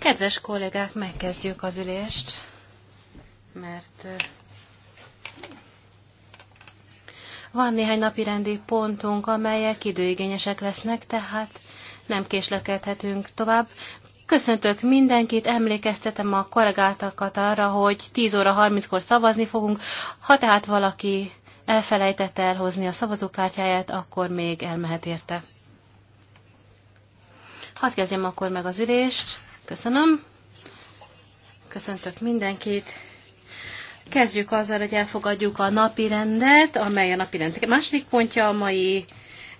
Kedves kollégák, megkezdjük az ülést, mert van néhány napirendi pontunk, amelyek időigényesek lesznek, tehát nem késlekedhetünk tovább. Köszöntök mindenkit, emlékeztetem a kollégátokat arra, hogy 10 óra 30-kor szavazni fogunk. Ha tehát valaki elfelejtette elhozni a szavazókártyáját, akkor még elmehet érte. Hadd kezdjem akkor meg az ülést. Köszönöm. Köszöntök mindenkit. Kezdjük azzal, hogy elfogadjuk a napi rendet, amely a napi rend második pontja a mai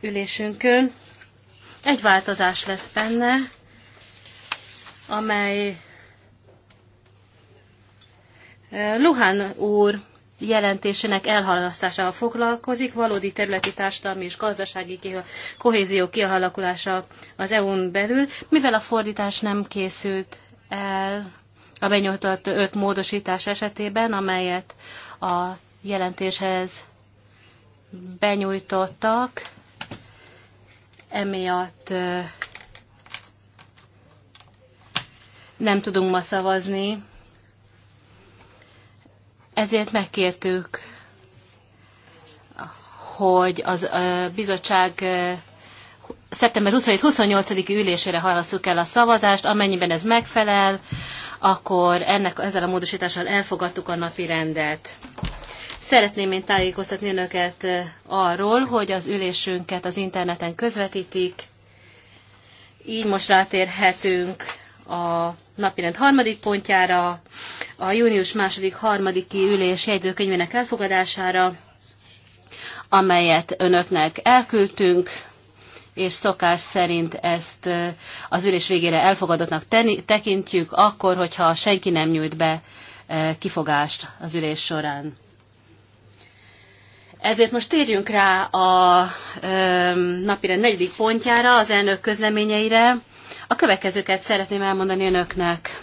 ülésünkön. Egy változás lesz benne, amely eh, Luhán úr jelentésének elhalasztásával foglalkozik, valódi területi társadalmi és gazdasági kohézió kialakulása az EU-n belül, mivel a fordítás nem készült el a benyújtott öt módosítás esetében, amelyet a jelentéshez benyújtottak, emiatt nem tudunk ma szavazni ezért megkértük, hogy az bizottság szeptember 27-28. ülésére hajlasszuk el a szavazást, amennyiben ez megfelel, akkor ennek, ezzel a módosítással elfogadtuk a napi rendet. Szeretném én tájékoztatni önöket arról, hogy az ülésünket az interneten közvetítik, így most rátérhetünk a napirend harmadik pontjára, a június második harmadiki ülés jegyzőkönyvének elfogadására, amelyet önöknek elküldtünk, és szokás szerint ezt az ülés végére elfogadottnak tekintjük, akkor, hogyha senki nem nyújt be kifogást az ülés során. Ezért most térjünk rá a napirend negyedik pontjára, az elnök közleményeire. A következőket szeretném elmondani önöknek.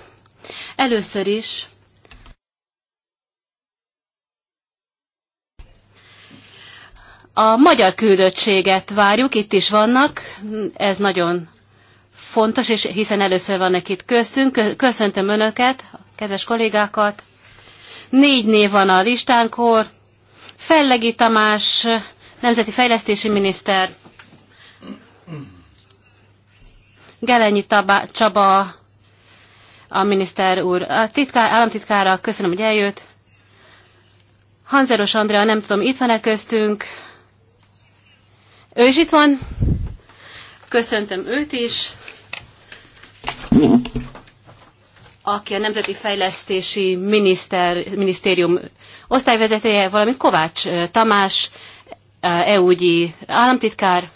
Először is a magyar küldöttséget várjuk, itt is vannak, ez nagyon fontos, és hiszen először vannak itt köztünk. Köszöntöm Önöket, a kedves kollégákat. Négy név van a listánkor. Fellegi Tamás, Nemzeti Fejlesztési Miniszter, Gelenyi Tabá, Csaba, a miniszter úr, a titkár, államtitkára, köszönöm, hogy eljött. Hanzeros Andrea, nem tudom, itt van-e köztünk? Ő is itt van. Köszöntöm őt is, aki a Nemzeti Fejlesztési Miniszter, Minisztérium osztályvezetője, valamint Kovács Tamás, e, EU-gyi államtitkár.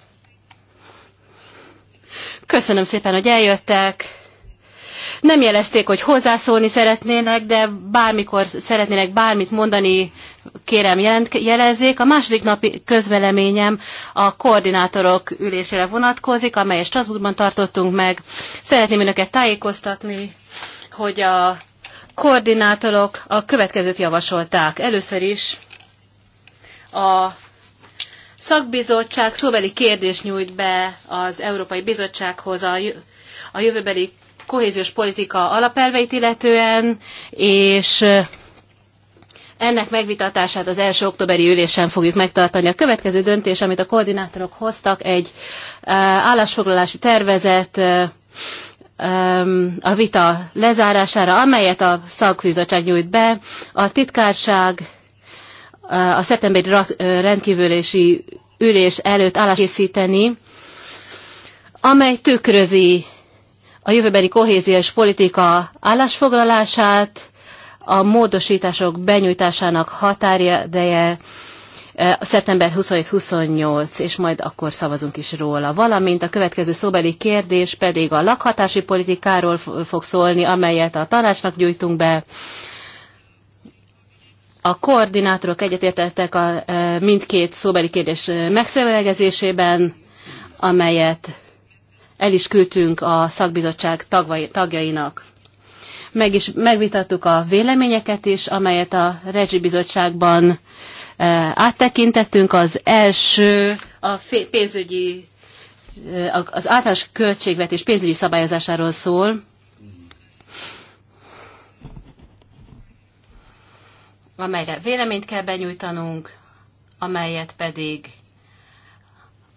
Köszönöm szépen, hogy eljöttek. Nem jelezték, hogy hozzászólni szeretnének, de bármikor szeretnének bármit mondani, kérem jelezzék. A második napi közveleményem a koordinátorok ülésére vonatkozik, amelyet Strasbourgban tartottunk meg. Szeretném önöket tájékoztatni, hogy a koordinátorok a következőt javasolták. Először is a szakbizottság szóbeli kérdést nyújt be az Európai Bizottsághoz a jövőbeli kohéziós politika alapelveit illetően, és ennek megvitatását az első októberi ülésen fogjuk megtartani. A következő döntés, amit a koordinátorok hoztak, egy állásfoglalási tervezet a vita lezárására, amelyet a szakbizottság nyújt be. A titkárság a szeptemberi rendkívülési ülés előtt állásészíteni, amely tükrözi a jövőbeni kohéziós politika állásfoglalását, a módosítások benyújtásának határideje eh, szeptember 27-28, és majd akkor szavazunk is róla. Valamint a következő szóbeli kérdés pedig a lakhatási politikáról fog szólni, amelyet a tanácsnak gyújtunk be a koordinátorok egyetértettek a e, mindkét szóbeli kérdés e, megszövegezésében, amelyet el is küldtünk a szakbizottság tagvai, tagjainak. Meg is megvitattuk a véleményeket is, amelyet a Regi Bizottságban e, áttekintettünk. Az első a pénzügyi, az általános költségvetés pénzügyi szabályozásáról szól, amelyre véleményt kell benyújtanunk, amelyet pedig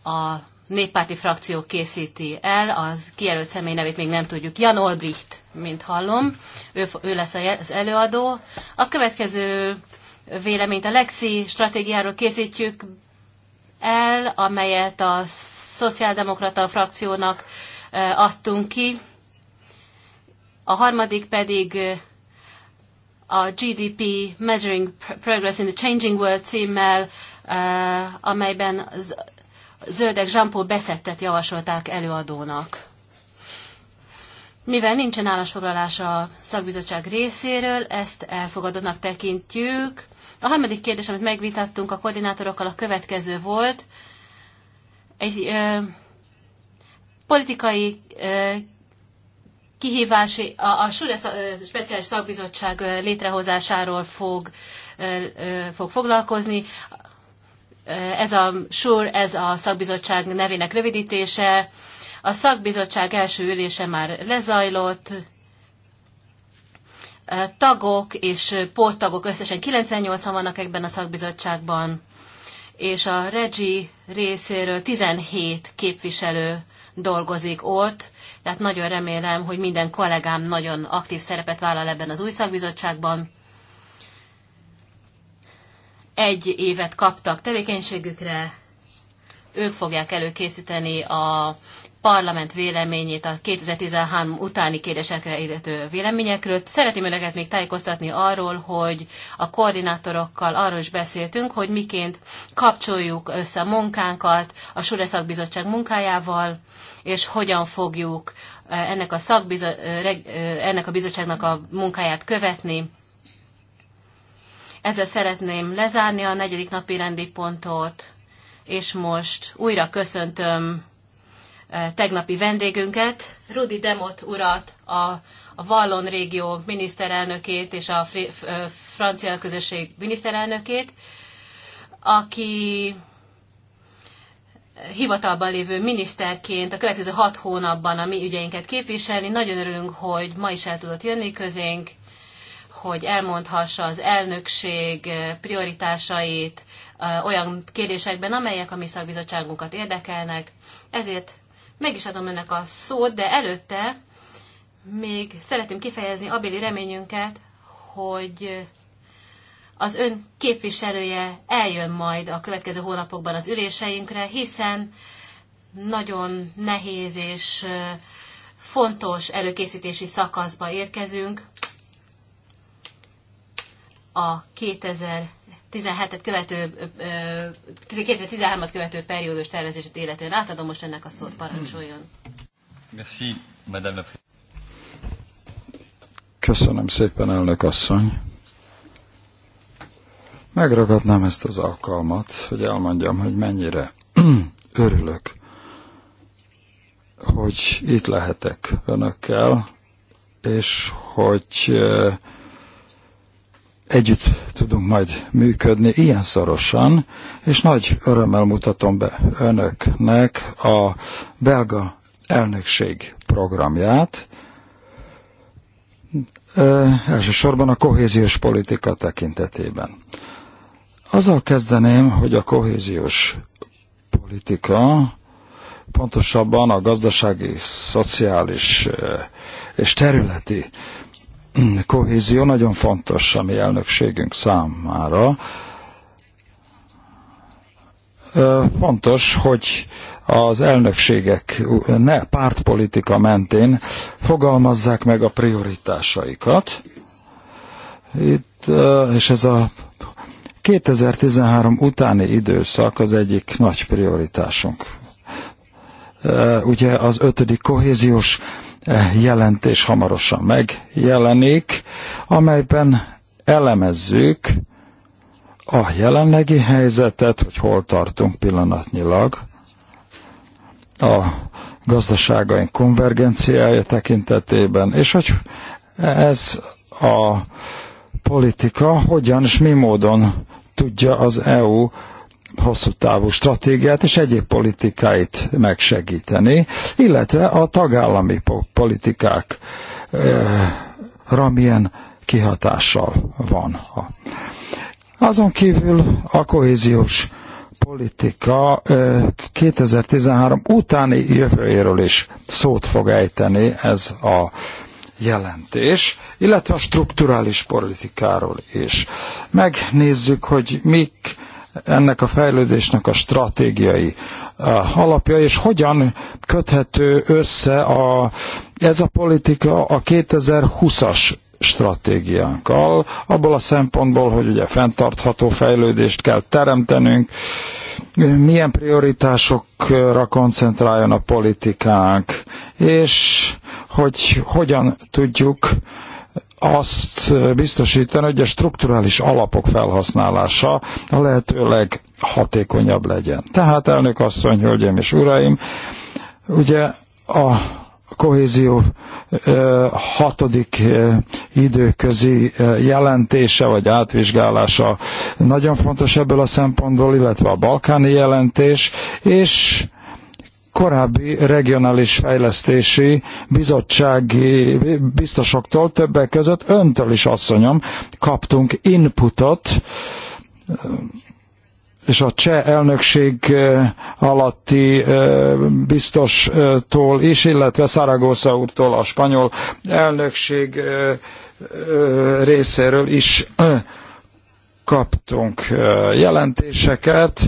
a néppárti frakció készíti el, az kijelölt személy nevét még nem tudjuk. Jan Olbricht, mint hallom, ő, ő lesz az előadó. A következő véleményt a Lexi stratégiáról készítjük el, amelyet a szociáldemokrata frakciónak eh, adtunk ki. A harmadik pedig eh, a GDP Measuring Progress in the Changing World címmel, eh, amelyben zöldek Jean-Paul Beszettet javasolták előadónak. Mivel nincsen állásfoglalás a szakbizottság részéről, ezt elfogadottnak tekintjük. A harmadik kérdés, amit megvitattunk a koordinátorokkal, a következő volt. Egy eh, politikai ö, eh, kihívási, a, a SURE speciális szakbizottság létrehozásáról fog, fog foglalkozni. Ez a SUR, ez a szakbizottság nevének rövidítése. A szakbizottság első ülése már lezajlott. Tagok és póttagok összesen 98-an vannak ebben a szakbizottságban, és a Regi részéről 17 képviselő dolgozik ott, tehát nagyon remélem, hogy minden kollégám nagyon aktív szerepet vállal ebben az új szakbizottságban. Egy évet kaptak tevékenységükre, ők fogják előkészíteni a parlament véleményét a 2013 utáni kérdésekre illető véleményekről. Szeretném önöket még tájékoztatni arról, hogy a koordinátorokkal arról is beszéltünk, hogy miként kapcsoljuk össze a munkánkat a Sure Szakbizottság munkájával, és hogyan fogjuk eh, ennek a, szakbizo- eh, eh, ennek a bizottságnak a munkáját követni. Ezzel szeretném lezárni a negyedik napi rendi pontot, és most újra köszöntöm Eh, tegnapi vendégünket, Rudi Demot urat, a, a Vallon régió miniszterelnökét és a fri, f, eh, francia közösség miniszterelnökét, aki hivatalban lévő miniszterként a következő hat hónapban a mi ügyeinket képviselni. Nagyon örülünk, hogy ma is el tudott jönni közénk, hogy elmondhassa az elnökség eh, prioritásait olyan kérdésekben, amelyek a mi szakbizottságunkat érdekelnek. Ezért meg is adom ennek a szót, de előtte még szeretném kifejezni abéli reményünket, hogy az ön képviselője eljön majd a következő hónapokban az üléseinkre, hiszen nagyon nehéz és fontos előkészítési szakaszba érkezünk a 2000 17-et követő, 2013-at követő periódus tervezését életén átadom most ennek a szót, parancsoljon. Merci, madame la Köszönöm szépen, elnök asszony. Megragadnám ezt az alkalmat, hogy elmondjam, hogy mennyire örülök, hogy itt lehetek önökkel, és hogy együtt tudunk majd működni ilyen szorosan, és nagy örömmel mutatom be önöknek a belga elnökség programját, elsősorban a kohéziós politika tekintetében. Azzal kezdeném, hogy a kohéziós politika pontosabban a gazdasági, szociális és területi kohézió nagyon fontos a mi elnökségünk számára. Fontos, hogy az elnökségek ne pártpolitika mentén fogalmazzák meg a prioritásaikat. Itt, és ez a 2013 utáni időszak az egyik nagy prioritásunk. Ugye az ötödik kohéziós jelentés hamarosan megjelenik, amelyben elemezzük a jelenlegi helyzetet, hogy hol tartunk pillanatnyilag, a gazdaságaink konvergenciája tekintetében, és hogy ez a politika hogyan és mi módon tudja az EU hosszú távú stratégiát és egyéb politikáit megsegíteni, illetve a tagállami politikák milyen kihatással van. Azon kívül a kohéziós politika 2013 utáni jövőjéről is szót fog ejteni ez a jelentés, illetve a strukturális politikáról is. Megnézzük, hogy mik ennek a fejlődésnek a stratégiai eh, alapja, és hogyan köthető össze a, ez a politika a 2020-as stratégiánkkal, abból a szempontból, hogy ugye fenntartható fejlődést kell teremtenünk, milyen prioritásokra koncentráljon a politikánk, és hogy hogyan tudjuk uh, azt biztosítani, hogy a strukturális alapok felhasználása a lehetőleg hatékonyabb legyen. Tehát elnök asszony, hölgyeim és uraim, ugye a kohézió hatodik időközi jelentése vagy átvizsgálása nagyon fontos ebből a szempontból, illetve a balkáni jelentés, és korábbi regionális fejlesztési bizottsági biztosoktól, többek között öntől is, asszonyom, kaptunk inputot, és a cseh elnökség alatti biztostól is, illetve Szaragosza úrtól a spanyol elnökség részéről is kaptunk jelentéseket,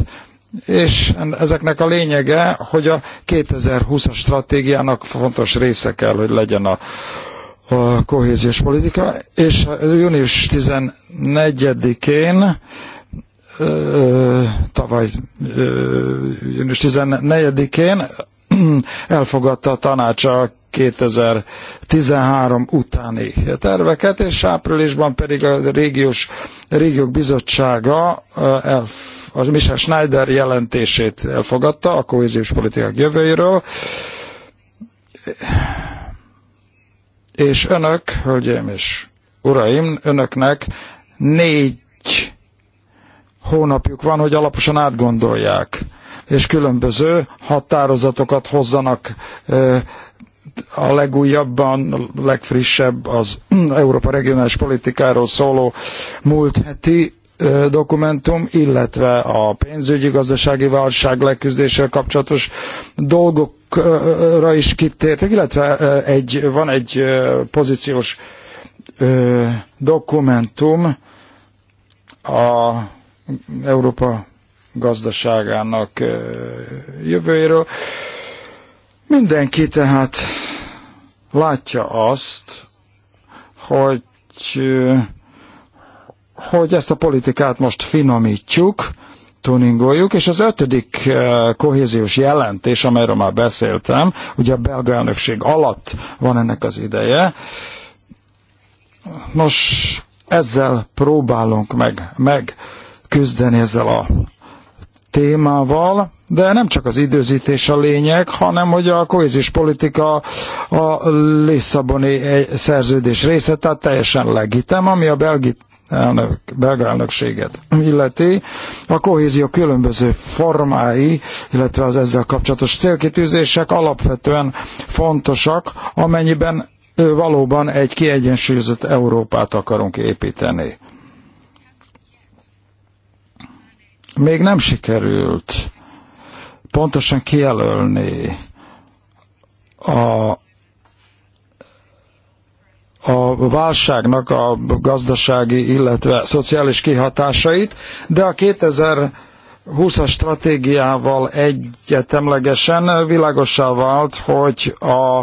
és ezeknek a lényege, hogy a 2020-as stratégiának fontos része kell, hogy legyen a, a kohéziós politika, és június 14-én tavaly június 14-én elfogadta a tanács a 2013 utáni terveket, és áprilisban pedig a régiós, régiók bizottsága elfogadta a Michel Schneider jelentését elfogadta a kohéziós politikák jövőjéről, és önök, hölgyeim és uraim, önöknek négy hónapjuk van, hogy alaposan átgondolják, és különböző határozatokat hozzanak a legújabban, legfrissebb az Európa regionális politikáról szóló múlt heti dokumentum, illetve a pénzügyi gazdasági válság leküzdéssel kapcsolatos dolgokra is kitértek, illetve egy, van egy pozíciós dokumentum a Európa gazdaságának jövőjéről. Mindenki tehát látja azt, hogy hogy ezt a politikát most finomítjuk, tuningoljuk, és az ötödik eh, kohéziós jelentés, amelyről már beszéltem, ugye a belga elnökség alatt van ennek az ideje. Nos, ezzel próbálunk meg, meg küzdeni ezzel a témával, de nem csak az időzítés a lényeg, hanem hogy a kohézis politika a Lisszaboni eh, szerződés része, tehát teljesen legitem, ami a belgi, elnök, belga elnökséget illeti. A kohézió különböző formái, illetve az ezzel kapcsolatos célkitűzések alapvetően fontosak, amennyiben valóban egy kiegyensúlyozott Európát akarunk építeni. Még nem sikerült pontosan kijelölni a a válságnak a gazdasági, illetve szociális kihatásait, de a 2020-as stratégiával egyetemlegesen világosá vált, hogy a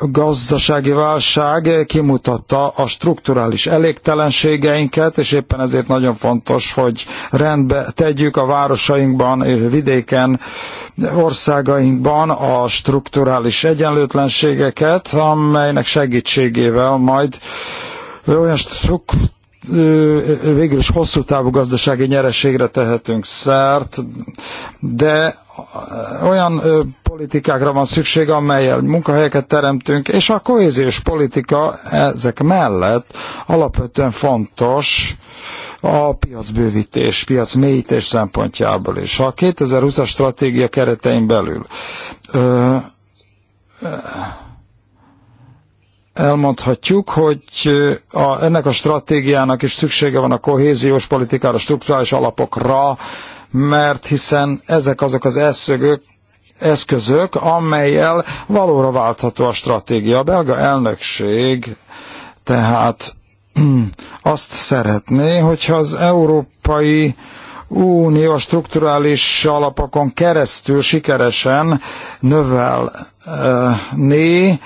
gazdasági válság kimutatta a strukturális elégtelenségeinket, és éppen ezért nagyon fontos, hogy rendbe tegyük a városainkban, vidéken, országainkban a strukturális egyenlőtlenségeket, amelynek segítségével majd olyan struktúrális végül is hosszú távú gazdasági nyereségre tehetünk szert, de olyan ö, politikákra van szükség, amelyel munkahelyeket teremtünk, és a kohéziós politika ezek mellett alapvetően fontos a piacbővítés, piacmélyítés szempontjából is. A 2020-as stratégia keretein belül ö, ö, elmondhatjuk, hogy a, ennek a stratégiának is szüksége van a kohéziós politikára, strukturális alapokra, mert hiszen ezek azok az eszögök, eszközök, amelyel valóra váltható a stratégia. A belga elnökség tehát azt szeretné, hogyha az Európai Unió strukturális alapokon keresztül sikeresen növelné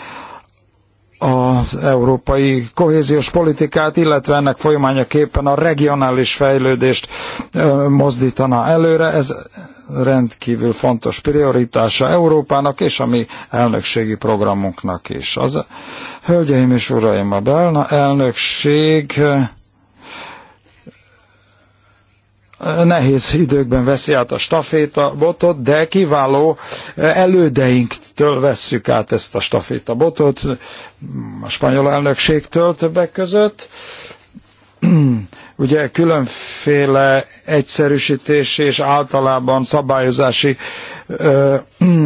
az európai kohéziós politikát, illetve ennek folyamányaképpen a regionális fejlődést mozdítana előre. Ez rendkívül fontos prioritása Európának és a mi elnökségi programunknak is. Az, hölgyeim és uraim, a Belna elnökség nehéz időkben veszi át a stafétabotot, de kiváló eh, elődeinktől vesszük át ezt a stafétabotot, a spanyol elnökségtől többek között. Ugye különféle egyszerűsítés és általában szabályozási, eh,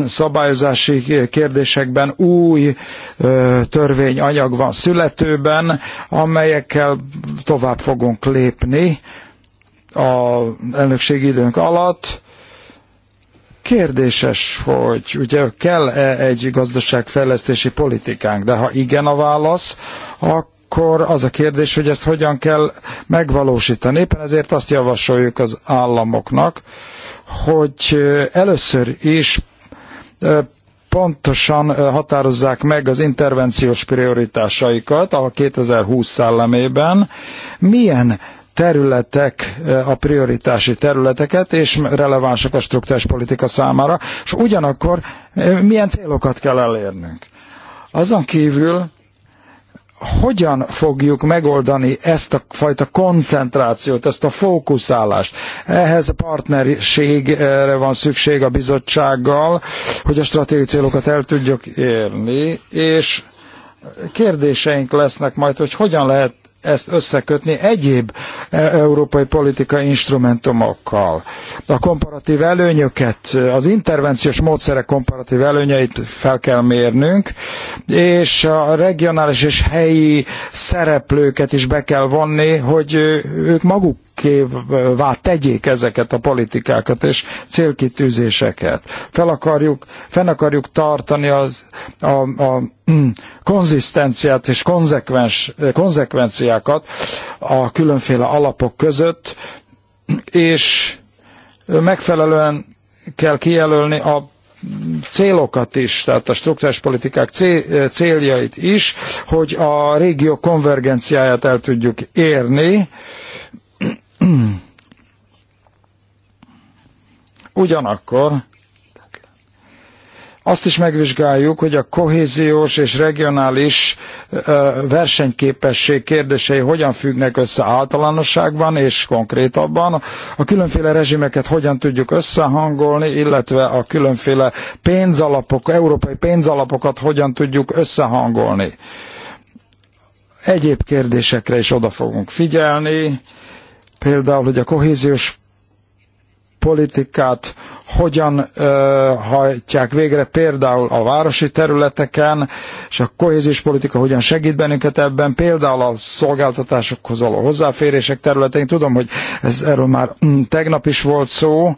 szabályozási kérdésekben új eh, törvényanyag van születőben, amelyekkel tovább fogunk lépni a elnökség időnk alatt. Kérdéses, hogy ugye kell-e egy gazdaságfejlesztési politikánk, de ha igen a válasz, akkor akkor az a kérdés, hogy ezt hogyan kell megvalósítani. Éppen ezért azt javasoljuk az államoknak, hogy először is pontosan határozzák meg az intervenciós prioritásaikat a 2020 szellemében, milyen területek, a prioritási területeket, és relevánsak a struktúrás politika számára, és ugyanakkor milyen célokat kell elérnünk. Azon kívül hogyan fogjuk megoldani ezt a fajta koncentrációt, ezt a fókuszálást. Ehhez partnerségre van szükség a bizottsággal, hogy a stratégiai célokat el tudjuk érni, és kérdéseink lesznek majd, hogy hogyan lehet ezt összekötni egyéb e, európai politikai instrumentumokkal. A komparatív előnyöket, az intervenciós módszerek komparatív előnyeit fel kell mérnünk, és a regionális és helyi szereplőket is be kell vonni, hogy ők maguk célkivá tegyék ezeket a politikákat és célkitűzéseket. Fel akarjuk, fenn akarjuk tartani az, a, a mm, konzisztenciát és konzekvens, konzekvenciákat a különféle alapok között, és megfelelően kell kijelölni a célokat is, tehát a struktúrás politikák céljait is, hogy a régió konvergenciáját el tudjuk érni, Ugyanakkor azt is megvizsgáljuk, hogy a kohéziós és regionális versenyképesség kérdései hogyan függnek össze általánosságban és konkrétabban, a különféle rezsimeket hogyan tudjuk összehangolni, illetve a különféle pénzalapok, európai pénzalapokat hogyan tudjuk összehangolni. Egyéb kérdésekre is oda fogunk figyelni, például, hogy a kohéziós politikát hogyan ö, hajtják végre például a városi területeken, és a kohéziós politika hogyan segít bennünket ebben, például a szolgáltatásokhoz való hozzáférések területén. Tudom, hogy ez erről már mm, tegnap is volt szó,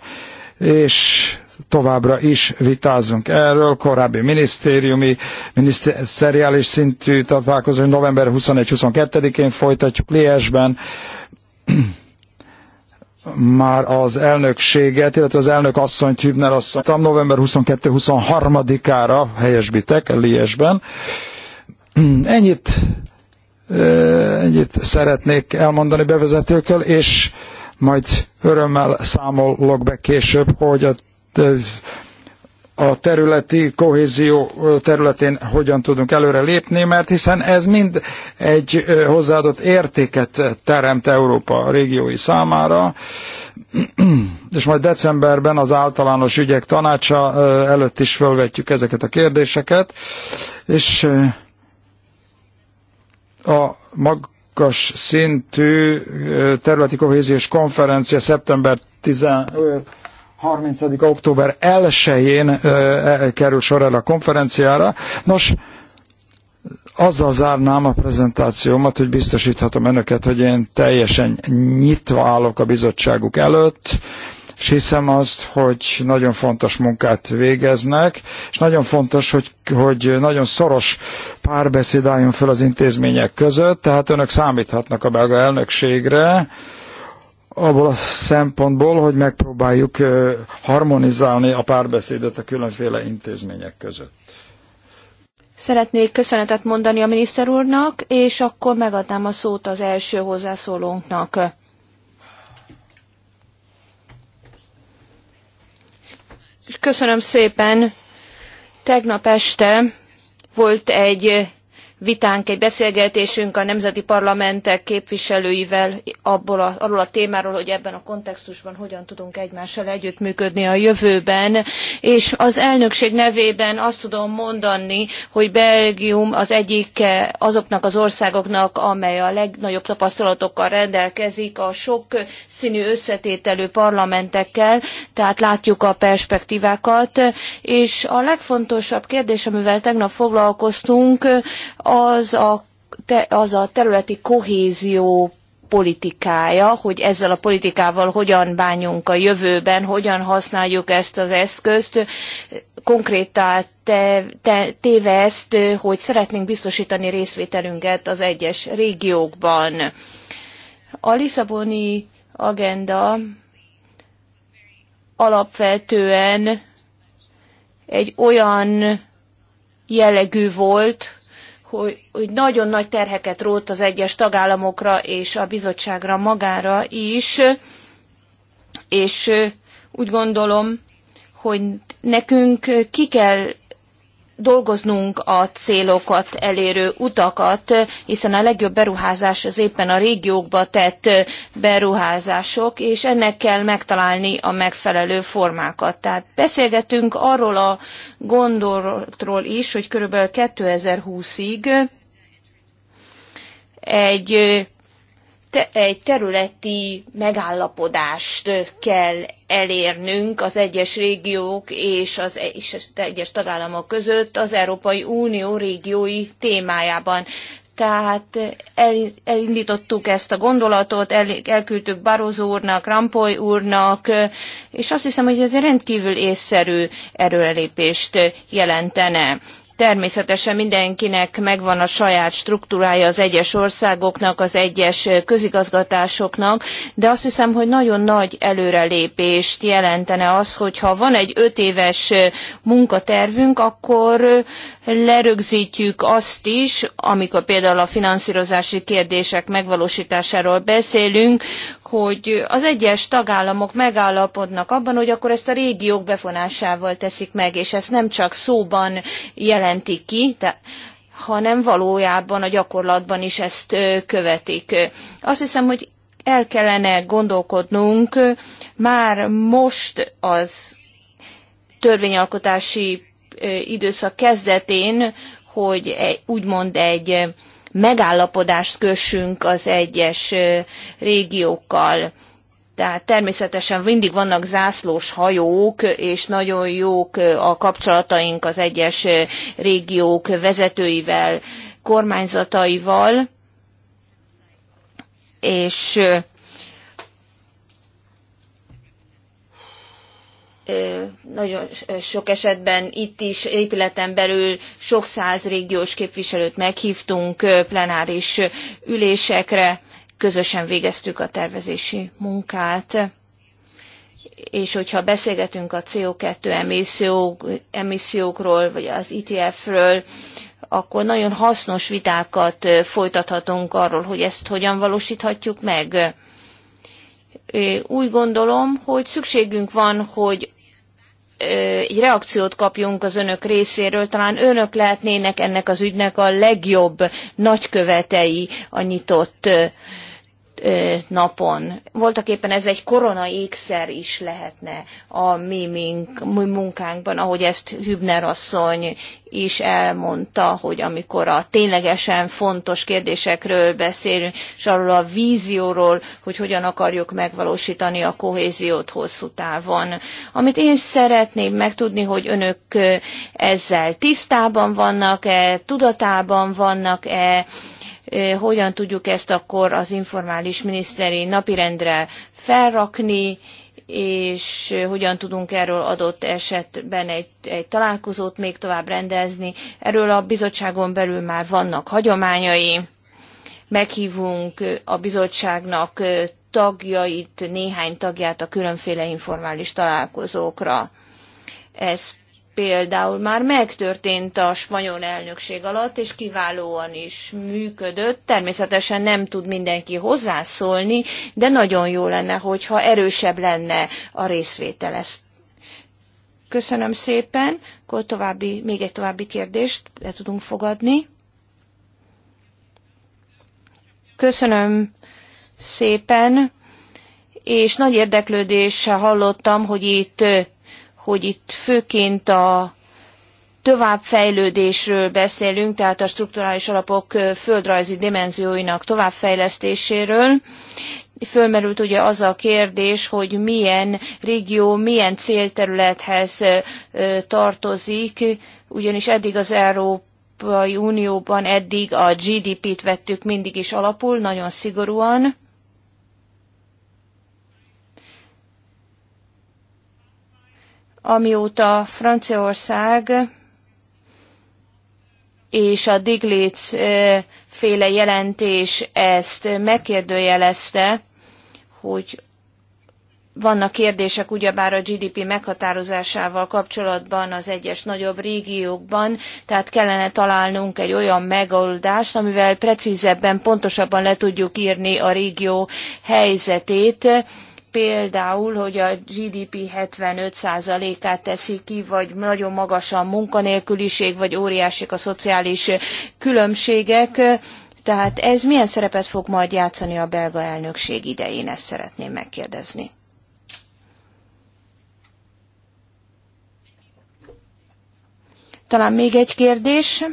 és továbbra is vitázunk erről. Korábbi minisztériumi, miniszteriális szintű találkozó november 21-22-én folytatjuk Liesben már az elnökséget, illetve az elnök asszonyt, Hübner asszonyt, november 22-23-ára helyesbitek, Liesben. Ennyit, ennyit szeretnék elmondani bevezetőkkel, és majd örömmel számolok be később, hogy a a területi kohézió területén hogyan tudunk előre lépni, mert hiszen ez mind egy hozzáadott értéket teremt Európa régiói számára, és majd decemberben az általános ügyek tanácsa előtt is fölvetjük ezeket a kérdéseket, és a magas szintű területi kohéziós konferencia szeptember 10 30. október 1-én e, e, kerül sor el a konferenciára. Nos, azzal zárnám a prezentációmat, hogy biztosíthatom önöket, hogy én teljesen nyitva állok a bizottságuk előtt, és hiszem azt, hogy nagyon fontos munkát végeznek, és nagyon fontos, hogy, hogy nagyon szoros párbeszéd álljon fel az intézmények között, tehát önök számíthatnak a belga elnökségre, abból a szempontból, hogy megpróbáljuk harmonizálni a párbeszédet a különféle intézmények között. Szeretnék köszönetet mondani a miniszter úrnak, és akkor megadnám a szót az első hozzászólónknak. Köszönöm szépen. Tegnap este volt egy vitánk, egy beszélgetésünk a nemzeti parlamentek képviselőivel abból a, arról a témáról, hogy ebben a kontextusban hogyan tudunk egymással együttműködni a jövőben. És az elnökség nevében azt tudom mondani, hogy Belgium az egyik azoknak az országoknak, amely a legnagyobb tapasztalatokkal rendelkezik, a sok színű összetételű parlamentekkel, tehát látjuk a perspektívákat, és a legfontosabb kérdés, amivel tegnap foglalkoztunk, az a, te, az a területi kohézió politikája, hogy ezzel a politikával hogyan bánjunk a jövőben, hogyan használjuk ezt az eszközt, konkrétá te, te, téve ezt, hogy szeretnénk biztosítani részvételünket az egyes régiókban. A Lisszaboni agenda alapvetően egy olyan jellegű volt, hogy, hogy nagyon nagy terheket rótt az egyes tagállamokra és a bizottságra magára is, és úgy gondolom, hogy nekünk ki kell dolgoznunk a célokat elérő utakat, hiszen a legjobb beruházás az éppen a régiókba tett beruházások, és ennek kell megtalálni a megfelelő formákat. Tehát beszélgetünk arról a gondolatról is, hogy körülbelül 2020-ig egy, te, egy területi megállapodást kell elérnünk az egyes régiók e- és az egyes tagállamok között az Európai Unió régiói témájában. Tehát el, elindítottuk ezt a gondolatot, el, elküldtük Barozó úrnak, Rampoly úrnak, és azt hiszem, hogy ez egy rendkívül észszerű erőrelépést jelentene. Természetesen mindenkinek megvan a saját struktúrája az egyes országoknak, az egyes közigazgatásoknak, de azt hiszem, hogy nagyon nagy előrelépést jelentene az, hogyha van egy öt éves munkatervünk, akkor lerögzítjük azt is, amikor például a finanszírozási kérdések megvalósításáról beszélünk, hogy az egyes tagállamok megállapodnak abban, hogy akkor ezt a régiók befonásával teszik meg, és ezt nem csak szóban jelentik ki, de, hanem valójában a gyakorlatban is ezt követik. Azt hiszem, hogy el kellene gondolkodnunk már most az törvényalkotási időszak kezdetén, hogy e- úgymond egy megállapodást kössünk az egyes régiókkal. Tehát természetesen mindig vannak zászlós hajók, és nagyon jók a kapcsolataink az egyes régiók vezetőivel, kormányzataival, és nagyon sok esetben itt is épületen belül sok száz régiós képviselőt meghívtunk plenáris ülésekre, közösen végeztük a tervezési munkát és hogyha beszélgetünk a CO2 emissziók, emissziókról, vagy az ITF-ről, e akkor nagyon hasznos vitákat folytathatunk arról, hogy ezt hogyan valósíthatjuk meg. Úgy gondolom, hogy szükségünk van, hogy egy reakciót kapjunk az önök részéről. Talán önök lehetnének ennek az ügynek a legjobb nagykövetei a nyitott napon. Voltak éppen ez egy korona ékszer is lehetne a mi, mink, mi munkánkban, ahogy ezt Hübner asszony is elmondta, hogy amikor a ténylegesen fontos kérdésekről beszélünk, és arról a vízióról, hogy hogyan akarjuk megvalósítani a kohéziót hosszú távon. Amit én szeretném megtudni, hogy önök ezzel tisztában vannak-e, tudatában vannak-e, Eh, hogyan tudjuk ezt akkor az informális miniszteri napirendre felrakni, és eh, hogyan tudunk erről adott esetben egy, egy találkozót még tovább rendezni. Erről a bizottságon belül már vannak hagyományai. Meghívunk eh, a bizottságnak tagjait, néhány tagját a különféle informális találkozókra. Ez például már megtörtént a spanyol elnökség alatt, és kiválóan is működött. Természetesen nem tud mindenki hozzászólni, de nagyon jó lenne, hogyha erősebb lenne a részvétel. Ezt köszönöm szépen. Akkor további, még egy további kérdést le tudunk fogadni. Köszönöm szépen, és nagy érdeklődéssel hallottam, hogy itt hogy itt főként a továbbfejlődésről beszélünk, tehát a strukturális alapok földrajzi dimenzióinak továbbfejlesztéséről. Fölmerült ugye az a kérdés, hogy milyen régió, milyen célterülethez tartozik, ugyanis eddig az Európai Unióban eddig a GDP-t vettük mindig is alapul, nagyon szigorúan amióta Franciaország és a Diglitz féle jelentés ezt megkérdőjelezte, hogy vannak kérdések ugyebár a GDP meghatározásával kapcsolatban az egyes nagyobb régiókban, tehát kellene találnunk egy olyan megoldást, amivel precízebben, pontosabban le tudjuk írni a régió helyzetét, például, hogy a GDP 75%-át teszi ki, vagy nagyon magas a munkanélküliség, vagy óriásik a szociális különbségek. Tehát ez milyen szerepet fog majd játszani a belga elnökség idején, ezt szeretném megkérdezni. Talán még egy kérdés.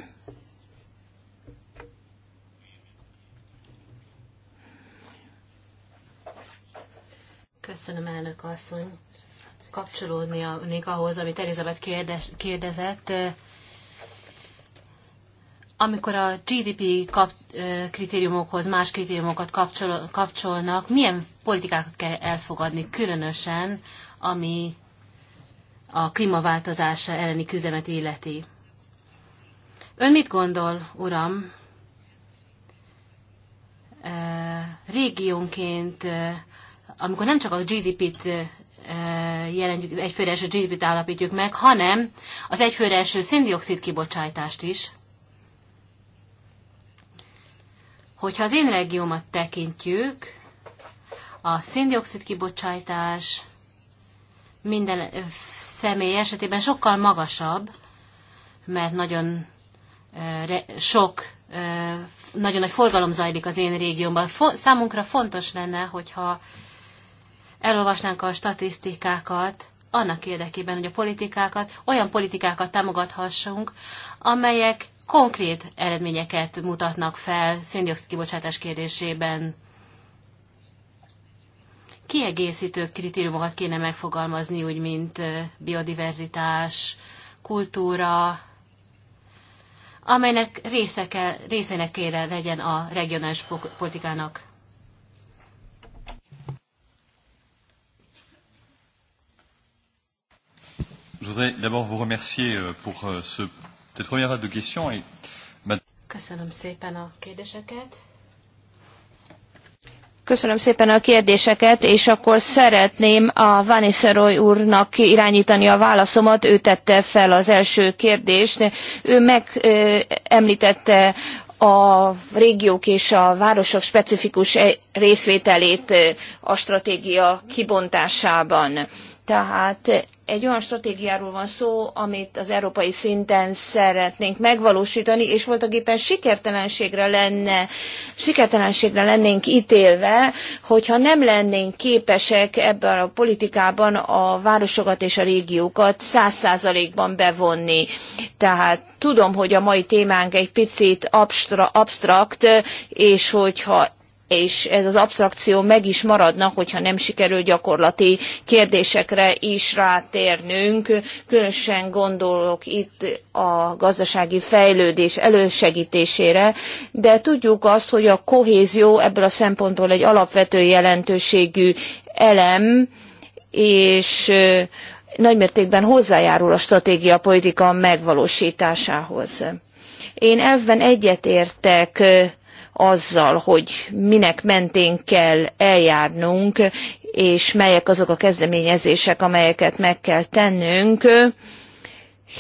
Köszönöm, elnök asszony. Kapcsolódnék ahhoz, amit Elizabeth kérdez, kérdezett. Amikor a GDP kap, kritériumokhoz más kritériumokat kapcsol, kapcsolnak, milyen politikákat kell elfogadni, különösen, ami a klímaváltozása elleni küzdemet illeti? Ön mit gondol, uram, régiónként amikor nem csak a GDP-t jelentjük, egyfőre első GDP-t állapítjuk meg, hanem az egyfőre első széndiokszid kibocsátást is. Hogyha az én régiómat tekintjük, a széndiokszid kibocsátás minden személy esetében sokkal magasabb, mert nagyon sok, nagyon nagy forgalom zajlik az én régiómban. számunkra fontos lenne, hogyha elolvasnánk a statisztikákat, annak érdekében, hogy a politikákat, olyan politikákat támogathassunk, amelyek konkrét eredményeket mutatnak fel széndiokszid kibocsátás kérdésében. Kiegészítő kritériumokat kéne megfogalmazni, úgy mint biodiverzitás, kultúra, amelynek részeke, részének kéne legyen a regionális politikának. Je voudrais d'abord vous remercier euh, pour euh, ce, cette première vague de questions. Et... Köszönöm szépen a kérdéseket. Köszönöm szépen a kérdéseket, és akkor szeretném a Vaniszeroy úrnak irányítani a válaszomat. Ő tette fel az első kérdést. Ő megemlítette a régiók és a városok specifikus e, részvételét a stratégia kibontásában. Tehát egy olyan stratégiáról van szó, amit az európai szinten szeretnénk megvalósítani, és voltak éppen sikertelenségre, lenne, sikertelenségre lennénk ítélve, hogyha nem lennénk képesek ebben a politikában a városokat és a régiókat száz százalékban bevonni. Tehát tudom, hogy a mai témánk egy picit abstra, abstrakt, és hogyha és ez az absztrakció meg is maradna, hogyha nem sikerül gyakorlati kérdésekre is rátérnünk. Különösen gondolok itt a gazdasági fejlődés elősegítésére, de tudjuk azt, hogy a kohézió ebből a szempontból egy alapvető jelentőségű elem, és nagymértékben hozzájárul a politika megvalósításához. Én ebben egyetértek azzal, hogy minek mentén kell eljárnunk, és melyek azok a kezdeményezések, amelyeket meg kell tennünk,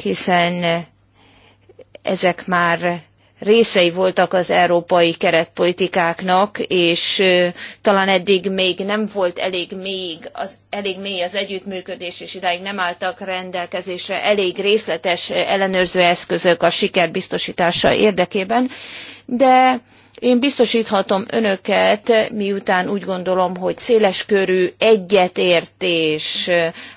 hiszen ezek már részei voltak az európai keretpolitikáknak, és talán eddig még nem volt elég, még az, elég mély az együttműködés, és idáig nem álltak rendelkezésre elég részletes ellenőrző eszközök a siker biztosítása érdekében, de én biztosíthatom önöket, miután úgy gondolom, hogy széleskörű egyetértés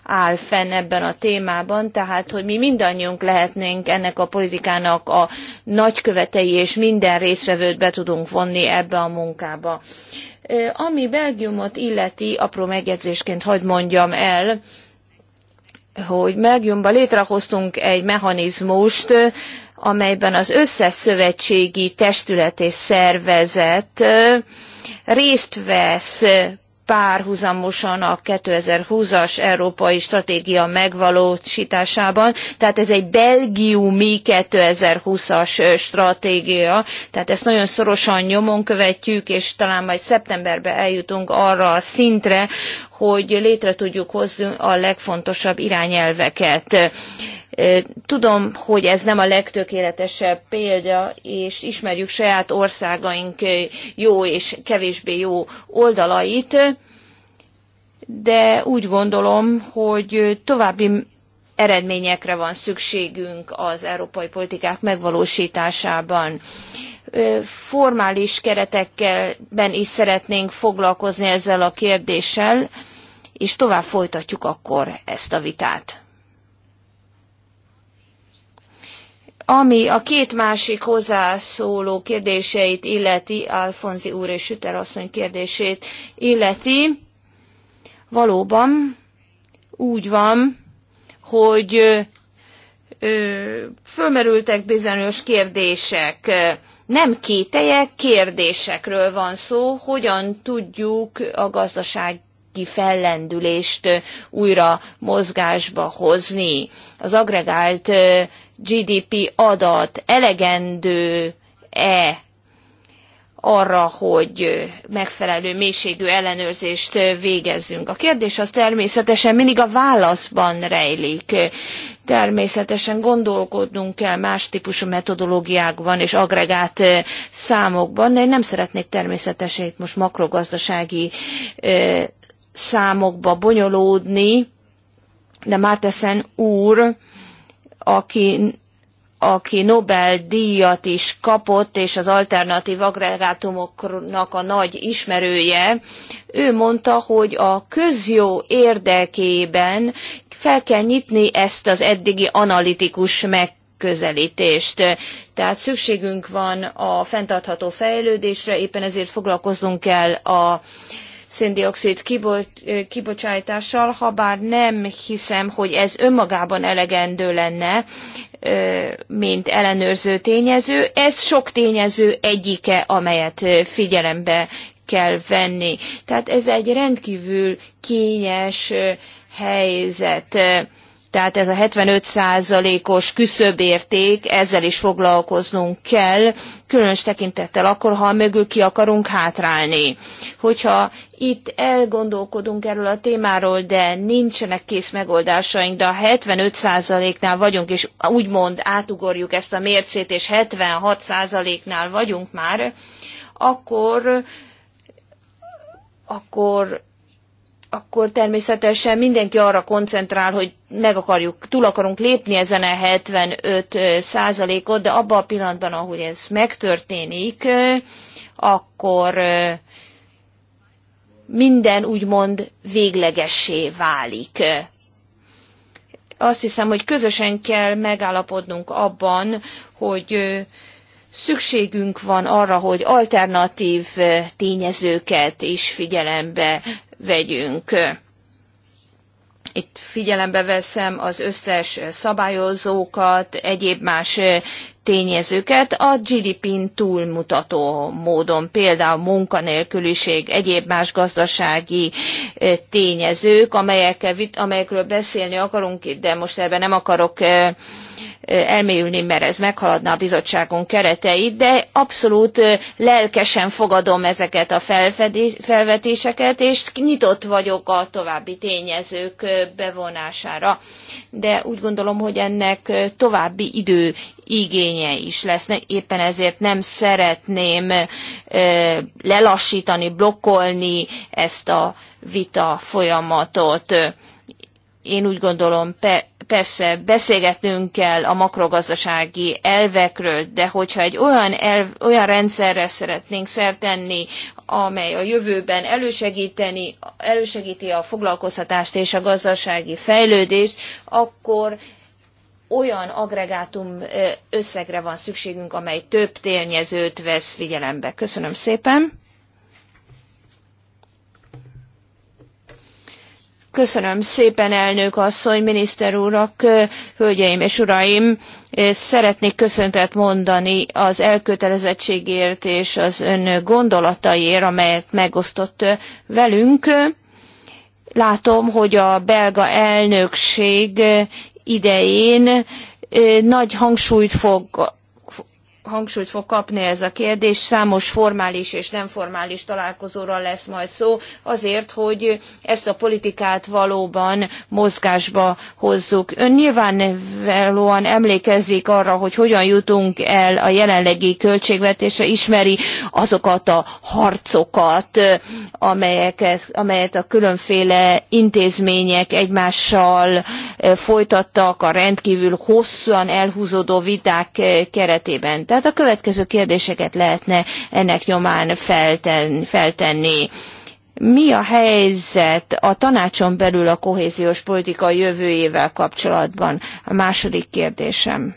áll fenn ebben a témában, tehát hogy mi mindannyiunk lehetnénk ennek a politikának a nagykövetei, és minden részvevőt be tudunk vonni ebbe a munkába. Ami Belgiumot illeti, apró megjegyzésként hagyd mondjam el, hogy Belgiumban létrehoztunk egy mechanizmust, amelyben az összes szövetségi testület és szervezet részt vesz párhuzamosan a 2020-as európai stratégia megvalósításában. Tehát ez egy belgiumi 2020-as stratégia, tehát ezt nagyon szorosan nyomon követjük, és talán majd szeptemberben eljutunk arra a szintre, hogy létre tudjuk hozni a legfontosabb irányelveket. Tudom, hogy ez nem a legtökéletesebb példa, és ismerjük saját országaink jó és kevésbé jó oldalait, de úgy gondolom, hogy további eredményekre van szükségünk az európai politikák megvalósításában formális keretekben is szeretnénk foglalkozni ezzel a kérdéssel, és tovább folytatjuk akkor ezt a vitát. Ami a két másik hozzászóló kérdéseit illeti, Alfonzi úr és Süter asszony kérdését illeti, valóban úgy van, hogy ö, fölmerültek bizonyos kérdések, nem kételjek, kérdésekről van szó, hogyan tudjuk a gazdaság fellendülést újra mozgásba hozni. Az agregált GDP adat elegendő-e arra, hogy megfelelő mélységű ellenőrzést végezzünk. A kérdés az természetesen mindig a válaszban rejlik. Természetesen gondolkodnunk kell más típusú metodológiákban és agregált számokban. Én nem szeretnék természetesen itt most makrogazdasági számokba bonyolódni, de Mártesen úr, aki aki Nobel-díjat is kapott, és az alternatív agregátumoknak a nagy ismerője, ő mondta, hogy a közjó érdekében fel kell nyitni ezt az eddigi analitikus meg közelítést. Tehát szükségünk van a fenntartható fejlődésre, éppen ezért foglalkoznunk kell a széndiokszid kibocsátással, habár nem hiszem, hogy ez önmagában elegendő lenne, mint ellenőrző tényező. Ez sok tényező egyike, amelyet figyelembe kell venni. Tehát ez egy rendkívül kényes helyzet tehát ez a 75%-os küszöbérték, ezzel is foglalkoznunk kell, különös tekintettel akkor, ha mögül ki akarunk hátrálni. Hogyha itt elgondolkodunk erről a témáról, de nincsenek kész megoldásaink, de a 75%-nál vagyunk, és úgymond átugorjuk ezt a mércét, és 76%-nál vagyunk már, akkor akkor akkor természetesen mindenki arra koncentrál, hogy meg akarjuk, túl akarunk lépni ezen a 75 százalékot, de abban a pillanatban, ahogy ez megtörténik, akkor minden úgymond véglegessé válik. Azt hiszem, hogy közösen kell megállapodnunk abban, hogy szükségünk van arra, hogy alternatív tényezőket is figyelembe vegyünk. Itt figyelembe veszem az összes szabályozókat, egyéb más tényezőket a GDP-n túlmutató módon, például munkanélküliség, egyéb más gazdasági tényezők, amelyekről beszélni akarunk, itt, de most ebben nem akarok elmélyülni, mert ez meghaladna a bizottságunk kereteit, de abszolút lelkesen fogadom ezeket a felvetéseket, és nyitott vagyok a további tényezők bevonására. De úgy gondolom, hogy ennek további idő igénye is lesz. Éppen ezért nem szeretném lelassítani, blokkolni ezt a vita folyamatot. Én úgy gondolom, persze beszélgetnünk kell a makrogazdasági elvekről, de hogyha egy olyan, elv, olyan rendszerre szeretnénk szertenni, amely a jövőben elősegíteni, elősegíti a foglalkoztatást és a gazdasági fejlődést, akkor olyan agregátum összegre van szükségünk, amely több tényezőt vesz figyelembe. Köszönöm szépen! Köszönöm szépen, elnök asszony, miniszter úrak, hölgyeim és uraim! Szeretnék köszöntet mondani az elkötelezettségért és az ön gondolataiért, amelyet megosztott velünk. Látom, hogy a belga elnökség idején eh, nagy hangsúlyt fog hangsúlyt fog kapni ez a kérdés, számos formális és nem formális találkozóra lesz majd szó, azért, hogy ezt a politikát valóban mozgásba hozzuk. Ön nyilvánvalóan emlékezik arra, hogy hogyan jutunk el a jelenlegi költségvetésre, ismeri azokat a harcokat, amelyeket, amelyet a különféle intézmények egymással eh, folytattak a rendkívül hosszan elhúzódó viták eh, keretében tehát a következő kérdéseket lehetne ennek nyomán felten, feltenni. Mi a helyzet a tanácson belül a kohéziós politika jövőjével kapcsolatban? A második kérdésem.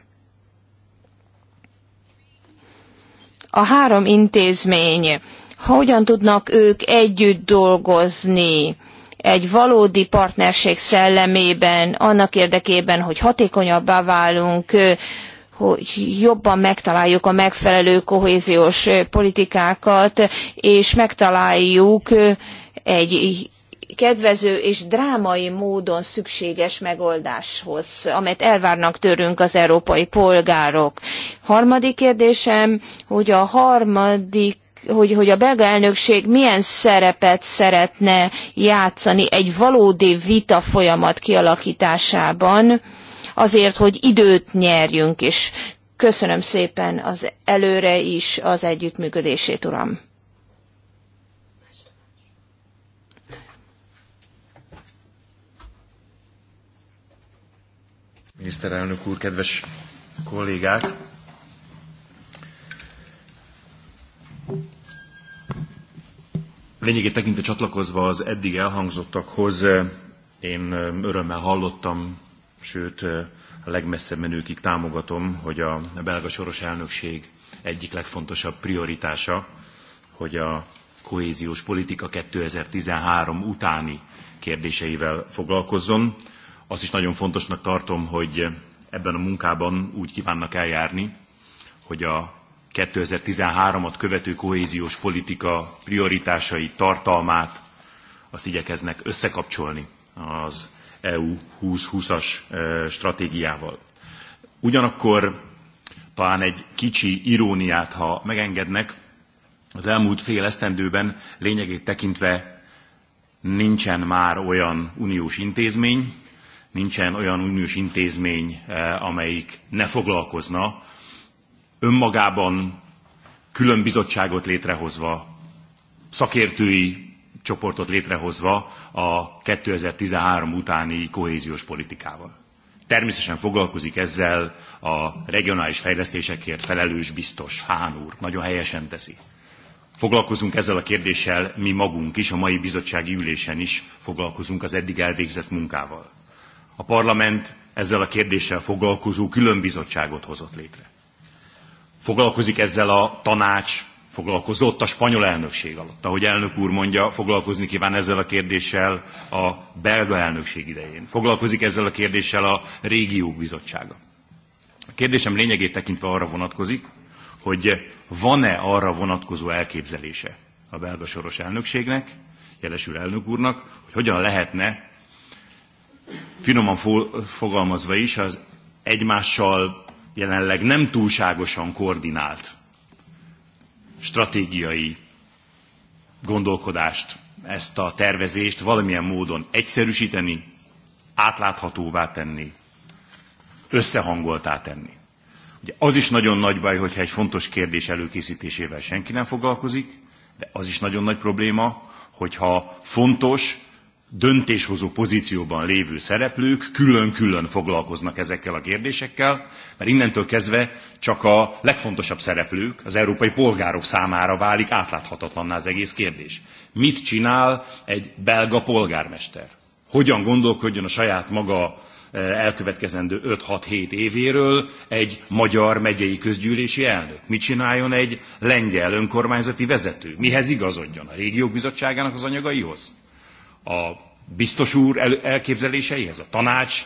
A három intézmény, hogyan tudnak ők együtt dolgozni? egy valódi partnerség szellemében, annak érdekében, hogy hatékonyabbá válunk, hogy jobban megtaláljuk a megfelelő kohéziós politikákat, és megtaláljuk egy kedvező és drámai módon szükséges megoldáshoz, amit elvárnak tőlünk az európai polgárok. Harmadik kérdésem, hogy a harmadik hogy, hogy a belga elnökség milyen szerepet szeretne játszani egy valódi vita folyamat kialakításában, azért, hogy időt nyerjünk és Köszönöm szépen az előre is az együttműködését, uram. Miniszterelnök úr, kedves kollégák! Lényegét tekintve csatlakozva az eddig elhangzottakhoz, én örömmel hallottam sőt a legmesszebb menőkig támogatom, hogy a belga soros elnökség egyik legfontosabb prioritása, hogy a kohéziós politika 2013 utáni kérdéseivel foglalkozzon. Azt is nagyon fontosnak tartom, hogy ebben a munkában úgy kívánnak eljárni, hogy a 2013-at követő kohéziós politika prioritásai, tartalmát azt igyekeznek összekapcsolni az EU 2020-as stratégiával. Ugyanakkor talán egy kicsi iróniát, ha megengednek, az elmúlt fél esztendőben lényegét tekintve nincsen már olyan uniós intézmény, nincsen olyan uniós intézmény, amelyik ne foglalkozna önmagában külön bizottságot létrehozva, szakértői csoportot létrehozva a 2013 utáni kohéziós politikával. Természetesen foglalkozik ezzel a regionális fejlesztésekért felelős biztos Hán úr. Nagyon helyesen teszi. Foglalkozunk ezzel a kérdéssel mi magunk is, a mai bizottsági ülésen is foglalkozunk az eddig elvégzett munkával. A parlament ezzel a kérdéssel foglalkozó külön bizottságot hozott létre. Foglalkozik ezzel a tanács foglalkozott a spanyol elnökség alatt. Ahogy elnök úr mondja, foglalkozni kíván ezzel a kérdéssel a belga elnökség idején. Foglalkozik ezzel a kérdéssel a régiók bizottsága. A kérdésem lényegét tekintve arra vonatkozik, hogy van-e arra vonatkozó elképzelése a belga soros elnökségnek, jelesül elnök úrnak, hogy hogyan lehetne, finoman fogalmazva is, az egymással jelenleg nem túlságosan koordinált stratégiai gondolkodást, ezt a tervezést valamilyen módon egyszerűsíteni, átláthatóvá tenni, összehangoltá tenni. Ugye az is nagyon nagy baj, hogyha egy fontos kérdés előkészítésével senki nem foglalkozik, de az is nagyon nagy probléma, hogyha fontos, döntéshozó pozícióban lévő szereplők külön-külön foglalkoznak ezekkel a kérdésekkel, mert innentől kezdve csak a legfontosabb szereplők, az európai polgárok számára válik átláthatatlanná az egész kérdés. Mit csinál egy belga polgármester? Hogyan gondolkodjon a saját maga eh, elkövetkezendő 5-6-7 évéről egy magyar megyei közgyűlési elnök? Mit csináljon egy lengyel önkormányzati vezető? Mihez igazodjon? A régiók bizottságának az anyagaihoz? a biztos úr elképzeléseihez, a tanács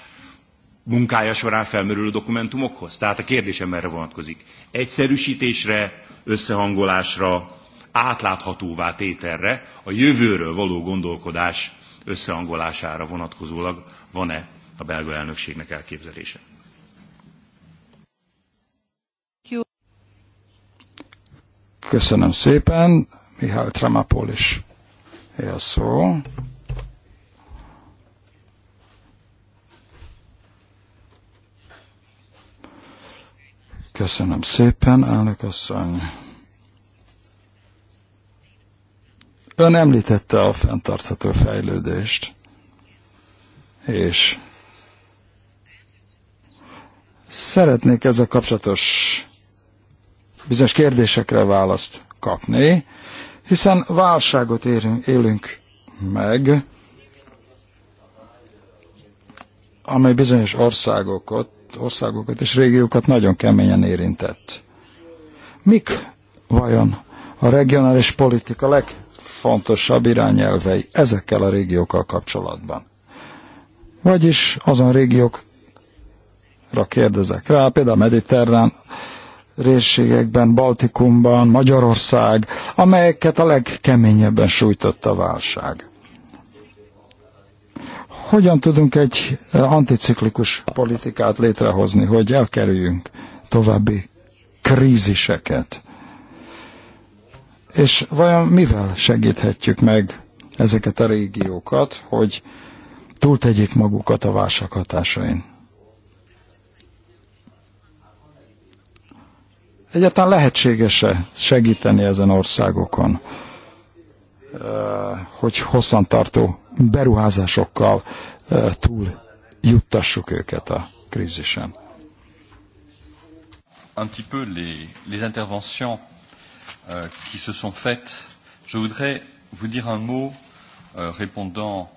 munkája során felmerülő dokumentumokhoz? Tehát a kérdésem erre vonatkozik. Egyszerűsítésre, összehangolásra, átláthatóvá tételre, a jövőről való gondolkodás összehangolására vonatkozólag van-e a belga elnökségnek elképzelése? Köszönöm szépen. Mihály is. Ja, szó. Köszönöm szépen, elnök asszony. Ön említette a fenntartható fejlődést, és szeretnék ezzel kapcsolatos bizonyos kérdésekre választ kapni, hiszen válságot érünk, élünk meg, amely bizonyos országokat országokat és régiókat nagyon keményen érintett. Mik vajon a regionális politika legfontosabb irányelvei ezekkel a régiókkal kapcsolatban? Vagyis azon régiókra kérdezek rá, például a mediterrán részségekben, Baltikumban, Magyarország, amelyeket a legkeményebben sújtott a válság. Hogyan tudunk egy eh, anticiklikus politikát létrehozni, hogy elkerüljünk további kríziseket? És vajon mivel segíthetjük meg ezeket a régiókat, hogy túltegyék magukat a válság hatásain? Egyáltalán lehetséges-e segíteni ezen országokon? hogy hosszantartó beruházásokkal túl juttassuk őket a krízisen. Un petit peu les, les interventions euh, qui se sont faites. Je voudrais vous dire un mot euh, répondant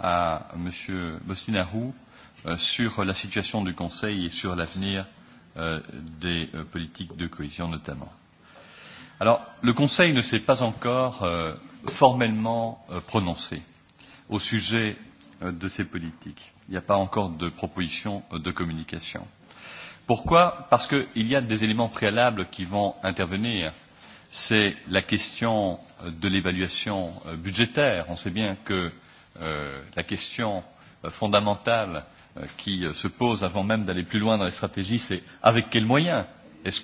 à M. Bostinarou euh, sur la situation du Conseil et sur l'avenir euh, des euh, politiques de cohésion notamment. Alors, le Conseil ne s'est pas encore euh, formellement euh, prononcée au sujet euh, de ces politiques. Il n'y a pas encore de proposition euh, de communication. Pourquoi Parce qu'il y a des éléments préalables qui vont intervenir. C'est la question de l'évaluation budgétaire. On sait bien que euh, la question fondamentale qui se pose avant même d'aller plus loin dans les stratégies, c'est avec quels moyens Est-ce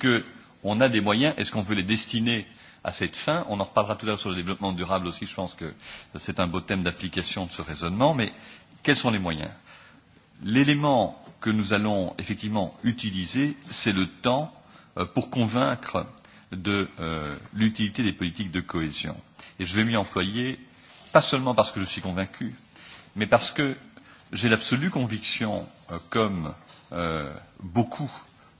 qu'on a des moyens Est-ce qu'on veut les destiner euh, à cette fin. On en reparlera tout à l'heure sur le développement durable aussi. Je pense que c'est un beau thème d'application de ce raisonnement. Mais quels sont les moyens L'élément que nous allons effectivement utiliser, c'est le temps euh, pour convaincre de euh, l'utilité des politiques de cohésion. Et je vais m'y employer, pas seulement parce que je suis convaincu, mais parce que j'ai l'absolue conviction, euh, comme euh, beaucoup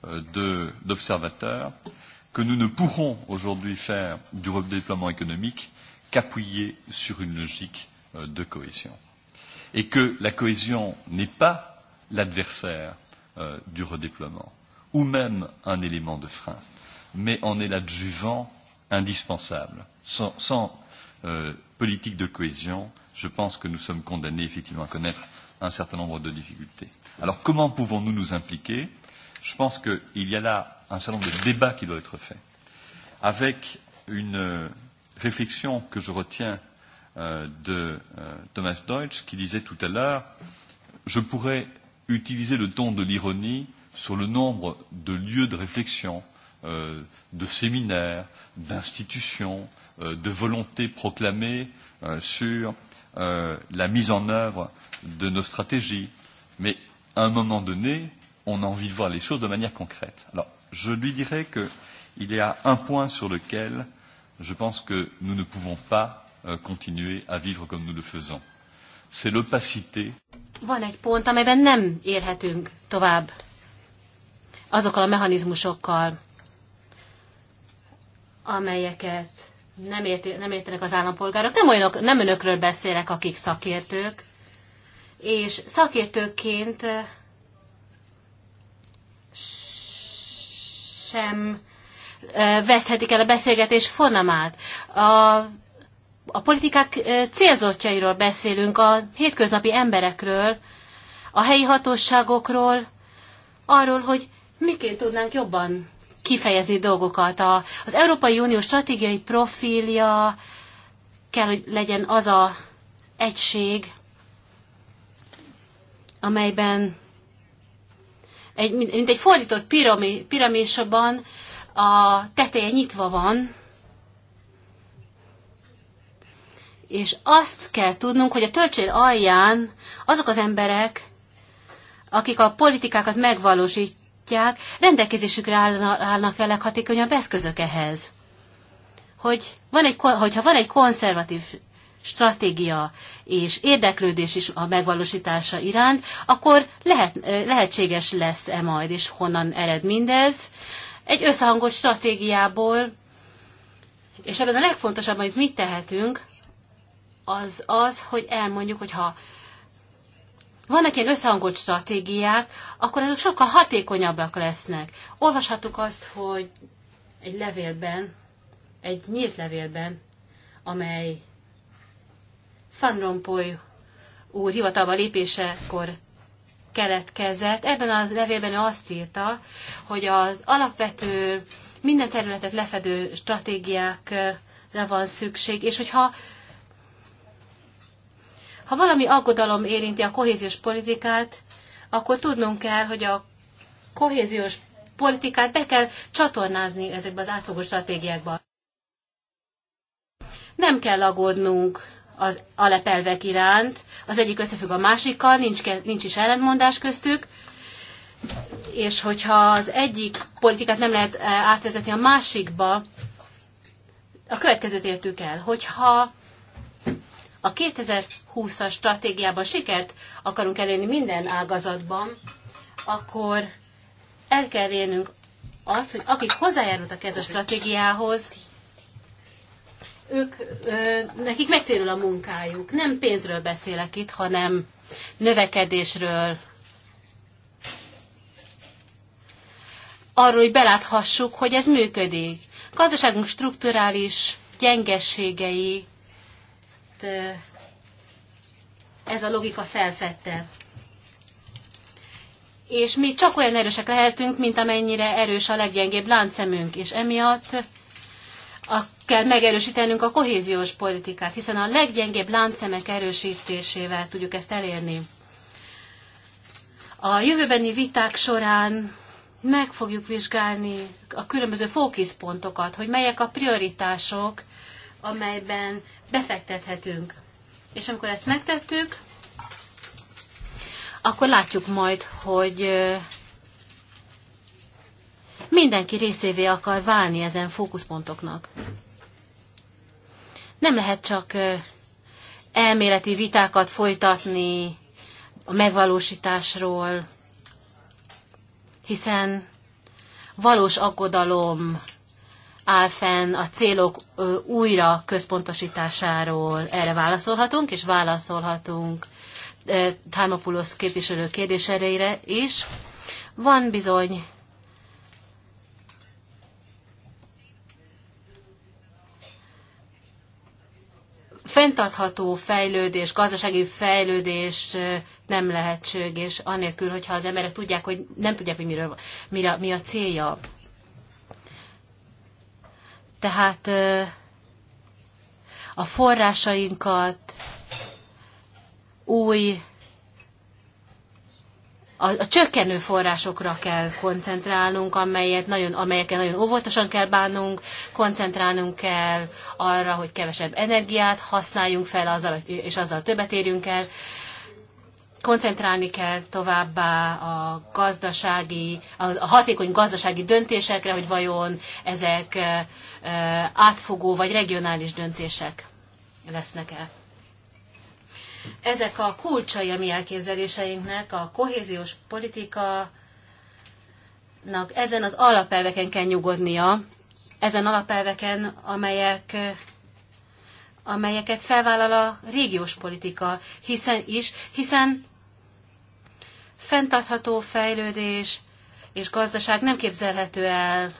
euh, d'observateurs, euh, que nous ne pourrons aujourd'hui faire du redéploiement économique qu'appuyé sur une logique euh, de cohésion. Et que la cohésion n'est pas l'adversaire euh, du redéploiement, ou même un élément de frein, mais en est l'adjuvant indispensable. Sans, sans euh, politique de cohésion, je pense que nous sommes condamnés effectivement à connaître un certain nombre de difficultés. Alors comment pouvons-nous nous impliquer Je pense qu'il y a là un certain nombre de débats qui doivent être faits, avec une euh, réflexion que je retiens euh, de euh, Thomas Deutsch, qui disait tout à l'heure Je pourrais utiliser le ton de l'ironie sur le nombre de lieux de réflexion, de séminaires, d'institutions, de volontés proclamées sur la mise en œuvre de nos stratégies. Mais à un moment donné, on a envie de voir les choses de manière concrète. Alors, Je lui dirais qu'il y a un point sur lequel je pense que nous ne pouvons pas euh, continuer à vivre comme nous le faisons. C'est l'opacité. Van egy pont, amelyben nem érhetünk tovább azokkal a mechanizmusokkal, amelyeket nem, ért, nem értenek az állampolgárok. Nem, olyanok, nem önökről beszélek, akik szakértők, és szakértőként sem veszthetik el a beszélgetés fonamát. A, a politikák célzottjairól beszélünk, a hétköznapi emberekről, a helyi hatóságokról, arról, hogy miként tudnánk jobban kifejezni dolgokat. A, az Európai Unió stratégiai profilja kell, hogy legyen az a egység, amelyben egy, mint egy fordított pirami, piramisban a teteje nyitva van, és azt kell tudnunk, hogy a tölcsér alján azok az emberek, akik a politikákat megvalósítják, rendelkezésükre állnak a leghatékonyabb eszközök ehhez. Hogy van egy, hogyha van egy konzervatív stratégia és érdeklődés is a megvalósítása iránt, akkor lehet, lehetséges lesz-e majd, és honnan ered mindez. Egy összehangolt stratégiából, és ebben a legfontosabb, amit mit tehetünk, az az, hogy elmondjuk, hogy ha vannak ilyen összehangolt stratégiák, akkor azok sokkal hatékonyabbak lesznek. Olvashattuk azt, hogy egy levélben, egy nyílt levélben, amely van Rompuy úr hivatalba lépésekor keletkezett. Ebben a levélben ő azt írta, hogy az alapvető, minden területet lefedő stratégiákra van szükség, és hogyha ha valami aggodalom érinti a kohéziós politikát, akkor tudnunk kell, hogy a kohéziós politikát be kell csatornázni ezekbe az átfogó stratégiákba. Nem kell aggódnunk az alapelvek iránt. Az egyik összefügg a másikkal, nincs, nincs is ellentmondás köztük, és hogyha az egyik politikát nem lehet eh, átvezetni a másikba, a következőt értük el, hogyha a 2020-as stratégiában sikert akarunk elérni minden ágazatban, akkor el kell érnünk azt, hogy akik hozzájárultak ez a stratégiához, ők, nekik megtérül a munkájuk. Nem pénzről beszélek itt, hanem növekedésről, arról, hogy beláthassuk, hogy ez működik. A gazdaságunk strukturális gyengességei ez a logika felfedte. És mi csak olyan erősek lehetünk, mint amennyire erős a leggyengébb láncszemünk, és emiatt a kell megerősítenünk a kohéziós politikát, hiszen a leggyengébb láncszemek erősítésével tudjuk ezt elérni. A jövőbeni viták során meg fogjuk vizsgálni a különböző fókuszpontokat, hogy melyek a prioritások, amelyben befektethetünk. És amikor ezt megtettük, akkor látjuk majd, hogy mindenki részévé akar válni ezen fókuszpontoknak. Nem lehet csak elméleti vitákat folytatni a megvalósításról, hiszen valós aggodalom áll fenn a célok újra központosításáról. Erre válaszolhatunk, és válaszolhatunk Tánopoulos képviselő kérdéseire is. Van bizony fenntartható fejlődés, gazdasági fejlődés nem lehetséges, anélkül, hogyha az emberek tudják, hogy nem tudják, hogy miről, mire, mi a célja. Tehát a forrásainkat új a, a csökkenő forrásokra kell koncentrálnunk, amelyet nagyon, amelyekkel nagyon óvatosan kell bánnunk, koncentrálnunk kell arra, hogy kevesebb energiát használjunk fel, azzal, és azzal többet érjünk el. Koncentrálni kell továbbá a gazdasági, a hatékony gazdasági döntésekre, hogy vajon ezek átfogó vagy regionális döntések lesznek-e. Ezek a kulcsai a mi elképzeléseinknek, a kohéziós politikanak ezen az alapelveken kell nyugodnia, ezen alapelveken, amelyek amelyeket felvállal a régiós politika, hiszen is, hiszen fenntartható fejlődés és gazdaság nem képzelhető el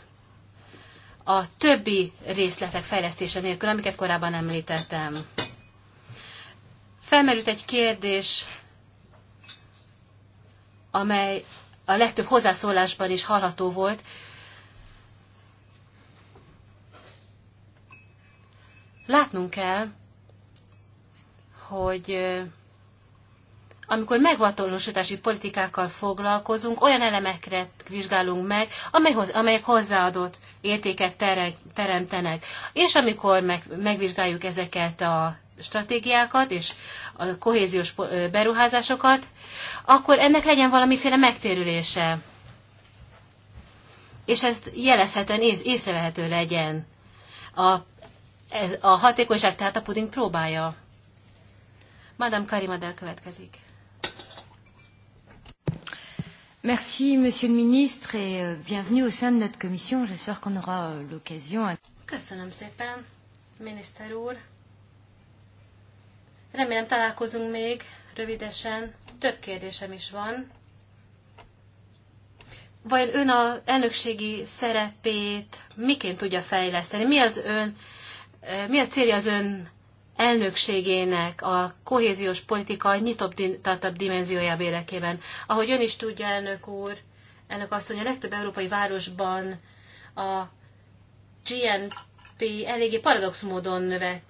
a többi részletek fejlesztése nélkül, amiket korábban említettem. Felmerült egy kérdés, amely a legtöbb hozzászólásban is hallható volt. Látnunk kell, hogy amikor megvatolósítási politikákkal foglalkozunk, olyan elemekre vizsgálunk meg, amelyek hozzáadott értéket teremtenek. És amikor megvizsgáljuk ezeket a stratégiákat és a kohéziós beruházásokat, akkor ennek legyen valamiféle megtérülése. És ez jelezhetően ész, észrevehető legyen. A, ez, a hatékonyság tehát a puding próbája. Madame Karimadel következik. Merci, Monsieur le Ministre, et euh, bienvenue au sein de notre commission. J'espère qu'on aura euh, l'occasion. Köszönöm szépen, miniszter úr. Remélem találkozunk még rövidesen. Több kérdésem is van. Vajon ön a elnökségi szerepét miként tudja fejleszteni? Mi az ön, eh, mi a célja az ön elnökségének a kohéziós politika nyitottabb dimenziója érdekében? Ahogy ön is tudja, elnök úr, elnök asszony, a legtöbb európai városban a GNP eléggé paradox módon növe,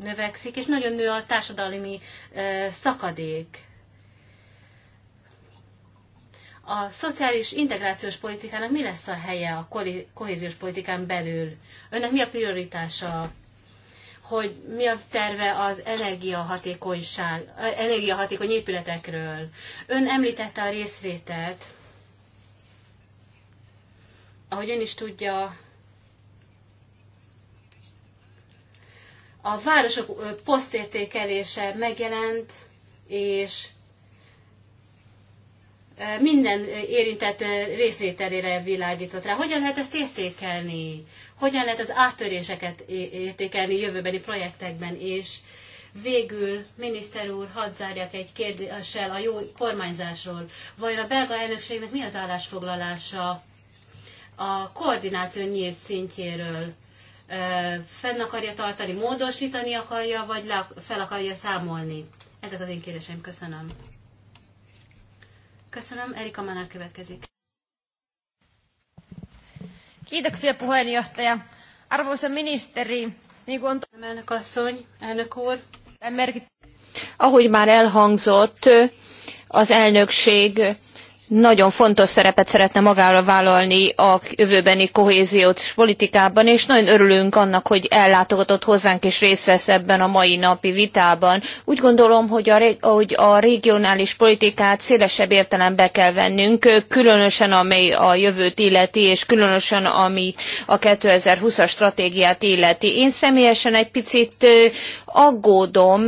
növekszik, és nagyon nő a társadalmi szakadék. A szociális integrációs politikának mi lesz a helye a kohéziós politikán belül? Önnek mi a prioritása? Hogy mi a terve az energiahatékonyság, energiahatékony épületekről? Ön említette a részvételt. Ahogy ön is tudja, a városok posztértékelése megjelent, és minden érintett részvételére világított rá. Hogyan lehet ezt értékelni? Hogyan lehet az áttöréseket értékelni jövőbeni projektekben? És végül, miniszter úr, hadd zárjak egy kérdéssel a jó kormányzásról. Vajon a belga elnökségnek mi az állásfoglalása a koordináció nyílt szintjéről? fenn akarja tartani, módosítani akarja, vagy le, fel akarja számolni? Ezek az én kérdéseim. Köszönöm. Köszönöm. Erika Manár következik. Kiitoksia puheenjohtaja. Arvoisa ministeri, niin kuin on... Elnök asszony, elnök úr. Ahogy már elhangzott, az elnökség nagyon fontos szerepet szeretne magára vállalni a jövőbeni kohéziós politikában, és nagyon örülünk annak, hogy ellátogatott hozzánk és részt vesz ebben a mai napi vitában. Úgy gondolom, hogy a, hogy a regionális politikát szélesebb értelembe kell vennünk, különösen ami a jövőt illeti, és különösen ami a 2020-as stratégiát illeti. Én személyesen egy picit aggódom,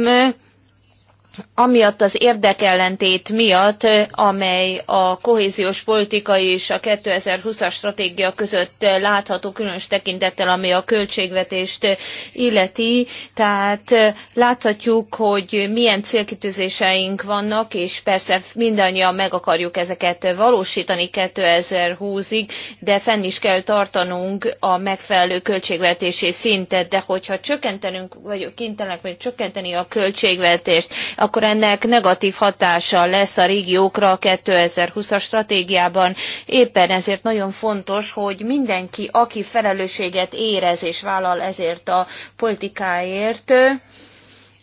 amiatt az érdekellentét miatt, amely a kohéziós politika és a 2020-as stratégia között látható különös tekintettel, ami a költségvetést illeti. Tehát láthatjuk, hogy milyen célkitűzéseink vannak, és persze mindannyian meg akarjuk ezeket valósítani 2020-ig, de fenn is kell tartanunk a megfelelő költségvetési szintet, de hogyha csökkentenünk, vagy kintenek, vagy csökkenteni a költségvetést, a akkor ennek negatív hatása lesz a régiókra a 2020-as stratégiában. Éppen ezért nagyon fontos, hogy mindenki, aki felelősséget érez és vállal ezért a politikáért,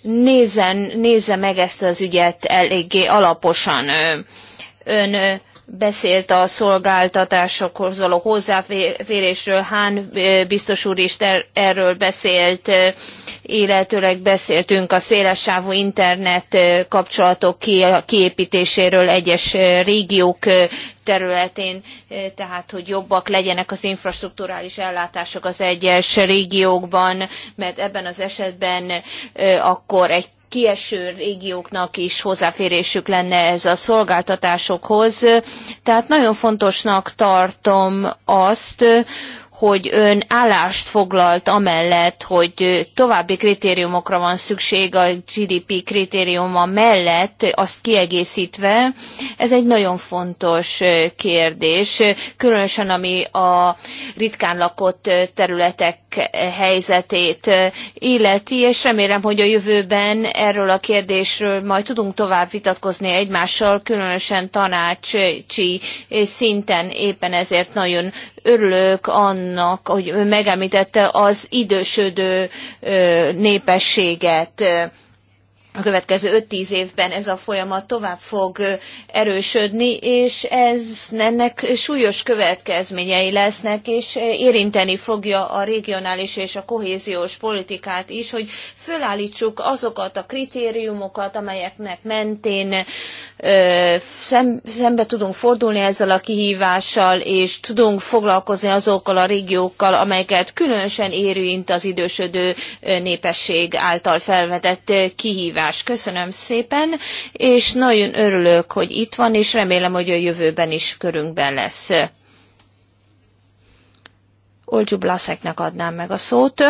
nézzen, nézze meg ezt az ügyet eléggé alaposan. Ön beszélt a szolgáltatásokhoz való hozzáférésről, Hán biztos úr is erről beszélt, illetőleg beszéltünk a szélessávú internet kapcsolatok kiépítéséről egyes régiók területén, tehát hogy jobbak legyenek az infrastruktúrális ellátások az egyes régiókban, mert ebben az esetben akkor egy kieső régióknak is hozzáférésük lenne ez a szolgáltatásokhoz. Tehát nagyon fontosnak tartom azt, hogy ön állást foglalt amellett, hogy további kritériumokra van szükség a GDP kritériuma mellett, azt kiegészítve. Ez egy nagyon fontos kérdés, különösen ami a ritkán lakott területek helyzetét illeti, és remélem, hogy a jövőben erről a kérdésről majd tudunk tovább vitatkozni egymással, különösen tanácsi szinten éppen ezért nagyon örülök annak, annak, hogy megemlítette az idősödő népességet a következő 5-10 évben ez a folyamat tovább fog erősödni, és ez ennek súlyos következményei lesznek, és érinteni fogja a regionális és a kohéziós politikát is, hogy fölállítsuk azokat a kritériumokat, amelyeknek mentén szembe tudunk fordulni ezzel a kihívással, és tudunk foglalkozni azokkal a régiókkal, amelyeket különösen érint az idősödő népesség által felvetett kihívás forrás. Köszönöm szépen, és nagyon örülök, hogy itt van, és remélem, hogy a jövőben is körünkben lesz. Olcsú Blaszeknek adnám meg a szót.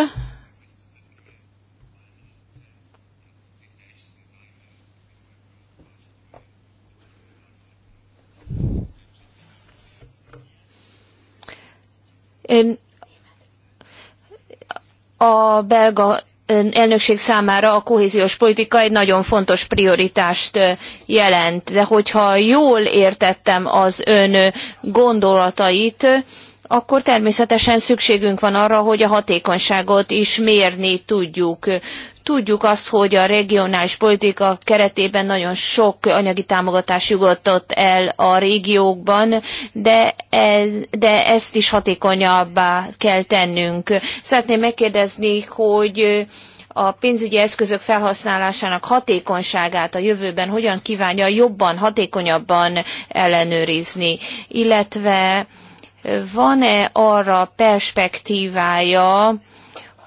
Én a belga elnökség számára a kohéziós politika egy nagyon fontos prioritást jelent. De hogyha jól értettem az ön gondolatait, akkor természetesen szükségünk van arra, hogy a hatékonyságot is mérni tudjuk. Tudjuk azt, hogy a regionális politika keretében nagyon sok anyagi támogatás jutott el a régiókban, de, ez, de ezt is hatékonyabbá kell tennünk. Szeretném megkérdezni, hogy a pénzügyi eszközök felhasználásának hatékonyságát a jövőben hogyan kívánja jobban, hatékonyabban ellenőrizni, illetve van-e arra perspektívája,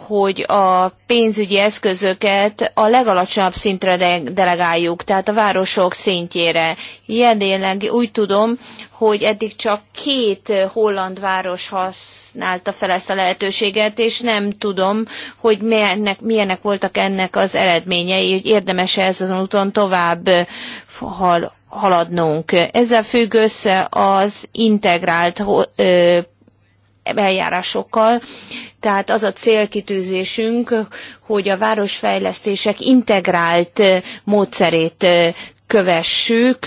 hogy a pénzügyi eszközöket a legalacsonyabb szintre delegáljuk, tehát a városok szintjére. Jelenleg úgy tudom, hogy eddig csak két holland város használta fel ezt a lehetőséget, és nem tudom, hogy milyenek, milyenek voltak ennek az eredményei, hogy érdemes -e ez azon úton tovább hal, haladnunk. Ezzel függ össze az integrált eljárásokkal. Tehát az a célkitűzésünk, hogy a városfejlesztések integrált módszerét kövessük.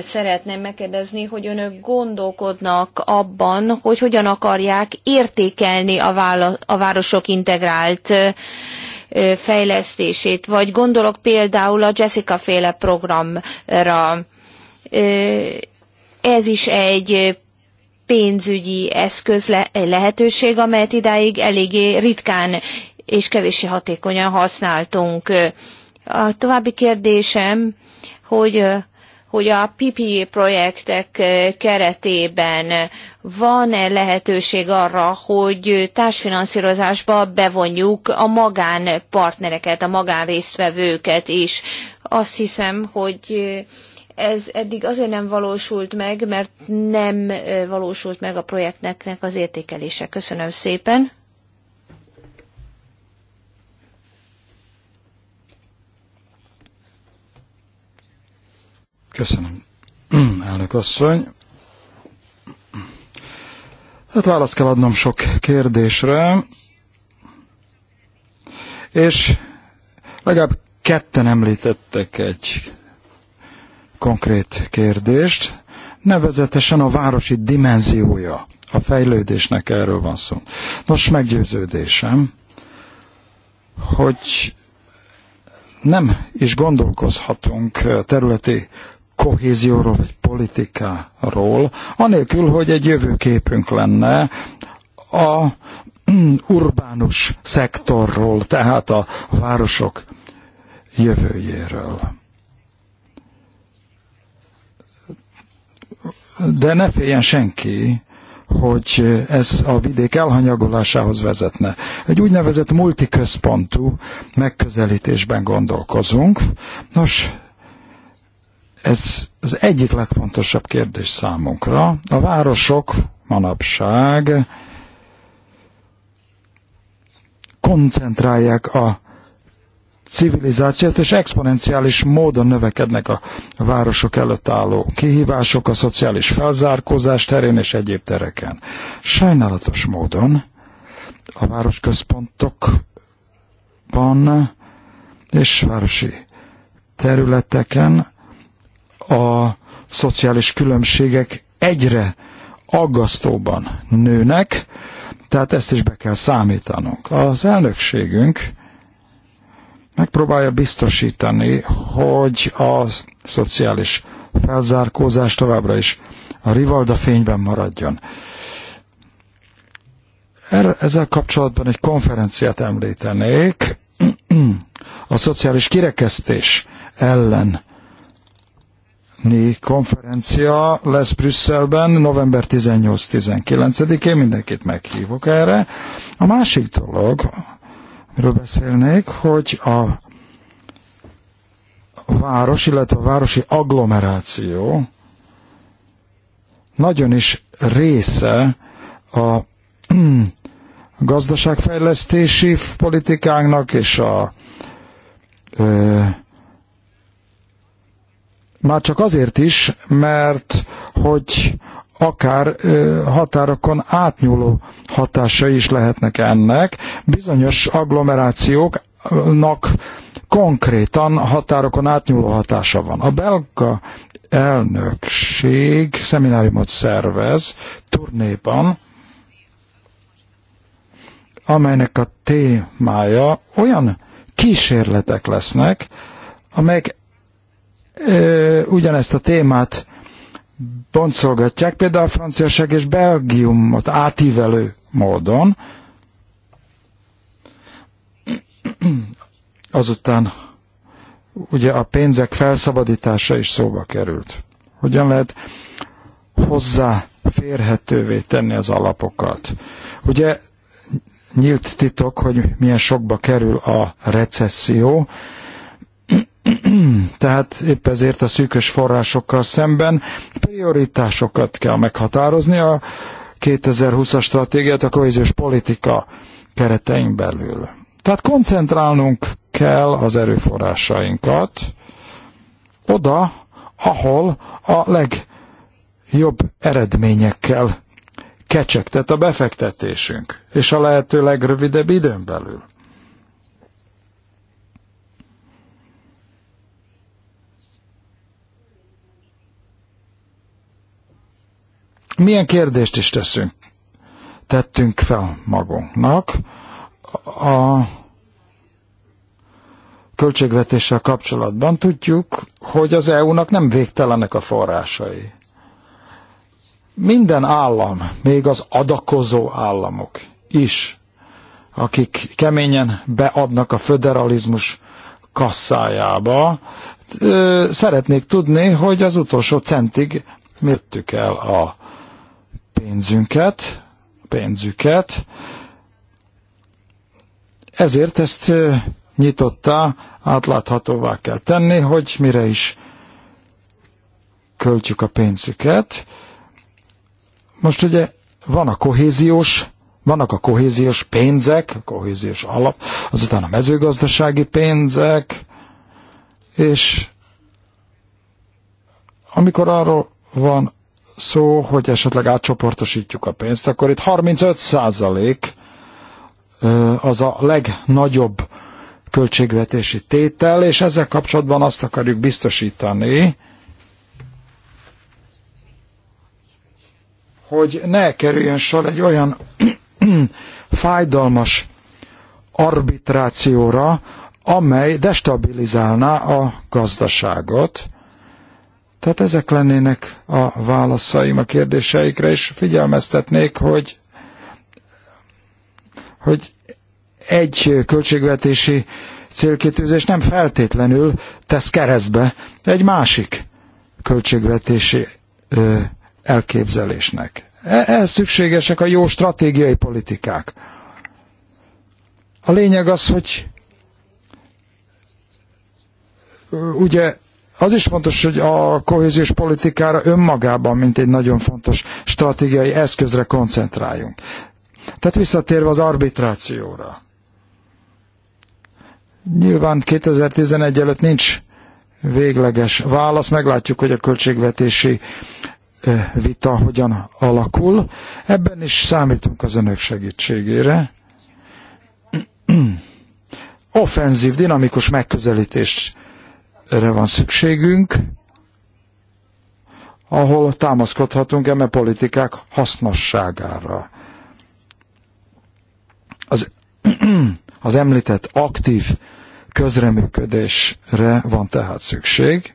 Szeretném megkérdezni, hogy önök gondolkodnak abban, hogy hogyan akarják értékelni a, vála- a városok integrált fejlesztését, vagy gondolok például a Jessica féle programra. Ez is egy pénzügyi eszköz lehetőség, amelyet idáig eléggé ritkán és kevéssé hatékonyan használtunk. A további kérdésem, hogy hogy a PPE projektek eh, keretében van-e lehetőség arra, hogy társfinanszírozásba bevonjuk a magánpartnereket, a magánrésztvevőket is. Azt hiszem, hogy eh, ez eddig azért nem valósult meg, mert nem eh, valósult meg a projektnek az értékelése. Köszönöm szépen. Köszönöm, elnök asszony. Hát választ kell adnom sok kérdésre, és legalább ketten említettek egy konkrét kérdést, nevezetesen a városi dimenziója a fejlődésnek erről van szó. Nos, meggyőződésem, hogy nem is gondolkozhatunk területi kohézióról vagy politikáról, anélkül, hogy egy jövőképünk lenne a mm, urbánus szektorról, tehát a városok jövőjéről. De ne féljen senki, hogy ez a vidék elhanyagolásához vezetne. Egy úgynevezett multiközpontú megközelítésben gondolkozunk. Nos, ez az egyik legfontosabb kérdés számunkra. A városok manapság koncentrálják a civilizációt, és exponenciális módon növekednek a városok előtt álló kihívások a szociális felzárkózás terén és egyéb tereken. Sajnálatos módon a városközpontokban és városi területeken a szociális különbségek egyre aggasztóban nőnek, tehát ezt is be kell számítanunk. Az elnökségünk megpróbálja biztosítani, hogy a szociális felzárkózás továbbra is a rivalda fényben maradjon. Erre, ezzel kapcsolatban egy konferenciát említenék, a szociális kirekesztés ellen Balkáni konferencia lesz Brüsszelben november 18-19-én, mindenkit meghívok erre. A másik dolog, amiről beszélnék, hogy a város, illetve a városi agglomeráció nagyon is része a gazdaságfejlesztési politikánknak és a ö, már csak azért is, mert hogy akár ö, határokon átnyúló hatásai is lehetnek ennek. Bizonyos agglomerációknak konkrétan határokon átnyúló hatása van. A belga elnökség szemináriumot szervez turnéban, amelynek a témája olyan kísérletek lesznek, amelyek ö, ugyanezt a témát boncolgatják, például Franciaság és Belgiumot átívelő módon. Azután ugye a pénzek felszabadítása is szóba került. Hogyan lehet férhetővé tenni az alapokat? Ugye nyílt titok, hogy milyen sokba kerül a recesszió, Tehát épp ezért a szűkös forrásokkal szemben prioritásokat kell meghatározni a 2020-as stratégiát a kohéziós politika keretein belül. Tehát koncentrálnunk kell az erőforrásainkat oda, ahol a legjobb eredményekkel kecsegtet a befektetésünk, és a lehető legrövidebb időn belül. milyen kérdést is teszünk, tettünk fel magunknak a költségvetéssel kapcsolatban tudjuk, hogy az EU-nak nem végtelenek a forrásai. Minden állam, még az adakozó államok is, akik keményen beadnak a föderalizmus kasszájába, szeretnék tudni, hogy az utolsó centig mértük el a pénzünket, pénzüket. Ezért ezt nyitotta, átláthatóvá kell tenni, hogy mire is költjük a pénzüket. Most ugye van a kohéziós, vannak a kohéziós pénzek, a kohéziós alap, azután a mezőgazdasági pénzek, és amikor arról van szó, hogy esetleg átcsoportosítjuk a pénzt, akkor itt 35 százalék az a legnagyobb költségvetési tétel, és ezzel kapcsolatban azt akarjuk biztosítani, hogy ne kerüljön sor egy olyan fájdalmas arbitrációra, amely destabilizálná a gazdaságot, tehát ezek lennének a válaszaim a kérdéseikre, és figyelmeztetnék, hogy, hogy egy költségvetési célkitűzés nem feltétlenül tesz keresztbe egy másik költségvetési ö, elképzelésnek. E, ehhez szükségesek a jó stratégiai politikák. A lényeg az, hogy ugye az is fontos, hogy a kohéziós politikára önmagában, mint egy nagyon fontos stratégiai eszközre koncentráljunk. Tehát visszatérve az arbitrációra. Nyilván 2011 előtt nincs végleges válasz, meglátjuk, hogy a költségvetési vita hogyan alakul. Ebben is számítunk az önök segítségére. Offenzív, dinamikus megközelítést erre van szükségünk, ahol támaszkodhatunk eme politikák hasznosságára. Az, az említett aktív közreműködésre van tehát szükség.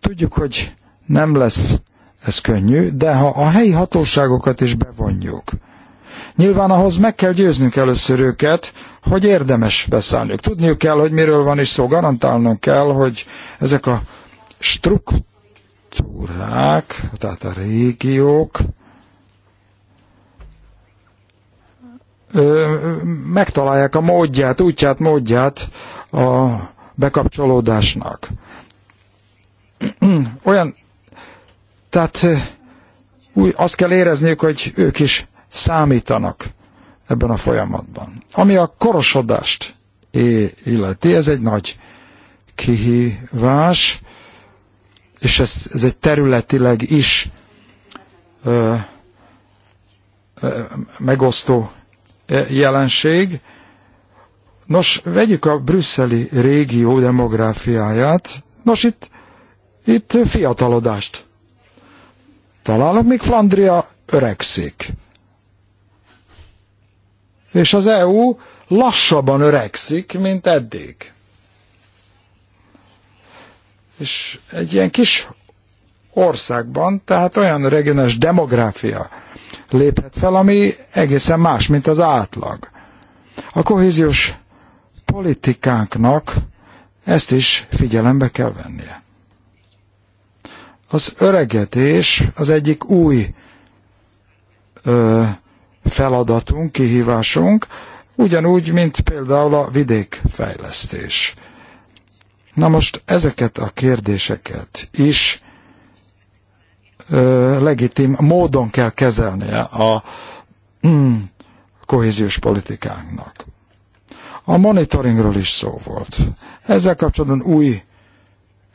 Tudjuk, hogy nem lesz ez könnyű, de ha a helyi hatóságokat is bevonjuk, Nyilván ahhoz meg kell győznünk először őket, hogy érdemes beszállniuk. Tudniuk kell, hogy miről van is szó, garantálnunk kell, hogy ezek a struktúrák, tehát a régiók, megtalálják a módját, útját, módját a bekapcsolódásnak. Olyan, tehát úgy azt kell érezniük, hogy ők is számítanak ebben a folyamatban. Ami a korosodást illeti, ez egy nagy kihívás, és ez, ez egy területileg is ö, ö, megosztó jelenség. Nos, vegyük a brüsszeli régió demográfiáját. Nos, itt, itt fiatalodást találok, még Flandria öregszik és az EU lassabban öregszik, mint eddig. És egy ilyen kis országban, tehát olyan regionális demográfia léphet fel, ami egészen más, mint az átlag. A kohéziós politikánknak ezt is figyelembe kell vennie. Az öregedés az egyik új ö, feladatunk, kihívásunk, ugyanúgy, mint például a vidékfejlesztés. Na most ezeket a kérdéseket is ö, legitim módon kell kezelnie a mm, kohéziós politikánknak. A monitoringról is szó volt. Ezzel kapcsolatban új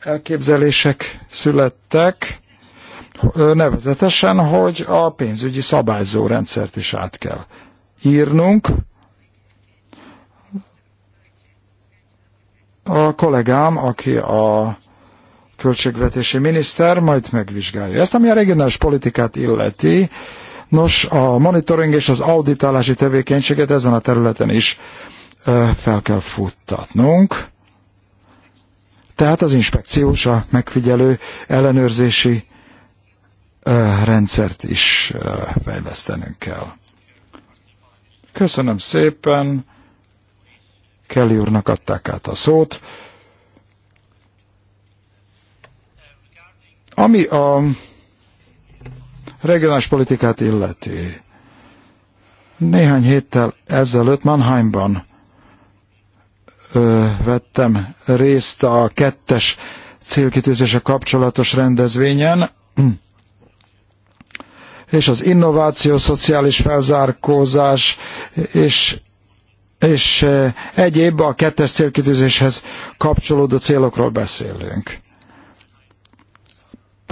elképzelések születtek, nevezetesen, hogy a pénzügyi szabályzó rendszert is át kell írnunk. A kollégám, aki a költségvetési miniszter, majd megvizsgálja ezt, ami a regionális politikát illeti. Nos, a monitoring és az auditálási tevékenységet ezen a területen is fel kell futtatnunk. Tehát az inspekciós, a megfigyelő ellenőrzési rendszert is fejlesztenünk kell. Köszönöm szépen, Kelly úrnak adták át a szót. Ami a regionális politikát illeti, néhány héttel ezelőtt Mannheimban ö, vettem részt a kettes célkitűzése kapcsolatos rendezvényen, és az innováció, szociális felzárkózás és és e, egyéb a kettes célkitűzéshez kapcsolódó célokról beszélünk.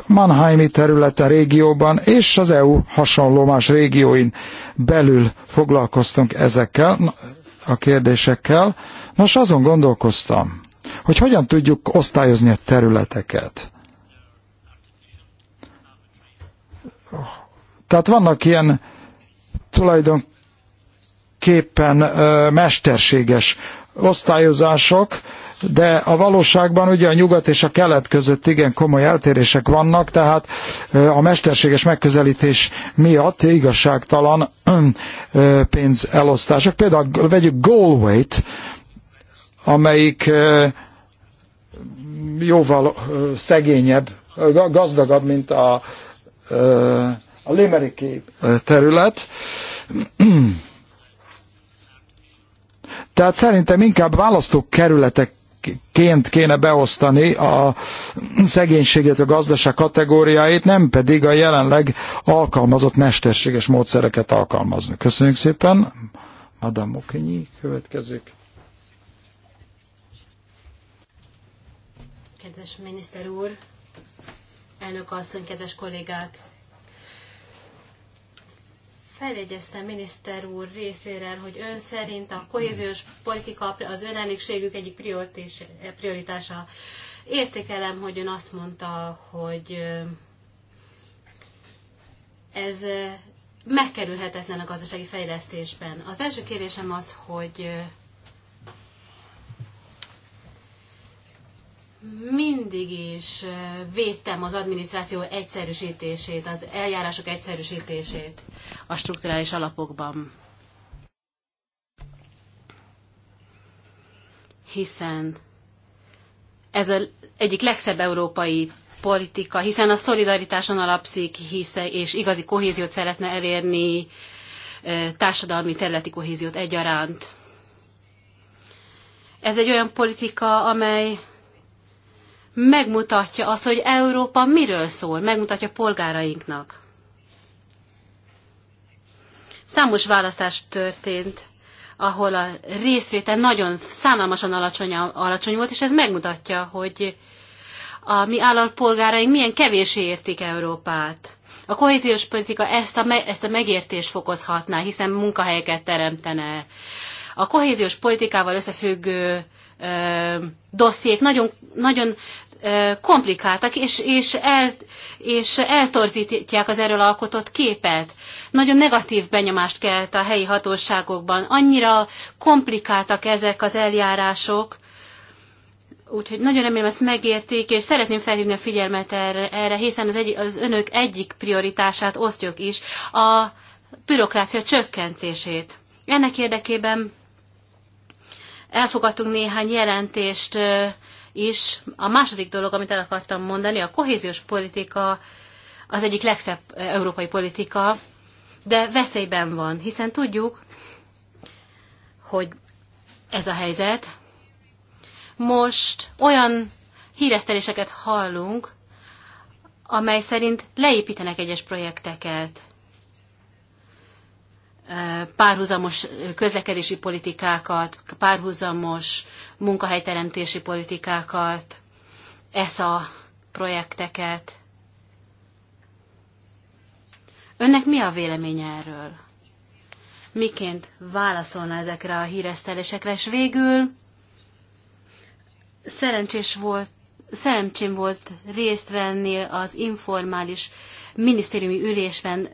Mannheimi területe régióban és az EU hasonló más régióin belül foglalkoztunk ezekkel a kérdésekkel. Nos, azon gondolkoztam, hogy hogyan tudjuk osztályozni a területeket. Tehát vannak ilyen tulajdonképpen mesterséges osztályozások, de a valóságban ugye a nyugat és a kelet között igen komoly eltérések vannak, tehát a mesterséges megközelítés miatt igazságtalan pénzelosztások. Például vegyük Galway-t, amelyik jóval szegényebb, gazdagabb, mint a a limeriki terület. Tehát szerintem inkább kerületek ként kéne beosztani a szegénységet, a gazdaság kategóriáit, nem pedig a jelenleg alkalmazott mesterséges módszereket alkalmazni. Köszönjük szépen. Madame Mokényi következik. Kedves miniszter úr, elnök asszony, kedves kollégák! feljegyeztem miniszter úr részéről, hogy ön szerint a kohéziós politika az önelégségük egyik prioritása. Értékelem, hogy ön azt mondta, hogy ez megkerülhetetlen a gazdasági fejlesztésben. Az első kérésem az, hogy mindig is eh, védtem az adminisztráció egyszerűsítését, az eljárások egyszerűsítését a strukturális alapokban. Hiszen ez az egyik legszebb európai politika, hiszen a szolidaritáson alapszik, hisze, és igazi kohéziót szeretne elérni, eh, társadalmi területi kohéziót egyaránt. Ez egy olyan politika, amely megmutatja azt, hogy Európa miről szól, megmutatja polgárainknak. Számos választás történt, ahol a részvétel nagyon szánalmasan alacsony, alacsony volt, és ez megmutatja, hogy a mi állampolgáraink milyen kevés értik Európát. A kohéziós politika ezt a, me- ezt a megértést fokozhatná, hiszen munkahelyeket teremtene. A kohéziós politikával összefüggő ö, dossziék nagyon, nagyon komplikáltak, és, és, el, és eltorzítják az erről alkotott képet. Nagyon negatív benyomást kelt a helyi hatóságokban. Annyira komplikáltak ezek az eljárások, Úgyhogy nagyon remélem ezt megérték, és szeretném felhívni a figyelmet erre, erre hiszen az, egy, az önök egyik prioritását osztjuk is, a bürokrácia csökkentését. Ennek érdekében elfogadtunk néhány jelentést is. A második dolog, amit el akartam mondani, a kohéziós politika az egyik legszebb európai politika, de veszélyben van, hiszen tudjuk, hogy ez a helyzet. Most olyan híreszteléseket hallunk, amely szerint leépítenek egyes projekteket párhuzamos közlekedési politikákat, párhuzamos munkahelyteremtési politikákat, ESA projekteket. Önnek mi a véleménye erről? Miként válaszolna ezekre a híresztelésekre? És végül szerencsés volt szerencsém volt részt venni az informális minisztériumi ülésben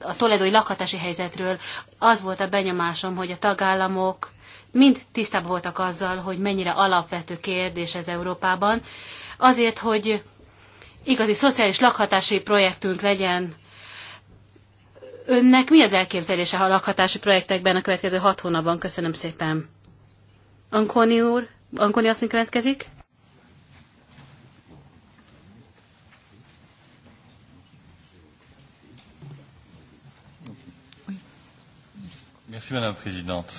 a toledói lakhatási helyzetről. Az volt a benyomásom, hogy a tagállamok mind tisztában voltak azzal, hogy mennyire alapvető kérdés ez Európában, azért, hogy igazi szociális lakhatási projektünk legyen. Önnek mi az elképzelése a lakhatási projektekben a következő hat hónapban? Köszönöm szépen. Ankoni úr, Ankoni asszony következik. Merci, Madame Présidente.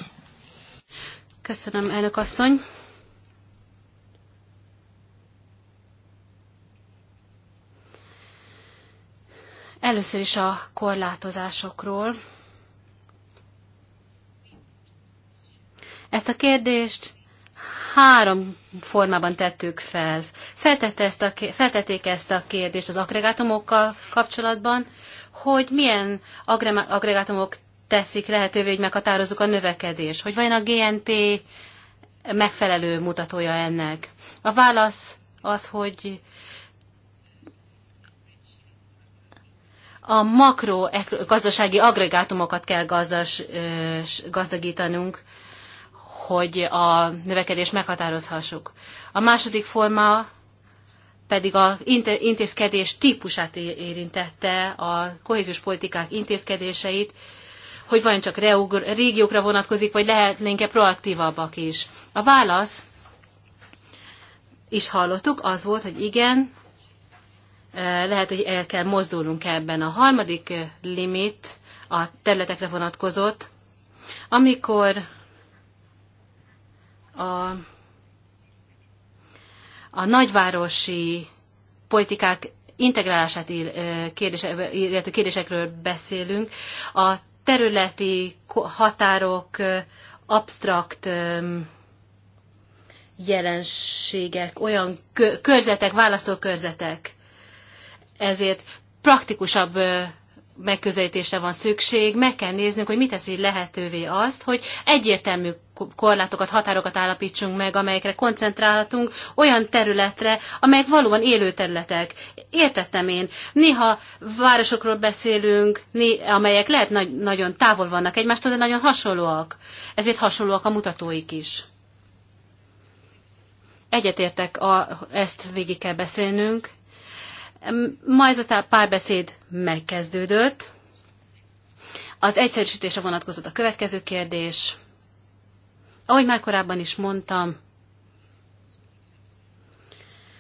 Köszönöm, elnök asszony. Először is a korlátozásokról. Ezt a kérdést három formában tettük fel. Feltette ezt a, feltették ezt a kérdést az agregátumokkal kapcsolatban, hogy milyen agregátumok teszik lehetővé, hogy meghatározzuk a növekedés. Hogy vajon a GNP megfelelő mutatója ennek? A válasz az, hogy a makro gazdasági agregátumokat kell gazdas, gazdagítanunk, hogy a növekedést meghatározhassuk. A második forma pedig a intézkedés típusát érintette, a kohéziós politikák intézkedéseit, hogy vajon csak régiókra vonatkozik, vagy lehetnénk-e proaktívabbak is. A válasz is hallottuk, az volt, hogy igen, lehet, hogy el kell mozdulnunk ebben. A harmadik limit a területekre vonatkozott, amikor a, a nagyvárosi politikák integrálását illető kérdésekről beszélünk, a területi határok, absztrakt jelenségek, olyan körzetek, választókörzetek. Ezért praktikusabb megközelítésre van szükség, meg kell néznünk, hogy mit teszi lehetővé azt, hogy egyértelmű korlátokat, határokat állapítsunk meg, amelyekre koncentrálhatunk olyan területre, amelyek valóban élő területek. Értettem én. Néha városokról beszélünk, amelyek lehet nagy, nagyon távol vannak egymástól, de nagyon hasonlóak. Ezért hasonlóak a mutatóik is. Egyetértek, a, ezt végig kell beszélnünk, Ma a párbeszéd megkezdődött. Az egyszerűsítésre vonatkozott a következő kérdés. Ahogy már korábban is mondtam,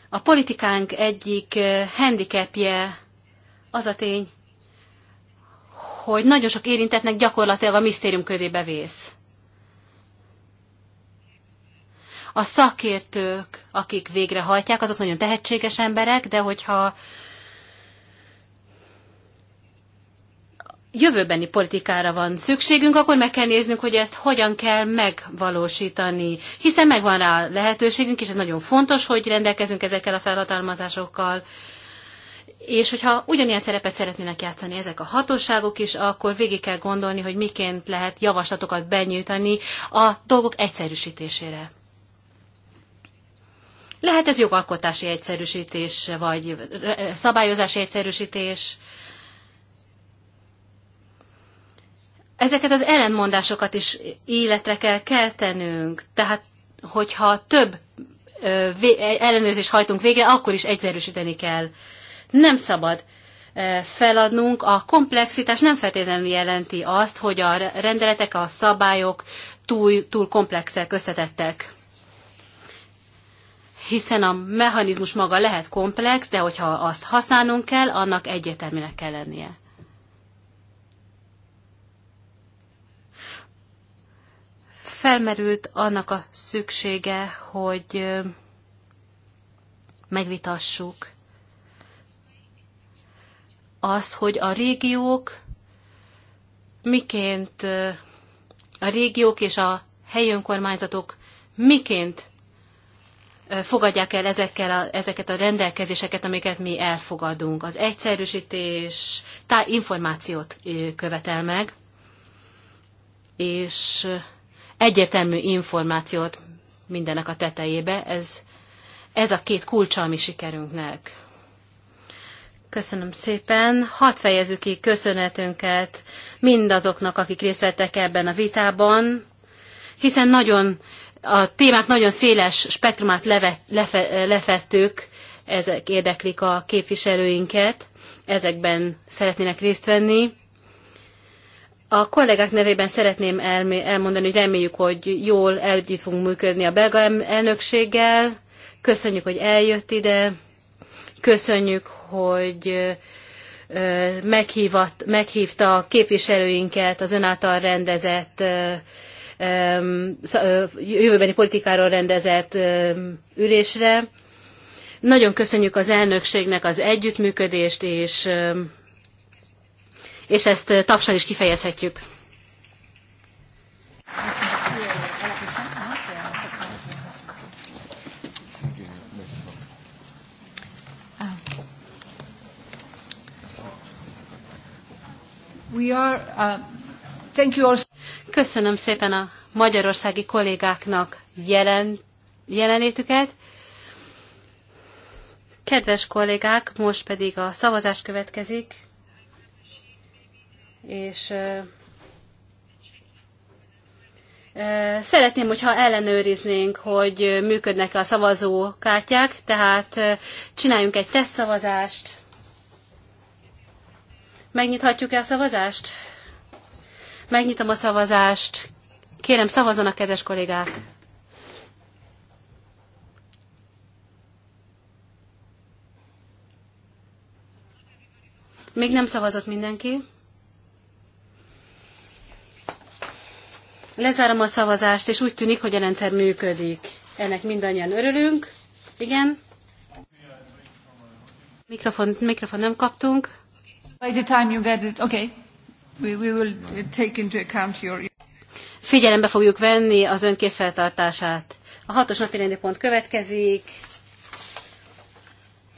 a politikánk egyik eh, handicapje az a tény, hogy nagyon sok érintetnek gyakorlatilag a misztérium körébe vész. A szakértők, akik végrehajtják, azok nagyon tehetséges emberek, de hogyha jövőbeni politikára van szükségünk, akkor meg kell néznünk, hogy ezt hogyan kell megvalósítani. Hiszen megvan rá lehetőségünk, és ez nagyon fontos, hogy rendelkezünk ezekkel a felhatalmazásokkal. És hogyha ugyanilyen szerepet szeretnének játszani ezek a hatóságok is, akkor végig kell gondolni, hogy miként lehet javaslatokat benyújtani a dolgok egyszerűsítésére. Lehet ez jogalkotási egyszerűsítés, vagy szabályozási egyszerűsítés. Ezeket az ellenmondásokat is életre kell keltenünk. Tehát, hogyha több ellenőrzés hajtunk végre, akkor is egyszerűsíteni kell. Nem szabad feladnunk. A komplexitás nem feltétlenül jelenti azt, hogy a rendeletek, a szabályok túl, túl komplexek, összetettek hiszen a mechanizmus maga lehet komplex, de hogyha azt használnunk kell, annak egyértelműnek kell lennie. Felmerült annak a szüksége, hogy megvitassuk azt, hogy a régiók miként a régiók és a helyi önkormányzatok miként fogadják el ezekkel a, ezeket a rendelkezéseket, amiket mi elfogadunk. Az egyszerűsítés tá, információt követel meg, és egyértelmű információt mindenek a tetejébe. Ez, ez a két kulcsa a mi sikerünknek. Köszönöm szépen. Hadd fejezzük ki köszönetünket mindazoknak, akik részt vettek ebben a vitában, hiszen nagyon a témák nagyon széles spektrumát leve, lefe, lefettük, ezek érdeklik a képviselőinket, ezekben szeretnének részt venni. A kollégák nevében szeretném elmondani, hogy reméljük, hogy jól együtt fogunk működni a belga elnökséggel. Köszönjük, hogy eljött ide. Köszönjük, hogy meghívta a képviselőinket az ön által rendezett jövőbeni politikáról rendezett ülésre. Nagyon köszönjük az elnökségnek az együttműködést, és, és ezt tapsal is kifejezhetjük. We are, uh, Thank you also. Köszönöm szépen a magyarországi kollégáknak jelen, jelenlétüket. Kedves kollégák, most pedig a szavazás következik, és euh, euh, szeretném, hogyha ellenőriznénk, hogy működnek-e a kártyák, tehát euh, csináljunk egy tesztszavazást. Megnyithatjuk-e a szavazást? Megnyitom a szavazást. Kérem, szavazzanak, kedves kollégák! Még nem szavazott mindenki. Lezárom a szavazást, és úgy tűnik, hogy a rendszer működik. Ennek mindannyian örülünk. Igen? Mikrofon, mikrofon nem kaptunk. By the time you get it, okay. Figyelembe fogjuk venni az ön készfeltartását. A hatos rendi pont következik.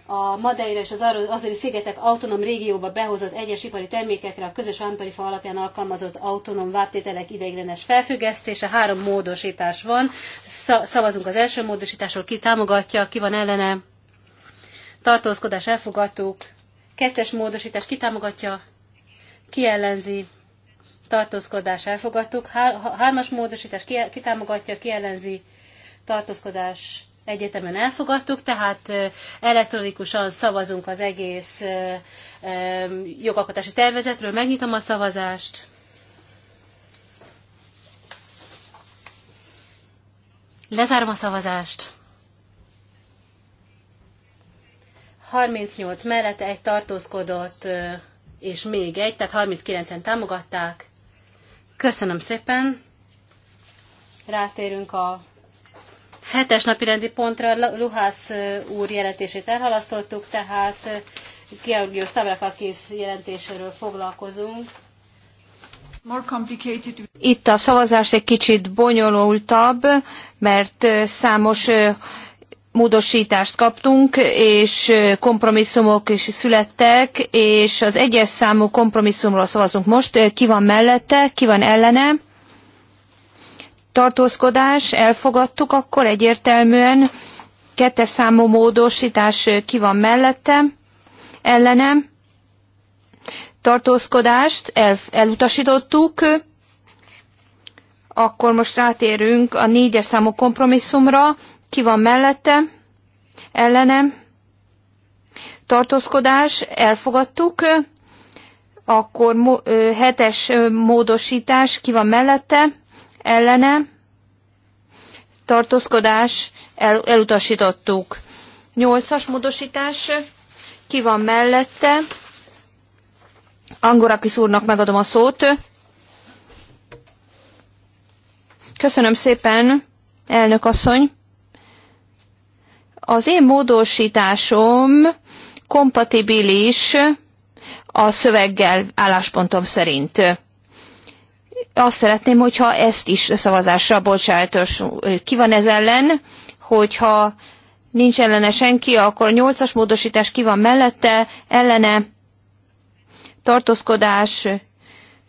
A Madeira és az Azori szigetek autonóm régióba behozott egyes ipari termékekre a közös vámtarifa alapján alkalmazott autonóm vábtételek ideiglenes felfüggesztése. Három módosítás van. Szavazunk az első módosításról, ki támogatja, ki van ellene. Tartózkodás elfogadtuk. Kettes módosítás kitámogatja, kiellenzi tartózkodás elfogadtuk, Há hármas módosítás kitámogatja kiellenzi tartózkodás egyetemen elfogadtuk, tehát elektronikusan szavazunk az egész jogalkotási tervezetről. Megnyitom a szavazást. Lezárom a szavazást. 38 mellett egy tartózkodott és még egy, tehát 39-en támogatták. Köszönöm szépen. Rátérünk a hetes napi rendi pontra. Luhász úr jelentését elhalasztottuk, tehát Georgios Tavrakakis jelentéséről foglalkozunk. Itt a szavazás egy kicsit bonyolultabb, mert számos módosítást kaptunk, és kompromisszumok is születtek, és az egyes számú kompromisszumról szavazunk most. Ki van mellette, ki van ellene? Tartózkodás, elfogadtuk akkor egyértelműen. Kettes számú módosítás ki van mellette, ellene? Tartózkodást el, elutasítottuk. Akkor most rátérünk a négyes számú kompromisszumra ki van mellette? Ellenem? Tartózkodás? Elfogadtuk. Akkor hetes módosítás. Ki van mellette? Ellene? Tartózkodás? El, elutasítottuk. Nyolcas módosítás. Ki van mellette? Angorakis úrnak megadom a szót. Köszönöm szépen, elnök asszony. Az én módosításom kompatibilis a szöveggel álláspontom szerint. Azt szeretném, hogyha ezt is szavazásra bocsájtos. Ki van ez ellen, hogyha nincs ellene senki, akkor a nyolcas módosítás ki van mellette, ellene tartózkodás,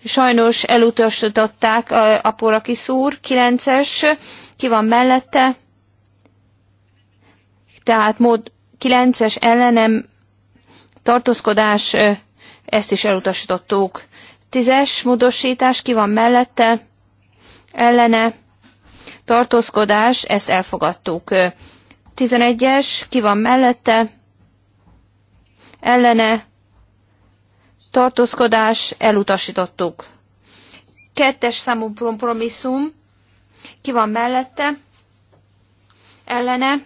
sajnos elutasították a, a Porakis úr, kilences, ki van mellette, tehát mód 9-es ellenem tartózkodás, ezt is elutasítottuk. 10-es módosítás, ki van mellette, ellene, tartózkodás, ezt elfogadtuk. 11-es, ki van mellette, ellene, tartózkodás, elutasítottuk. Kettes számú kompromisszum, ki van mellette, ellene,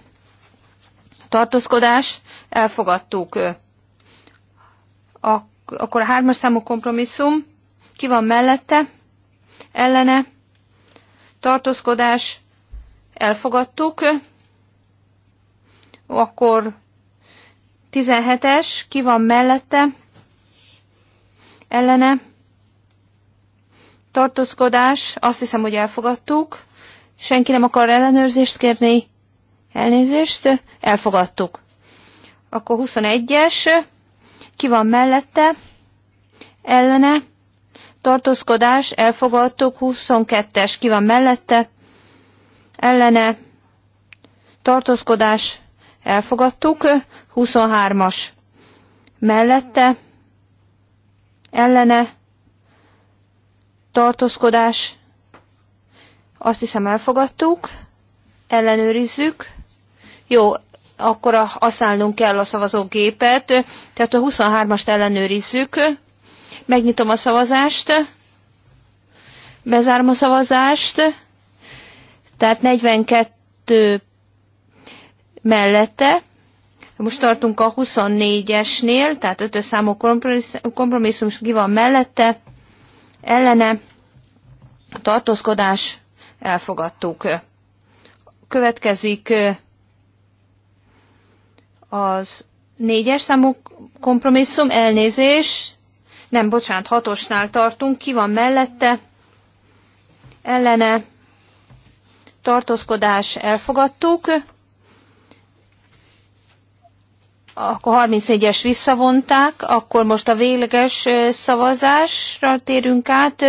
tartózkodás, elfogadtuk. akkor a hármas számú kompromisszum, ki van mellette, ellene, tartózkodás, elfogadtuk. Akkor 17-es, ki van mellette, ellene, tartózkodás, azt hiszem, hogy elfogadtuk. Senki nem akar ellenőrzést kérni. Elnézést, elfogadtuk. Akkor 21-es, ki van mellette, ellene, tartózkodás, elfogadtuk, 22-es, ki van mellette, ellene, tartózkodás, elfogadtuk, 23-as, mellette, ellene, tartózkodás, azt hiszem elfogadtuk, ellenőrizzük, jó, akkor használnunk kell a szavazógépet, tehát a 23-ast ellenőrizzük. Megnyitom a szavazást, bezárom a szavazást, tehát 42 mellette, most tartunk a 24-esnél, tehát 5 számú kompromisszum ki van mellette, ellene tartózkodás elfogadtuk. Következik az négyes számú kompromisszum, elnézés, nem, bocsánat, hatosnál tartunk, ki van mellette, ellene, tartózkodás elfogadtuk, akkor 34-es visszavonták, akkor most a végleges szavazásra térünk át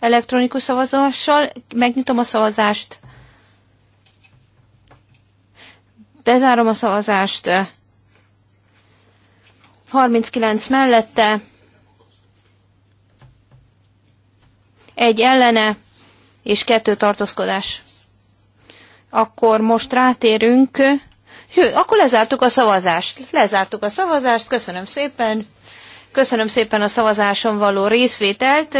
elektronikus szavazással. Megnyitom a szavazást. Bezárom a szavazást. 39 mellette, egy ellene és kettő tartózkodás. Akkor most rátérünk. Jö, akkor lezártuk a szavazást. Lezártuk a szavazást, köszönöm szépen. Köszönöm szépen a szavazáson való részvételt.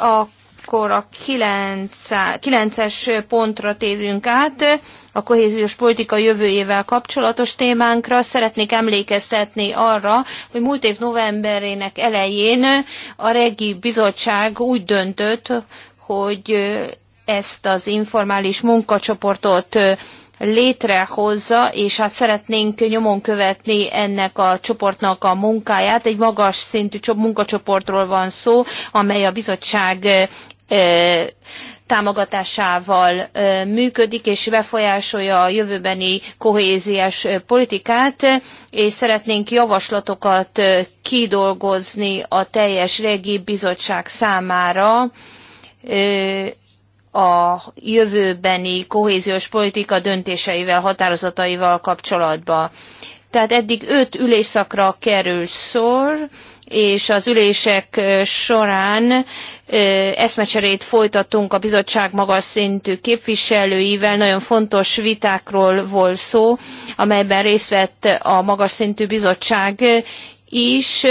A akkor a 9-es pontra tévünk át, a kohéziós politika jövőjével kapcsolatos témánkra. Szeretnék emlékeztetni arra, hogy múlt év novemberének elején a Regi Bizottság úgy döntött, hogy ezt az informális munkacsoportot létrehozza, és hát szeretnénk nyomon követni ennek a csoportnak a munkáját. Egy magas szintű munkacsoportról van szó, amely a bizottság támogatásával működik, és befolyásolja a jövőbeni kohéziás politikát, és szeretnénk javaslatokat kidolgozni a teljes régi bizottság számára a jövőbeni kohéziós politika döntéseivel, határozataival kapcsolatban. Tehát eddig öt ülésszakra kerül szor, és az ülések során eszmecserét folytatunk a bizottság magas szintű képviselőivel. Nagyon fontos vitákról volt szó, amelyben részt vett a magas szintű bizottság is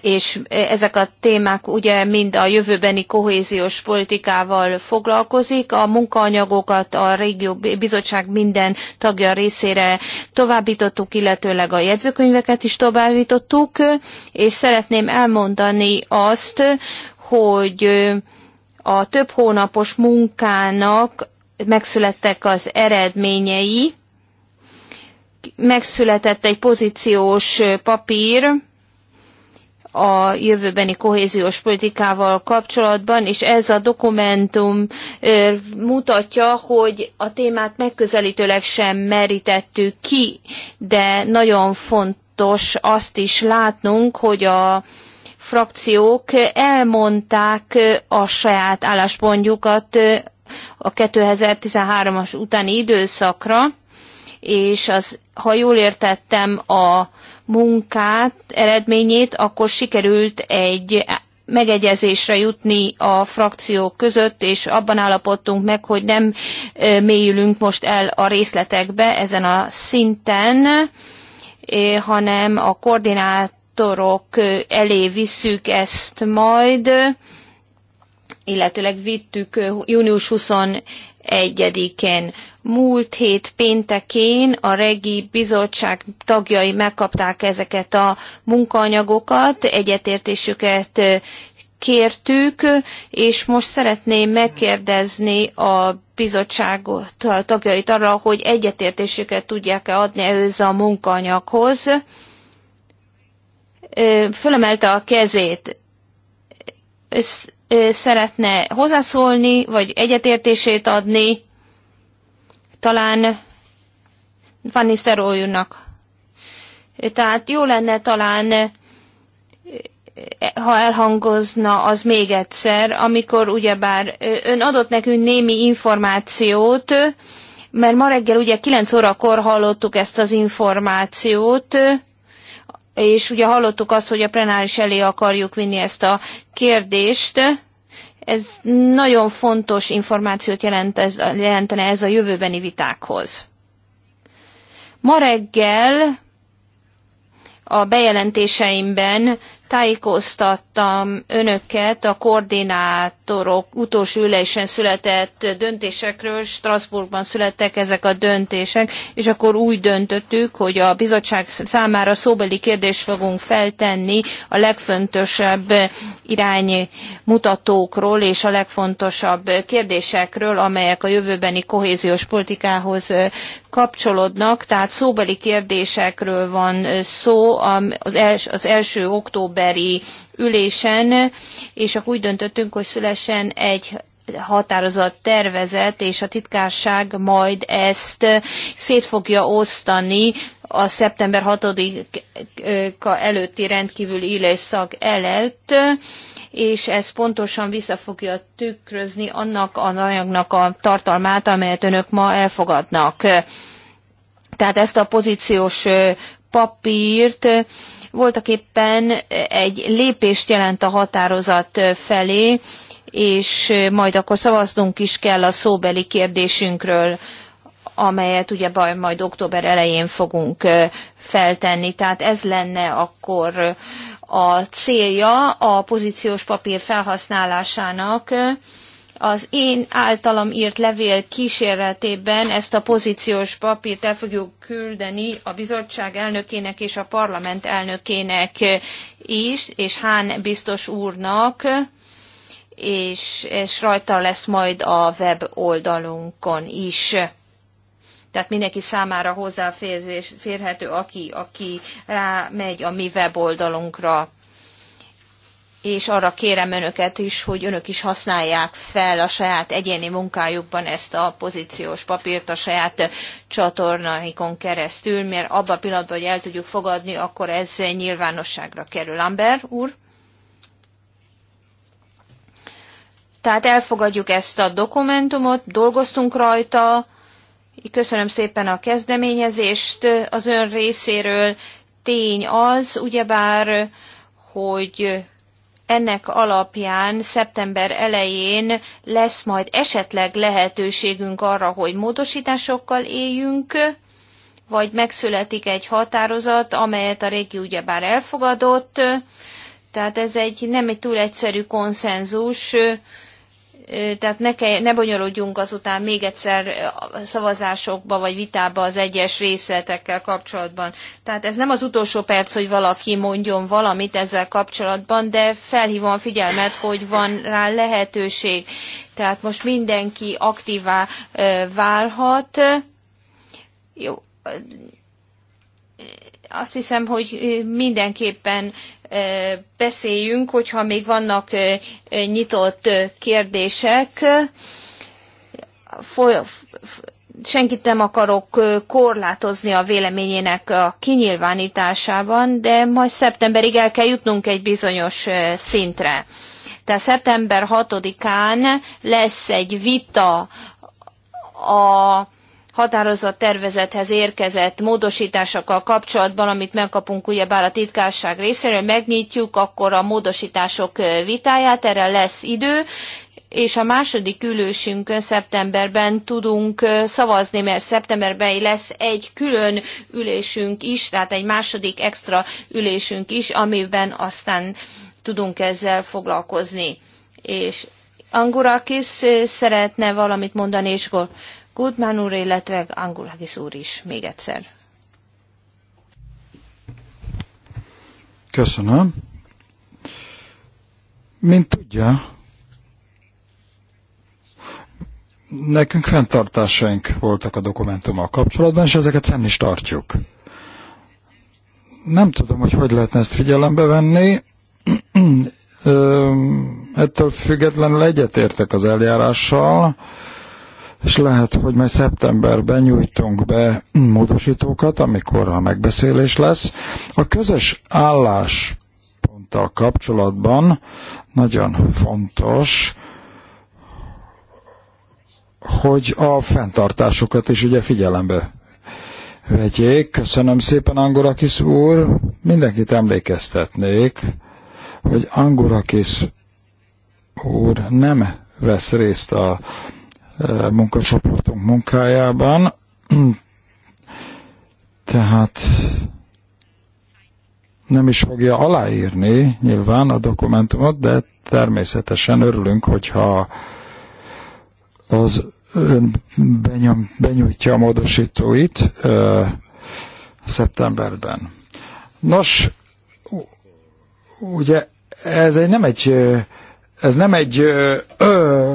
és ezek a témák ugye mind a jövőbeni kohéziós politikával foglalkozik, a munkaanyagokat a régió bizottság minden tagja részére továbbítottuk, illetőleg a jegyzőkönyveket is továbbítottuk, és szeretném elmondani azt, hogy a több hónapos munkának megszülettek az eredményei, megszületett egy pozíciós papír, a jövőbeni kohéziós politikával kapcsolatban, és ez a dokumentum mutatja, hogy a témát megközelítőleg sem merítettük ki, de nagyon fontos azt is látnunk, hogy a frakciók elmondták a saját álláspontjukat a 2013-as utáni időszakra, és az, ha jól értettem, a munkát, eredményét, akkor sikerült egy megegyezésre jutni a frakciók között, és abban állapodtunk meg, hogy nem mélyülünk most el a részletekbe ezen a szinten, hanem a koordinátorok elé visszük ezt majd, illetőleg vittük június 21-én múlt hét péntekén a regi bizottság tagjai megkapták ezeket a munkaanyagokat, egyetértésüket kértük, és most szeretném megkérdezni a bizottság tagjait arra, hogy egyetértésüket tudják-e adni ehhez a munkaanyaghoz. Fölemelte a kezét. Szeretne hozzászólni, vagy egyetértését adni? talán Van Szerójúnak. Tehát jó lenne talán, eh, ha elhangozna az még egyszer, amikor ugyebár eh, ön adott nekünk némi információt, mert ma reggel ugye 9 órakor hallottuk ezt az információt, és ugye hallottuk azt, hogy a plenáris elé akarjuk vinni ezt a kérdést, ez nagyon fontos információt jelent ez, jelentene ez a jövőbeni vitákhoz. Ma reggel a bejelentéseimben tájékoztattam önöket a koordinátorok utolsó ülésen született döntésekről, Strasbourgban születtek ezek a döntések, és akkor úgy döntöttük, hogy a bizottság számára szóbeli kérdést fogunk feltenni a legfontosabb iránymutatókról és a legfontosabb kérdésekről, amelyek a jövőbeni kohéziós politikához kapcsolódnak, tehát szóbeli kérdésekről van szó az, els, az első októberi ülésen, és akkor úgy döntöttünk, hogy szülesen egy határozat tervezet, és a titkárság majd ezt eh, szét fogja osztani a szeptember 6-a előtti rendkívüli ülésszak előtt, és ez pontosan vissza fogja tükrözni annak a anyagnak a tartalmát, amelyet önök ma elfogadnak. Tehát ezt a pozíciós eh, papírt eh, voltaképpen egy lépést jelent a határozat felé, és majd akkor szavaznunk is kell a szóbeli kérdésünkről, amelyet ugye majd október elején fogunk feltenni. Tehát ez lenne akkor a célja a pozíciós papír felhasználásának. Az én általam írt levél kísérletében ezt a pozíciós papírt el fogjuk küldeni a bizottság elnökének és a parlament elnökének is, és Hán biztos úrnak és, és rajta lesz majd a web oldalunkon is. Tehát mindenki számára hozzáférhető, aki, aki rámegy a mi weboldalunkra. És arra kérem önöket is, hogy önök is használják fel a saját egyéni munkájukban ezt a pozíciós papírt a saját csatornaikon keresztül, mert abban a pillanatban, hogy el tudjuk fogadni, akkor ez nyilvánosságra kerül. Amber úr? Tehát elfogadjuk ezt a dokumentumot, dolgoztunk rajta, köszönöm szépen a kezdeményezést az ön részéről. Tény az, ugyebár, hogy ennek alapján szeptember elején lesz majd esetleg lehetőségünk arra, hogy módosításokkal éljünk, vagy megszületik egy határozat, amelyet a régi ugyebár elfogadott. Tehát ez egy nem egy túl egyszerű konszenzus, tehát ne, kell, ne bonyolódjunk azután még egyszer szavazásokba vagy vitába az egyes részletekkel kapcsolatban. Tehát ez nem az utolsó perc, hogy valaki mondjon valamit ezzel kapcsolatban, de felhívom a figyelmet, hogy van rá lehetőség. Tehát most mindenki aktívá válhat. Jó azt hiszem, hogy mindenképpen beszéljünk, hogyha még vannak nyitott kérdések. Senkit nem akarok korlátozni a véleményének a kinyilvánításában, de majd szeptemberig el kell jutnunk egy bizonyos szintre. Tehát szeptember 6-án lesz egy vita a határozat tervezethez érkezett módosításokkal kapcsolatban, amit megkapunk ugyebár a titkárság részéről, megnyitjuk akkor a módosítások vitáját, erre lesz idő, és a második ülésünkön szeptemberben tudunk szavazni, mert szeptemberben lesz egy külön ülésünk is, tehát egy második extra ülésünk is, amiben aztán tudunk ezzel foglalkozni. És Angurakis szeretne valamit mondani, és akkor Goodman úr, illetve Angulagis úr is még egyszer. Köszönöm. Mint tudja, nekünk fenntartásaink voltak a dokumentummal kapcsolatban, és ezeket fenn is tartjuk. Nem tudom, hogy hogy lehetne ezt figyelembe venni. Ettől függetlenül egyetértek az eljárással, és lehet, hogy majd szeptemberben nyújtunk be módosítókat, amikor a megbeszélés lesz. A közös állásponttal kapcsolatban nagyon fontos, hogy a fenntartásokat is ugye figyelembe vegyék. Köszönöm szépen, Angorakis úr. Mindenkit emlékeztetnék, hogy Angorakis úr nem vesz részt a Eh, munkacsoportunk munkájában. Tehát nem is fogja aláírni nyilván a dokumentumot, de természetesen örülünk, hogyha az ön benyom, benyújtja a módosítóit ö, eh, szeptemberben. Nos, ugye ez egy, nem egy eh, ez nem egy ö, ö,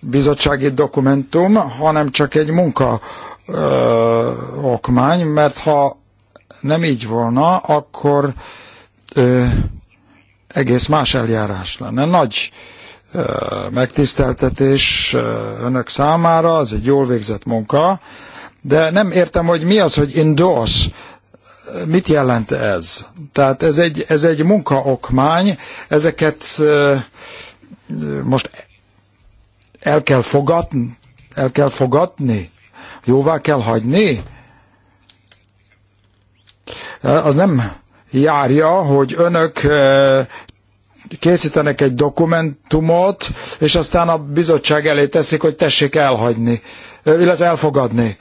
bizottsági dokumentum, hanem csak egy munka ö, okmány, mert ha nem így volna, akkor ö, egész más eljárás lenne. Nagy ö, megtiszteltetés ö, önök számára, az egy jól végzett munka, de nem értem, hogy mi az, hogy endorse, mit jelent ez? Tehát ez egy, ez egy munkaokmány, ezeket ö, most el kell fogadni, el kell fogadni, jóvá kell hagyni. E, az nem járja, hogy önök e, készítenek egy dokumentumot, és aztán a bizottság elé teszik, hogy tessék elhagyni, e, illetve elfogadni.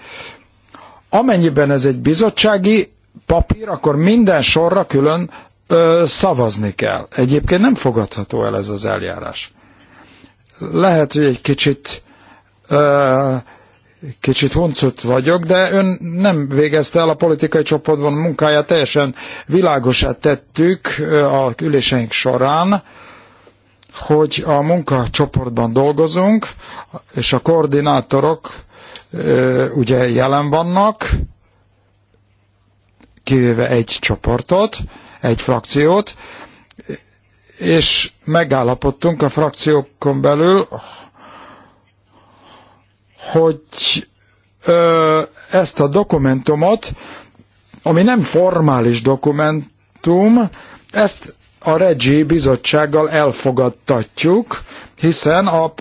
Amennyiben ez egy bizottsági papír, akkor minden sorra külön ö, szavazni kell. Egyébként nem fogadható el ez az eljárás. Lehet, hogy egy kicsit kicsit huncut vagyok, de ön nem végezte el a politikai csoportban a munkáját, teljesen világosát tettük a üléseink során, hogy a munkacsoportban dolgozunk, és a koordinátorok ugye jelen vannak, kivéve egy csoportot, egy frakciót, és megállapodtunk a frakciókon belül, hogy ö, ezt a dokumentumot, ami nem formális dokumentum, ezt a Regi bizottsággal elfogadtatjuk, hiszen a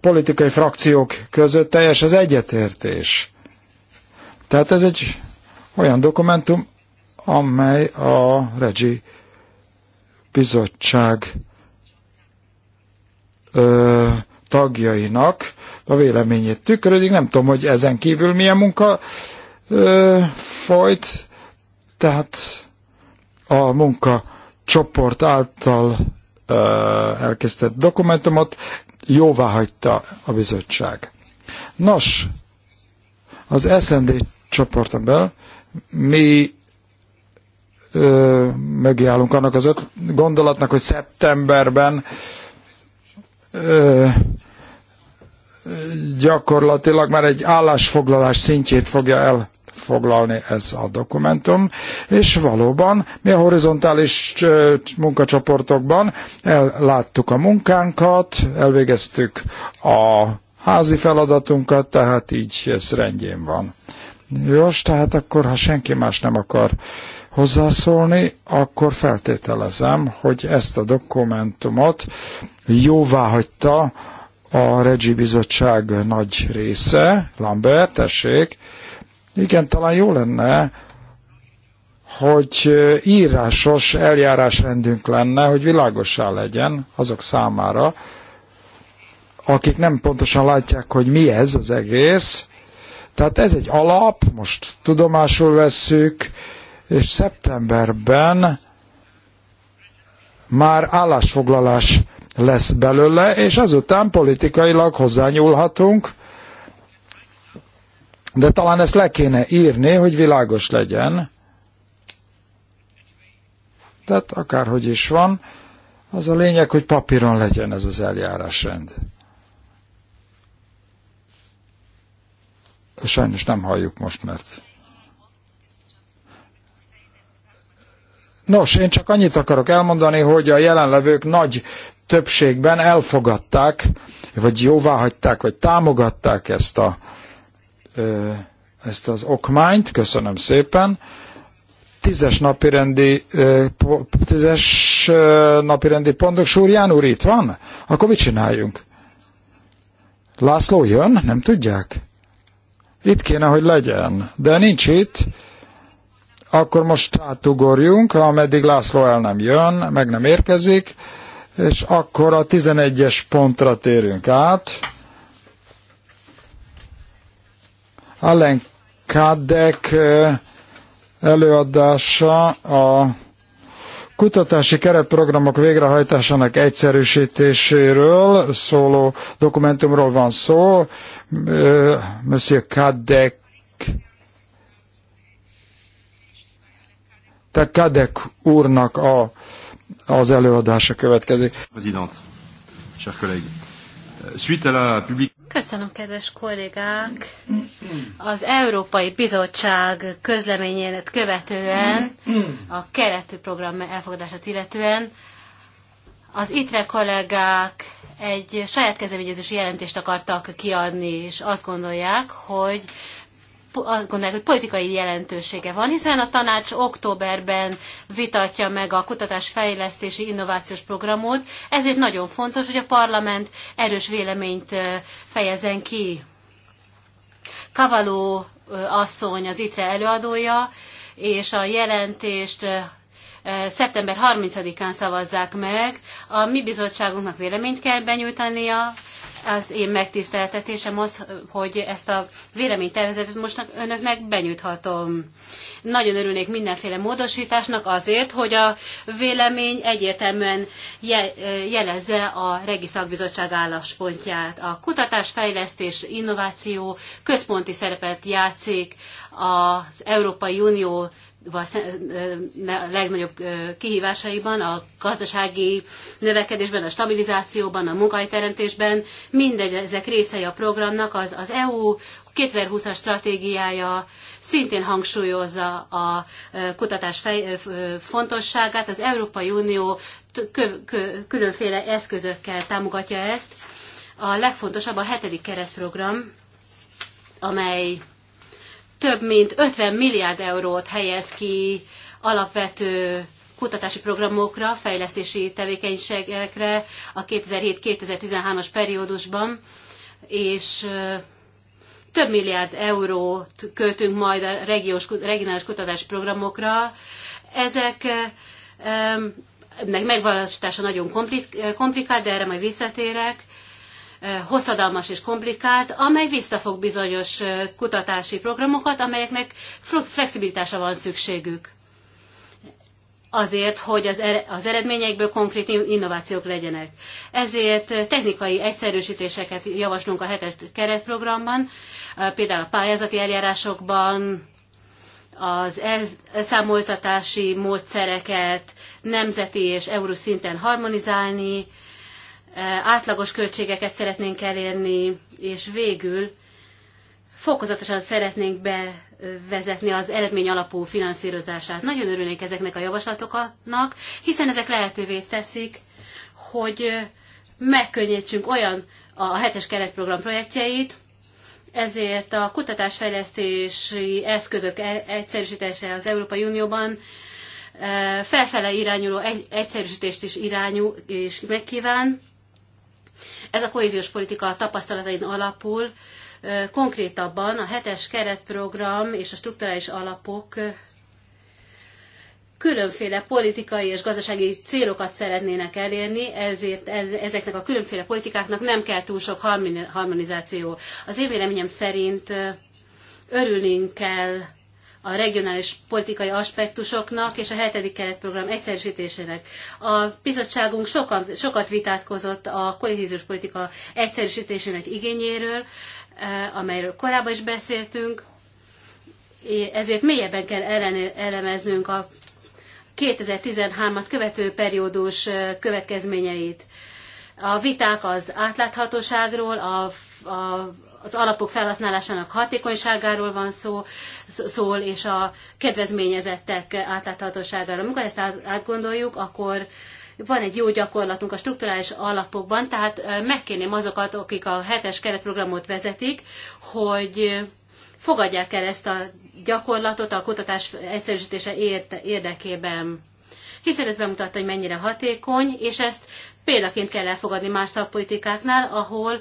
politikai frakciók között teljes az egyetértés. Tehát ez egy olyan dokumentum, amely a Regi bizottság ö, tagjainak a véleményét tükrödik. Nem tudom, hogy ezen kívül milyen munka ö, folyt, tehát a munka csoport által ö, elkészített dokumentumot jóvá hagyta a bizottság. Nos, az SND csoporton belül mi ö, mögé állunk annak az öt gondolatnak, hogy szeptemberben ö, gyakorlatilag már egy állásfoglalás szintjét fogja el foglalni ez a dokumentum, és valóban mi a horizontális munkacsoportokban elláttuk a munkánkat, elvégeztük a házi feladatunkat, tehát így ez rendjén van. Jó, tehát akkor, ha senki más nem akar hozzászólni, akkor feltételezem, hogy ezt a dokumentumot jóvá hagyta a Regi Bizottság nagy része, Lambert, tessék. Igen, talán jó lenne, hogy írásos eljárásrendünk lenne, hogy világosá legyen azok számára, akik nem pontosan látják, hogy mi ez az egész. Tehát ez egy alap, most tudomásul vesszük, és szeptemberben már állásfoglalás lesz belőle, és azután politikailag hozzányúlhatunk, de talán ezt le kéne írni, hogy világos legyen. Tehát akárhogy is van, az a lényeg, hogy papíron legyen ez az eljárásrend. Sajnos nem halljuk most, mert Nos, én csak annyit akarok elmondani, hogy a jelenlevők nagy többségben elfogadták, vagy jóváhagyták, vagy támogatták ezt, a, ezt az okmányt. Köszönöm szépen. Tízes napirendi, tízes napirendi pontok. Súrján úr itt van? Akkor mit csináljunk? László jön? Nem tudják? Itt kéne, hogy legyen, de nincs itt. Akkor most átugorjunk, ameddig László el nem jön, meg nem érkezik, és akkor a 11-es pontra térünk át. Allen Kadek előadása a kutatási keretprogramok végrehajtásának egyszerűsítéséről szóló dokumentumról van szó. Monsieur Kadek Te Kadek úrnak a, az előadása következik. Köszönöm, kedves kollégák! Az Európai Bizottság közleményének követően, a keretű program elfogadását illetően az ITRE kollégák egy saját kezdeményezési jelentést akartak kiadni, és azt gondolják, hogy azt gondolják, hogy politikai jelentősége van, hiszen a tanács októberben vitatja meg a kutatásfejlesztési innovációs programot, ezért nagyon fontos, hogy a parlament erős véleményt fejezen ki. Kavaló asszony az ITRE előadója, és a jelentést szeptember 30-án szavazzák meg. A mi bizottságunknak véleményt kell benyújtania, az én megtiszteltetésem az, hogy ezt a véleménytervezetet most önöknek benyújthatom. Nagyon örülnék mindenféle módosításnak azért, hogy a vélemény egyértelműen jelezze a Regi Szakbizottság álláspontját. A kutatás, fejlesztés, innováció központi szerepet játszik az Európai Unió a legnagyobb kihívásaiban, a gazdasági növekedésben, a stabilizációban, a munkahelyteremtésben, mindegy, ezek részei a programnak, az, az EU 2020-as stratégiája szintén hangsúlyozza a kutatás fej, fontosságát, az Európai Unió különféle eszközökkel támogatja ezt. A legfontosabb a hetedik keretprogram, amely több mint 50 milliárd eurót helyez ki alapvető kutatási programokra, fejlesztési tevékenységekre a 2007-2013-as periódusban, és több milliárd eurót költünk majd a regiós, regionális kutatási programokra. Ezek meg megvalósítása nagyon komplikált, de erre majd visszatérek hosszadalmas és komplikált, amely visszafog bizonyos kutatási programokat, amelyeknek flexibilitása van szükségük azért, hogy az eredményekből konkrét innovációk legyenek. Ezért technikai egyszerűsítéseket javaslunk a hetes keretprogramban, például a pályázati eljárásokban, az elszámoltatási módszereket nemzeti és euró szinten harmonizálni, Eh, átlagos költségeket szeretnénk elérni, és végül fokozatosan szeretnénk bevezetni az eredmény alapú finanszírozását. Nagyon örülnék ezeknek a javaslatoknak, hiszen ezek lehetővé teszik, hogy eh, megkönnyítsünk olyan a hetes keretprogram projektjeit, ezért a kutatásfejlesztési eszközök e- egyszerűsítése az Európai Unióban eh, felfele irányuló egyszerűsítést is irányú és megkíván ez a kohéziós politika tapasztalatain alapul, konkrétabban a hetes keretprogram és a strukturális alapok különféle politikai és gazdasági célokat szeretnének elérni, ezért ez, ezeknek a különféle politikáknak nem kell túl sok harmonizáció. Az én véleményem szerint örülnénk kell a regionális politikai aspektusoknak és a hetedik keretprogram egyszerűsítésének. A bizottságunk sokan, sokat vitátkozott a kohéziós politika egyszerűsítésének igényéről, eh, amelyről korábban is beszéltünk, ezért mélyebben kell elemeznünk a 2013-at követő periódus eh, következményeit. A viták az átláthatóságról, a, a, az alapok felhasználásának hatékonyságáról van szó, szól, és a kedvezményezettek átláthatóságáról. Amikor ezt átgondoljuk, akkor van egy jó gyakorlatunk a strukturális alapokban, tehát megkérném azokat, akik a hetes keretprogramot vezetik, hogy fogadják el ezt a gyakorlatot a kutatás egyszerűsítése érdekében hiszen ez bemutatta, hogy mennyire hatékony, és ezt példaként kell elfogadni más szakpolitikáknál, ahol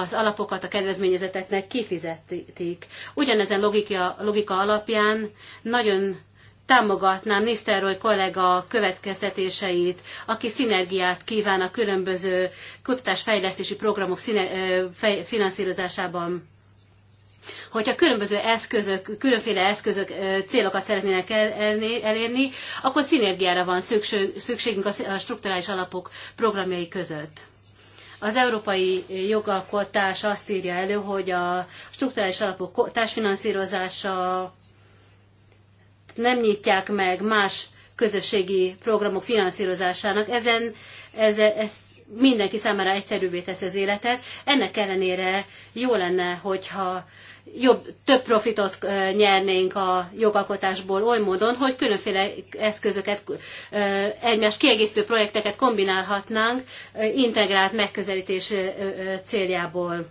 az alapokat a kedvezményezeteknek kifizetik. Ugyanezen logika, logika alapján nagyon támogatnám Nisztelrooy kollega következtetéseit, aki szinergiát kíván a különböző kutatásfejlesztési programok finanszírozásában hogyha különböző eszközök, különféle eszközök célokat szeretnének elérni, akkor szinergiára van szükségünk a strukturális alapok programjai között. Az európai jogalkotás azt írja elő, hogy a strukturális alapok társfinanszírozása nem nyitják meg más közösségi programok finanszírozásának. Ezen, ez, ez mindenki számára egyszerűvé tesz az életet. Ennek ellenére jó lenne, hogyha jobb, több profitot nyernénk a jogalkotásból oly módon, hogy különféle eszközöket, egymás kiegészítő projekteket kombinálhatnánk integrált megközelítés céljából.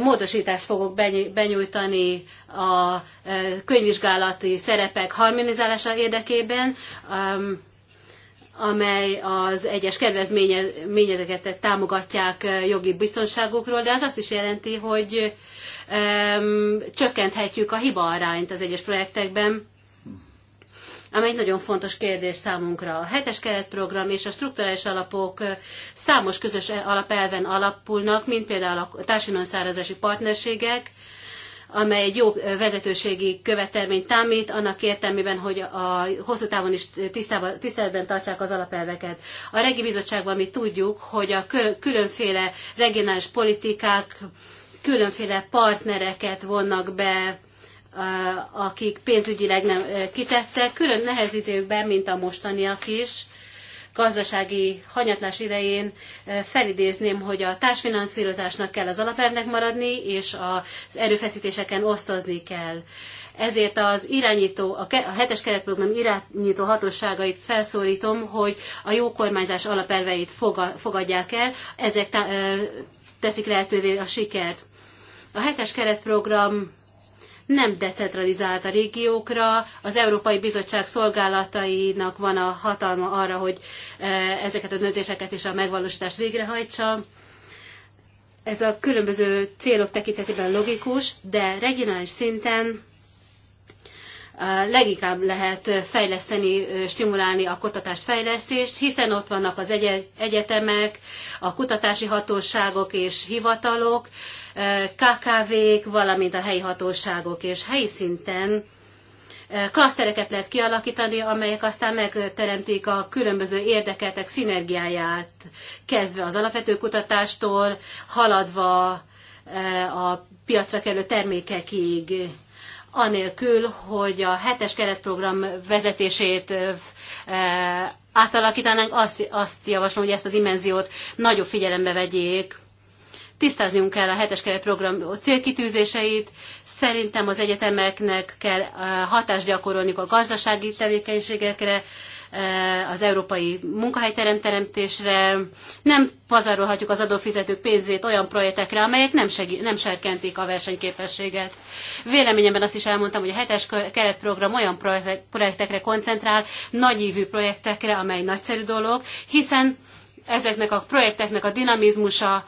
Módosítást fogok benyújtani a könyvvizsgálati szerepek harmonizálása érdekében, amely az egyes kedvezményeket támogatják jogi biztonságukról, de az azt is jelenti, hogy csökkenthetjük a hiba arányt az egyes projektekben, amely egy nagyon fontos kérdés számunkra. A hetes keretprogram és a strukturális alapok számos közös e- alapelven alapulnak, mint például a társadalmi partnerségek, amely egy jó vezetőségi követelményt támít, annak értelmében, hogy a hosszú távon is tisztában, tiszteletben tartsák az alapelveket. A regi bizottságban mi tudjuk, hogy a különféle regionális politikák különféle partnereket vonnak be, akik pénzügyileg nem kitettek, külön nehezítőkben, mint a mostaniak is, gazdasági hanyatlás idején felidézném, hogy a társfinanszírozásnak kell az alapernek maradni, és az erőfeszítéseken osztozni kell. Ezért az irányító, a, a hetes keretprogram irányító hatóságait felszólítom, hogy a jó kormányzás alapelveit fogadják el, ezek teszik lehetővé a sikert. A hetes keretprogram nem decentralizált a régiókra, az Európai Bizottság szolgálatainak van a hatalma arra, hogy e, ezeket a döntéseket és a megvalósítást végrehajtsa. Ez a különböző célok tekintetében logikus, de regionális szinten leginkább lehet fejleszteni, stimulálni a kutatást, fejlesztést, hiszen ott vannak az egyetemek, a kutatási hatóságok és hivatalok, KKV-k, valamint a helyi hatóságok és helyi szinten klasztereket lehet kialakítani, amelyek aztán megteremtik a különböző érdekeltek szinergiáját, kezdve az alapvető kutatástól, haladva a piacra kerülő termékekig anélkül, hogy a hetes keretprogram vezetését átalakítanánk, azt, azt javaslom, hogy ezt a dimenziót nagyobb figyelembe vegyék. Tisztáznunk kell a hetes keretprogram célkitűzéseit, szerintem az egyetemeknek kell hatást gyakorolniuk a gazdasági tevékenységekre, Eh, az európai munkahelyteremtésre, nem pazarolhatjuk az adófizetők pénzét olyan projektekre, amelyek nem, segí- nem serkentik a versenyképességet. Véleményemben azt is elmondtam, hogy a hetes keretprogram olyan projektekre koncentrál, nagyívű projektekre, amely nagyszerű dolog, hiszen ezeknek a projekteknek a dinamizmusa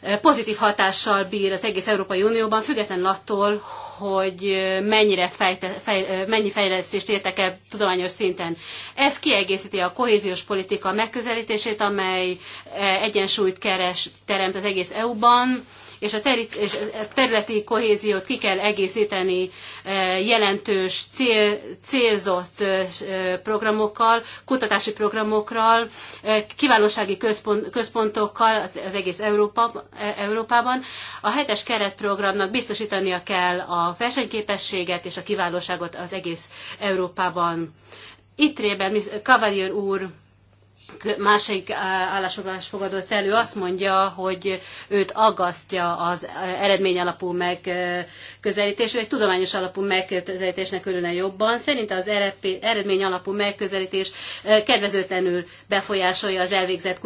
eh, pozitív hatással bír az egész Európai Unióban, függetlenül attól, hogy mennyire fejte, fej, mennyi fejlesztést értek el tudományos szinten. Ez kiegészíti a kohéziós politika megközelítését, amely egyensúlyt keres, teremt az egész EU-ban, és a, teri- és a területi kohéziót ki kell egészíteni eh, jelentős cél, célzott eh, eh, programokkal, kutatási programokkal, kiválósági központ, központokkal az egész Európa, e, Európában. A hetes keretprogramnak biztosítania kell a versenyképességet és a kiválóságot az egész Európában. itt rében Cavalier úr másik állásfoglalás fogadott elő azt mondja, hogy őt aggasztja az eredmény alapú megközelítés, vagy tudományos alapú megközelítésnek örülne jobban. Szerinte az eredmény alapú megközelítés kedvezőtlenül befolyásolja az elvégzett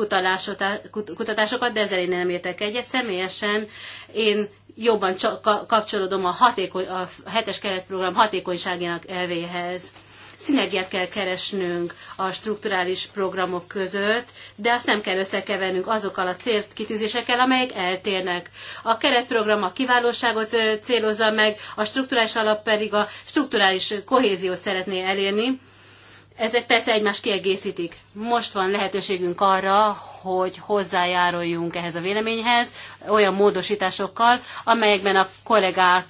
kutatásokat, de ezzel én nem értek egyet. Személyesen én jobban kapcsolódom a, hatékony, a hetes keretprogram hatékonyságának elvéhez Szinergiát kell keresnünk a strukturális programok között, de azt nem kell összekevernünk azokkal a célkitűzésekkel, amelyek eltérnek. A keretprogram a kiválóságot célozza meg, a strukturális alap pedig a strukturális kohéziót szeretné elérni ezek persze egymást kiegészítik. Most van lehetőségünk arra, hogy hozzájáruljunk ehhez a véleményhez olyan módosításokkal, amelyekben a kollégák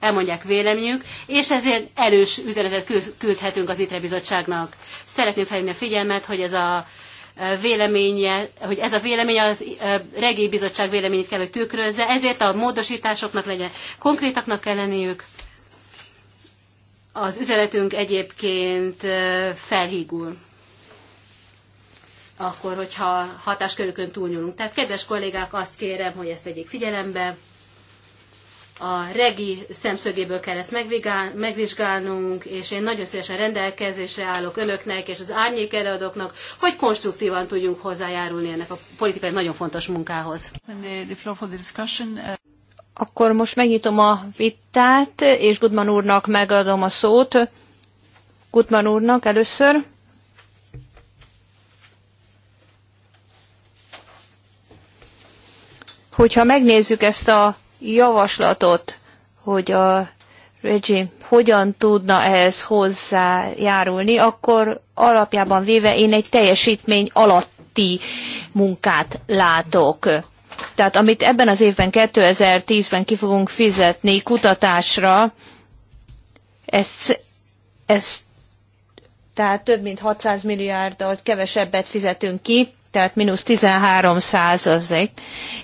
elmondják véleményük, és ezért erős üzenetet küldhetünk az ITRE bizottságnak. Szeretném felhívni a figyelmet, hogy ez a véleménye, hogy ez a vélemény az regélybizottság bizottság véleményét kell, hogy tükrözze, ezért a módosításoknak legyen konkrétaknak kell lenniük, az üzenetünk egyébként felhígul akkor, hogyha hatáskörükön túlnyúlunk. Tehát, kedves kollégák, azt kérem, hogy ezt egyik figyelembe. A regi szemszögéből kell ezt megvizsgálnunk, és én nagyon szívesen rendelkezésre állok önöknek és az árnyék előadóknak, hogy konstruktívan tudjunk hozzájárulni ennek a politikai nagyon fontos munkához. Uh, akkor most megnyitom a vitát, és Gutman úrnak megadom a szót. Gutman úrnak először. Hogyha megnézzük ezt a javaslatot, hogy a regime hogyan tudna ehhez hozzájárulni, akkor alapjában véve én egy teljesítmény alatti munkát látok tehát amit ebben az évben 2010-ben ki fogunk fizetni kutatásra, ezt, ezt tehát több mint 600 milliárdot kevesebbet fizetünk ki, tehát mínusz 13 százalék,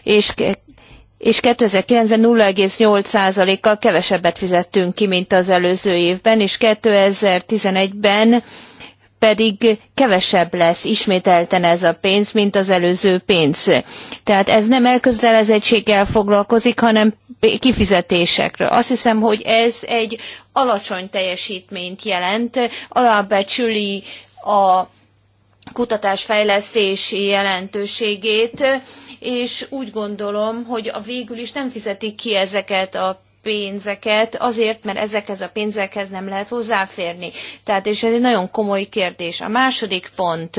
és, és 2009-ben 0,8 százalékkal kevesebbet fizettünk ki, mint az előző évben, és 2011-ben pedig kevesebb lesz ismételten ez a pénz, mint az előző pénz. Tehát ez nem elközelezettséggel foglalkozik, hanem kifizetésekről. Azt hiszem, hogy ez egy alacsony teljesítményt jelent, alábecsüli a kutatásfejlesztési jelentőségét, és úgy gondolom, hogy a végül is nem fizetik ki ezeket a pénzeket, azért, mert ezekhez a pénzekhez nem lehet hozzáférni. Tehát, és ez egy nagyon komoly kérdés. A második pont,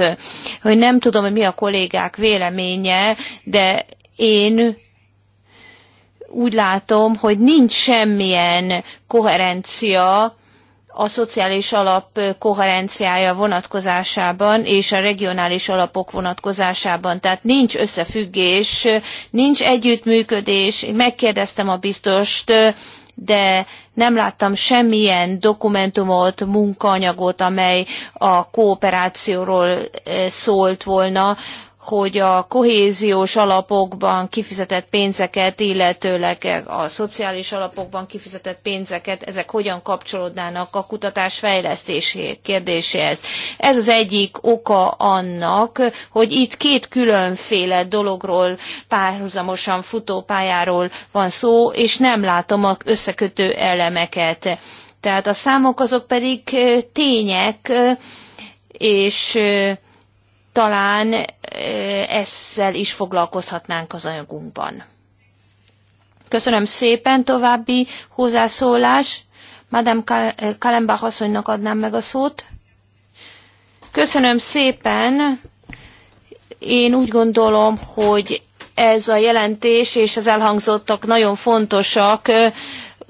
hogy nem tudom, hogy mi a kollégák véleménye, de én úgy látom, hogy nincs semmilyen koherencia a szociális alap koherenciája vonatkozásában és a regionális alapok vonatkozásában. Tehát nincs összefüggés, nincs együttműködés. Megkérdeztem a biztost, de nem láttam semmilyen dokumentumot, munkaanyagot, amely a kooperációról eh, szólt volna hogy a kohéziós alapokban kifizetett pénzeket, illetőleg a szociális alapokban kifizetett pénzeket, ezek hogyan kapcsolódnának a kutatás fejlesztési kérdéséhez. Ez az egyik oka annak, hogy itt két különféle dologról, párhuzamosan futó pályáról van szó, és nem látom a összekötő elemeket. Tehát a számok azok pedig eh, tények, eh, és eh, talán ezzel is foglalkozhatnánk az anyagunkban. Köszönöm szépen, további hozzászólás. Madame Kalembach asszonynak adnám meg a szót. Köszönöm szépen. Én úgy gondolom, hogy ez a jelentés és az elhangzottak nagyon fontosak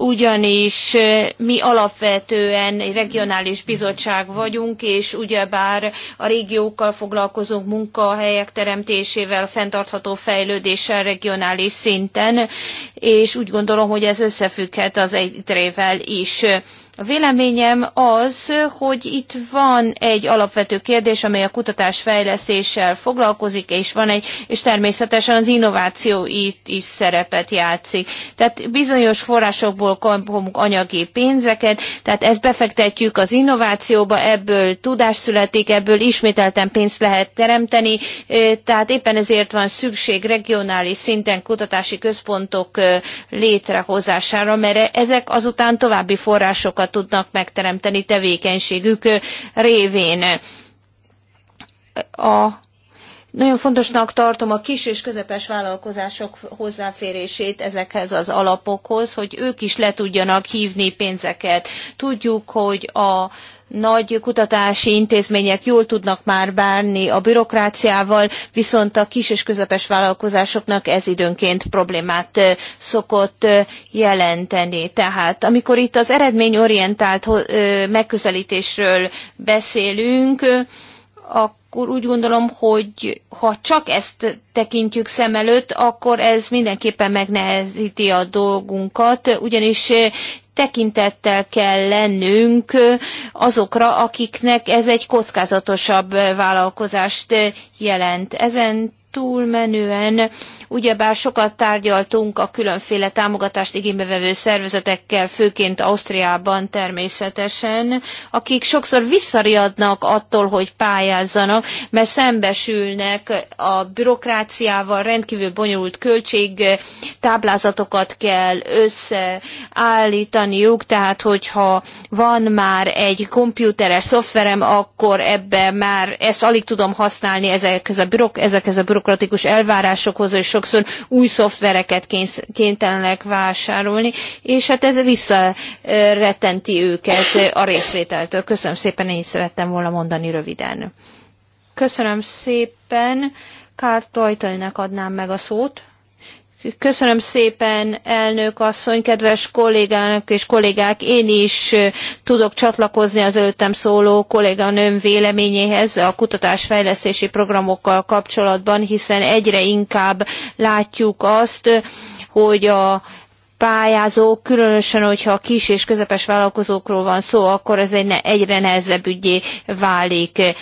ugyanis mi alapvetően egy regionális bizottság vagyunk, és ugyebár a régiókkal foglalkozunk munkahelyek teremtésével, fenntartható fejlődéssel regionális szinten, és úgy gondolom, hogy ez összefügghet az egytrével is a véleményem az, hogy itt van egy alapvető kérdés, amely a kutatás fejlesztéssel foglalkozik, és van egy, és természetesen az innováció itt is szerepet játszik. Tehát bizonyos forrásokból kapunk anyagi pénzeket, tehát ezt befektetjük az innovációba, ebből tudás születik, ebből ismételten pénzt lehet teremteni, tehát éppen ezért van szükség regionális szinten kutatási központok létrehozására, mert ezek azután további forrásokat tudnak megteremteni tevékenységük révén. A nagyon fontosnak tartom a kis és közepes vállalkozások hozzáférését ezekhez az alapokhoz, hogy ők is le tudjanak hívni pénzeket. Tudjuk, hogy a nagy kutatási intézmények jól tudnak már bánni a bürokráciával, viszont a kis és közepes vállalkozásoknak ez időnként problémát szokott jelenteni. Tehát amikor itt az eredményorientált megközelítésről beszélünk, akkor úgy gondolom, hogy ha csak ezt tekintjük szem előtt, akkor ez mindenképpen megnehezíti a dolgunkat, ugyanis tekintettel kell lennünk azokra, akiknek ez egy kockázatosabb vállalkozást jelent. Ezen túlmenően, ugyebár sokat tárgyaltunk a különféle támogatást igénybevevő szervezetekkel, főként Ausztriában természetesen, akik sokszor visszariadnak attól, hogy pályázzanak, mert szembesülnek a bürokráciával, rendkívül bonyolult költségtáblázatokat kell összeállítaniuk, tehát hogyha van már egy komputeres szoftverem, akkor ebbe már ezt alig tudom használni ezekhez a, bürok, ezekhez a bürok bürokratikus elvárásokhoz, és sokszor új szoftvereket kénytelenek vásárolni, és hát ez visszarettenti őket a részvételtől. Köszönöm szépen, én is szerettem volna mondani röviden. Köszönöm szépen. Kárt Rajtelnek adnám meg a szót. Köszönöm szépen, elnök asszony, kedves kollégának és kollégák, én is tudok csatlakozni az előttem szóló kolléganőm véleményéhez a kutatásfejlesztési programokkal kapcsolatban, hiszen egyre inkább látjuk azt, hogy a pályázók, különösen, hogyha a kis és közepes vállalkozókról van szó, akkor ez egyre nehezebb ügyé válik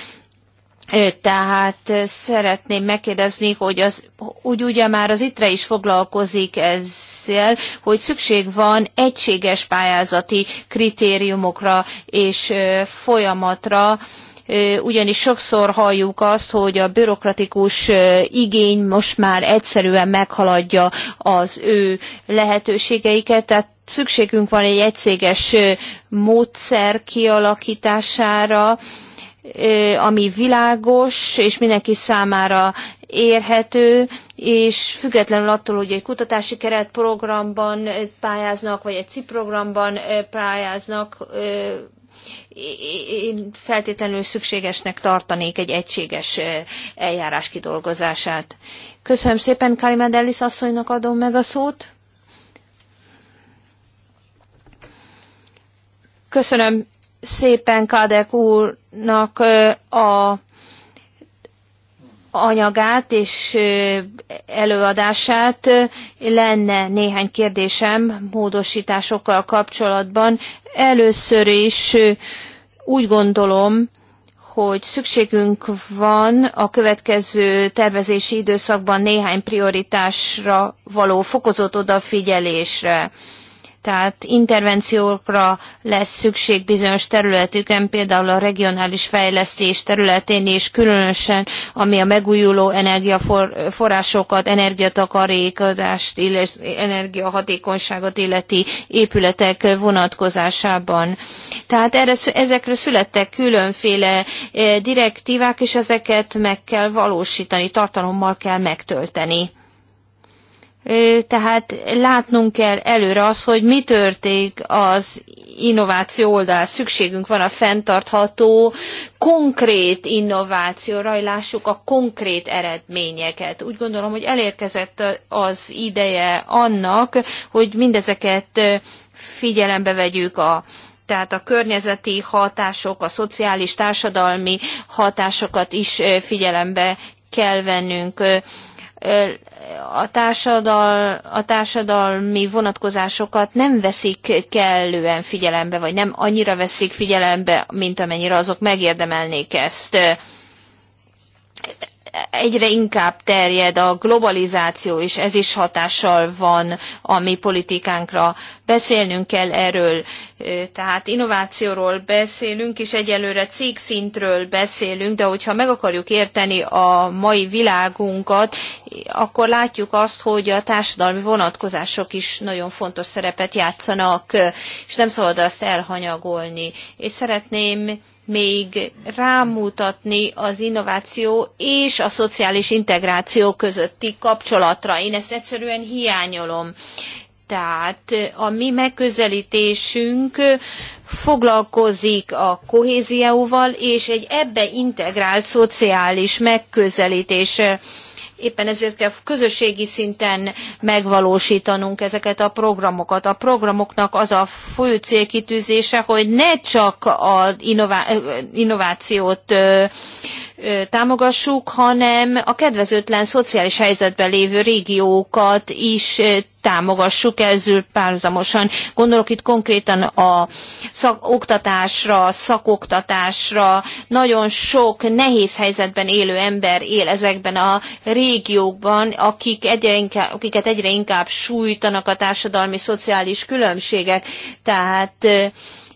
tehát szeretném megkérdezni, hogy az, úgy ugye már az ITRE is foglalkozik ezzel, hogy szükség van egységes pályázati kritériumokra és folyamatra, ugyanis sokszor halljuk azt, hogy a bürokratikus igény most már egyszerűen meghaladja az ő lehetőségeiket, tehát szükségünk van egy egységes módszer kialakítására, ami világos és mindenki számára érhető, és függetlenül attól, hogy egy kutatási keretprogramban pályáznak, vagy egy CIP programban pályáznak, én feltétlenül szükségesnek tartanék egy egységes eljárás kidolgozását. Köszönöm szépen, Karimad Ellis asszonynak adom meg a szót. Köszönöm szépen Kadek úrnak a anyagát és előadását. Lenne néhány kérdésem módosításokkal kapcsolatban. Először is úgy gondolom, hogy szükségünk van a következő tervezési időszakban néhány prioritásra való fokozott odafigyelésre tehát intervenciókra lesz szükség bizonyos területüken, például a regionális fejlesztés területén és különösen, ami a megújuló energiaforrásokat, energiatakarékodást, energiahatékonyságot illeti épületek vonatkozásában. Tehát erre, ezekre születtek különféle eh, direktívák, és ezeket meg kell valósítani, tartalommal kell megtölteni tehát látnunk kell előre az, hogy mi történik az innováció oldal. Szükségünk van a fenntartható, konkrét innovációra, rajlásuk a konkrét eredményeket. Úgy gondolom, hogy elérkezett az ideje annak, hogy mindezeket figyelembe vegyük a tehát a környezeti hatások, a szociális, társadalmi hatásokat is figyelembe kell vennünk a, társadal, a társadalmi vonatkozásokat nem veszik kellően figyelembe, vagy nem annyira veszik figyelembe, mint amennyire azok megérdemelnék ezt egyre inkább terjed a globalizáció, és ez is hatással van a mi politikánkra. Beszélnünk kell erről, tehát innovációról beszélünk, és egyelőre cégszintről beszélünk, de hogyha meg akarjuk érteni a mai világunkat, akkor látjuk azt, hogy a társadalmi vonatkozások is nagyon fontos szerepet játszanak, és nem szabad azt elhanyagolni. És szeretném még rámutatni az innováció és a szociális integráció közötti kapcsolatra. Én ezt egyszerűen hiányolom. Tehát a mi megközelítésünk foglalkozik a kohézióval és egy ebbe integrált szociális megközelítéssel Éppen ezért kell közösségi szinten megvalósítanunk ezeket a programokat. A programoknak az a fő célkitűzése, hogy ne csak az innovációt támogassuk, hanem a kedvezőtlen szociális helyzetben lévő régiókat is támogassuk ezzel párhuzamosan. Gondolok itt konkrétan a szak oktatásra, szakoktatásra. Nagyon sok nehéz helyzetben élő ember él ezekben a régiókban, akik egyre inkább, akiket egyre inkább sújtanak a társadalmi, szociális különbségek. Tehát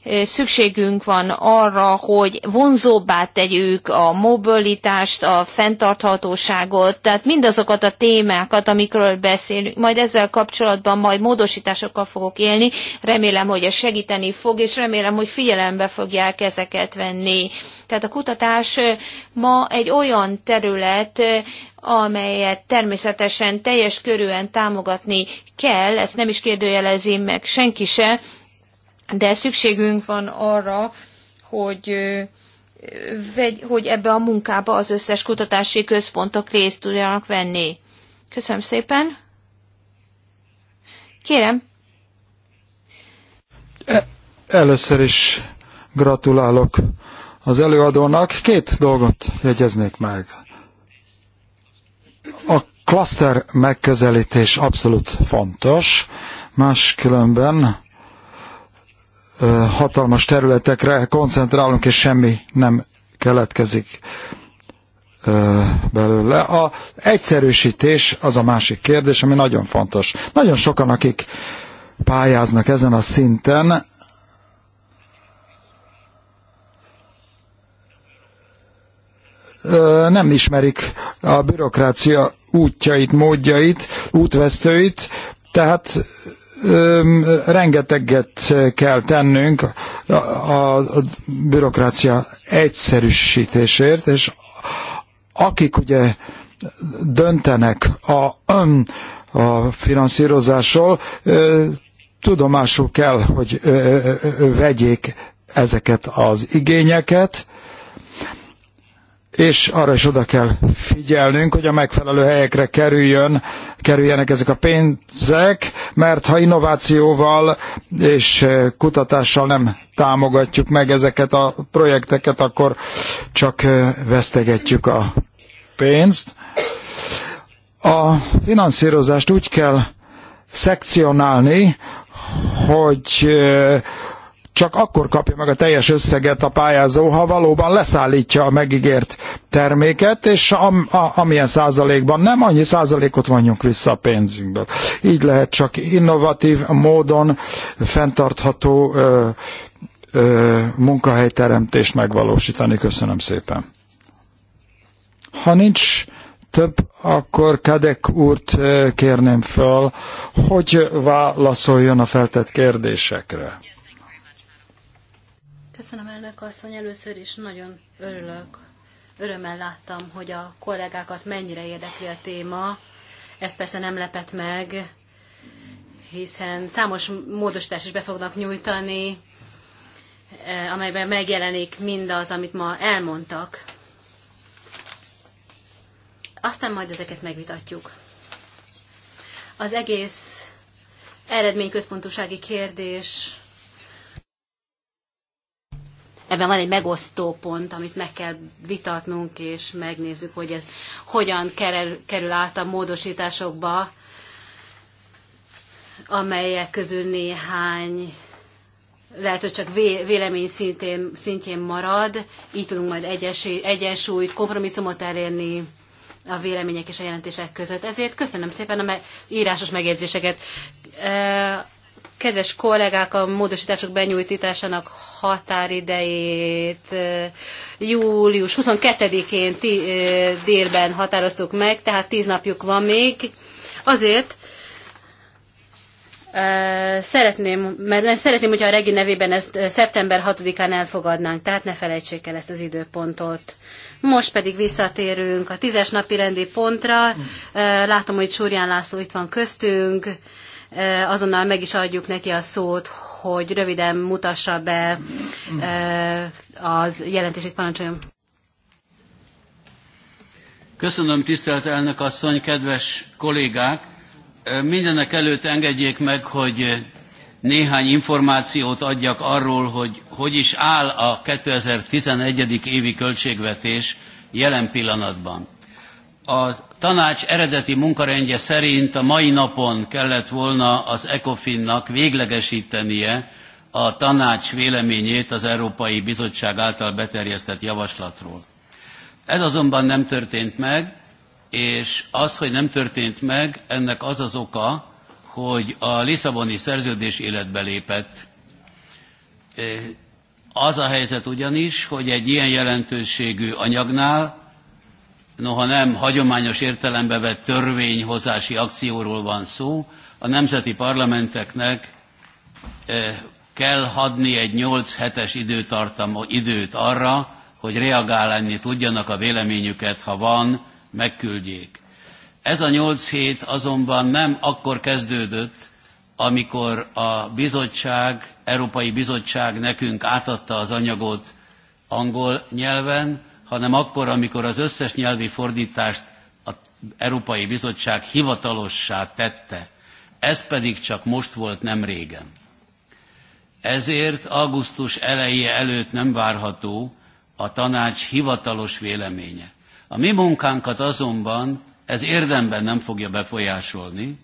Eh, szükségünk van arra, hogy vonzóbbá tegyük a mobilitást, a fenntarthatóságot, tehát mindazokat a témákat, amikről beszélünk. Majd ezzel kapcsolatban majd módosításokkal fogok élni. Remélem, hogy ez segíteni fog, és remélem, hogy figyelembe fogják ezeket venni. Tehát a kutatás eh, ma egy olyan terület, eh, amelyet természetesen teljes körűen támogatni kell, ezt nem is kérdőjelezi meg senki se, de szükségünk van arra, hogy hogy ebbe a munkába az összes kutatási központok részt tudjanak venni. Köszönöm szépen. Kérem. E, először is gratulálok az előadónak. Két dolgot jegyeznék meg. A klaszter megközelítés abszolút fontos, máskülönben hatalmas területekre koncentrálunk, és semmi nem keletkezik belőle. A egyszerűsítés az a másik kérdés, ami nagyon fontos. Nagyon sokan, akik pályáznak ezen a szinten, nem ismerik a bürokrácia útjait, módjait, útvesztőit, tehát rengeteget kell tennünk a, a, a bürokrácia egyszerűsítésért, és akik ugye döntenek a, a finanszírozásról, tudomásul kell, hogy vegyék ezeket az igényeket, és arra is oda kell figyelnünk, hogy a megfelelő helyekre kerüljön, kerüljenek ezek a pénzek, mert ha innovációval és eh, kutatással nem támogatjuk meg ezeket a projekteket, akkor csak eh, vesztegetjük a pénzt. A finanszírozást úgy kell szekcionálni, hogy eh, csak akkor kapja meg a teljes összeget a pályázó, ha valóban leszállítja a megígért terméket, és am, a, amilyen százalékban nem, annyi százalékot vonjunk vissza a pénzünkből. Így lehet csak innovatív módon fenntartható ö, ö, munkahelyteremtést megvalósítani. Köszönöm szépen. Ha nincs több, akkor Kadek úrt kérném föl, hogy válaszoljon a feltett kérdésekre. Köszönöm, elnök asszony. Először is nagyon örülök. Örömmel láttam, hogy a kollégákat mennyire érdekli a téma. Ez persze nem lepett meg, hiszen számos módosítást is be fognak nyújtani, eh, amelyben megjelenik mindaz, amit ma elmondtak. Aztán majd ezeket megvitatjuk. Az egész eredményközpontúsági kérdés ebben van egy megosztó pont, amit meg kell vitatnunk, és megnézzük, hogy ez hogyan kerül, kerül át a módosításokba, amelyek közül néhány lehet, hogy csak vélemény szintén, szintjén marad, így tudunk majd egyes, egyensúlyt, kompromisszumot elérni a vélemények és a jelentések között. Ezért köszönöm szépen a írásos megjegyzéseket. Kedves kollégák, a módosítások benyújtításának határidejét július 22-én délben határoztuk meg, tehát tíz napjuk van még. Azért, szeretném, mert szeretném, hogyha a regi nevében ezt szeptember 6-án elfogadnánk, tehát ne felejtsék el ezt az időpontot. Most pedig visszatérünk a tízes napi rendi pontra. Látom, hogy Súrján László itt van köztünk azonnal meg is adjuk neki a szót, hogy röviden mutassa be az jelentését. Parancsoljon! Köszönöm, tisztelt elnök asszony, kedves kollégák! Mindenek előtt engedjék meg, hogy néhány információt adjak arról, hogy hogy is áll a 2011. évi költségvetés jelen pillanatban. Az tanács eredeti munkarendje szerint a mai napon kellett volna az ECOFIN-nak véglegesítenie a tanács véleményét az Európai Bizottság által beterjesztett javaslatról. Ez azonban nem történt meg, és az, hogy nem történt meg, ennek az az oka, hogy a Lisszaboni szerződés életbe lépett. Az a helyzet ugyanis, hogy egy ilyen jelentőségű anyagnál noha nem hagyományos értelembe vett törvényhozási akcióról van szó, a nemzeti parlamenteknek eh, kell hadni egy 8 hetes időtartam időt arra, hogy reagálni tudjanak a véleményüket, ha van, megküldjék. Ez a 8 hét azonban nem akkor kezdődött, amikor a bizottság, Európai Bizottság nekünk átadta az anyagot angol nyelven, hanem akkor, amikor az összes nyelvi fordítást az Európai Bizottság hivatalossá tette. Ez pedig csak most volt nem régen. Ezért augusztus eleje előtt nem várható a tanács hivatalos véleménye. A mi munkánkat azonban ez érdemben nem fogja befolyásolni,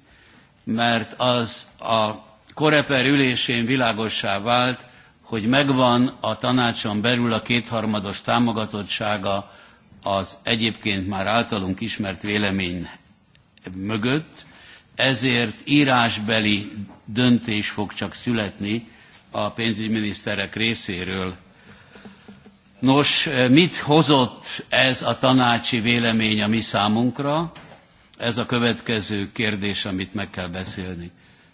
mert az a koreper ülésén világossá vált, hogy megvan a tanácson belül a kétharmados támogatottsága az egyébként már általunk ismert vélemény mögött, ezért írásbeli döntés fog csak születni a pénzügyminiszterek részéről. Nos, mit hozott ez a tanácsi vélemény a mi számunkra? Ez a következő kérdés, amit meg kell beszélni.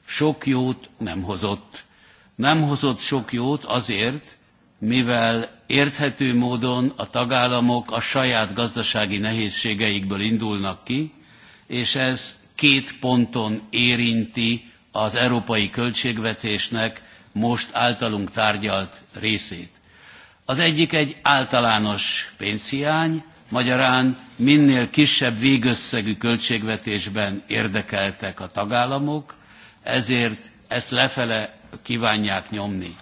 Sok jót nem hozott nem hozott sok jót azért, mivel érthető módon a tagállamok a saját gazdasági nehézségeikből indulnak ki, és ez két ponton érinti az európai költségvetésnek most általunk tárgyalt részét. Az egyik egy általános pénzhiány, magyarán minél kisebb végösszegű költségvetésben érdekeltek a tagállamok, ezért ezt lefele kívánják nyomni.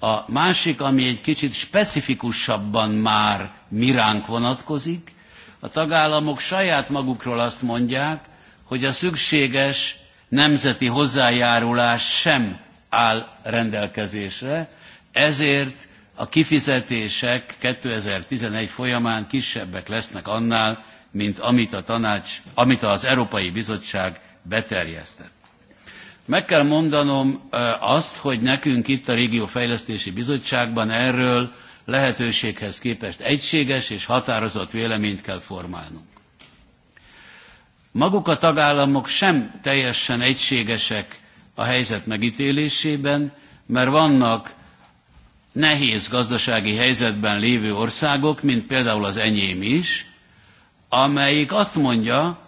A másik, ami egy kicsit specifikusabban már miránk vonatkozik, a tagállamok saját magukról azt mondják, hogy a szükséges nemzeti hozzájárulás sem áll rendelkezésre, ezért a kifizetések 2011 folyamán kisebbek lesznek annál, mint amit, a tanács, amit az Európai Bizottság beterjesztett. Meg kell mondanom azt, hogy nekünk itt a Régiófejlesztési Bizottságban erről lehetőséghez képest egységes és határozott véleményt kell formálnunk. Maguk a tagállamok sem teljesen egységesek a helyzet megítélésében, mert vannak nehéz gazdasági helyzetben lévő országok, mint például az enyém is, amelyik azt mondja,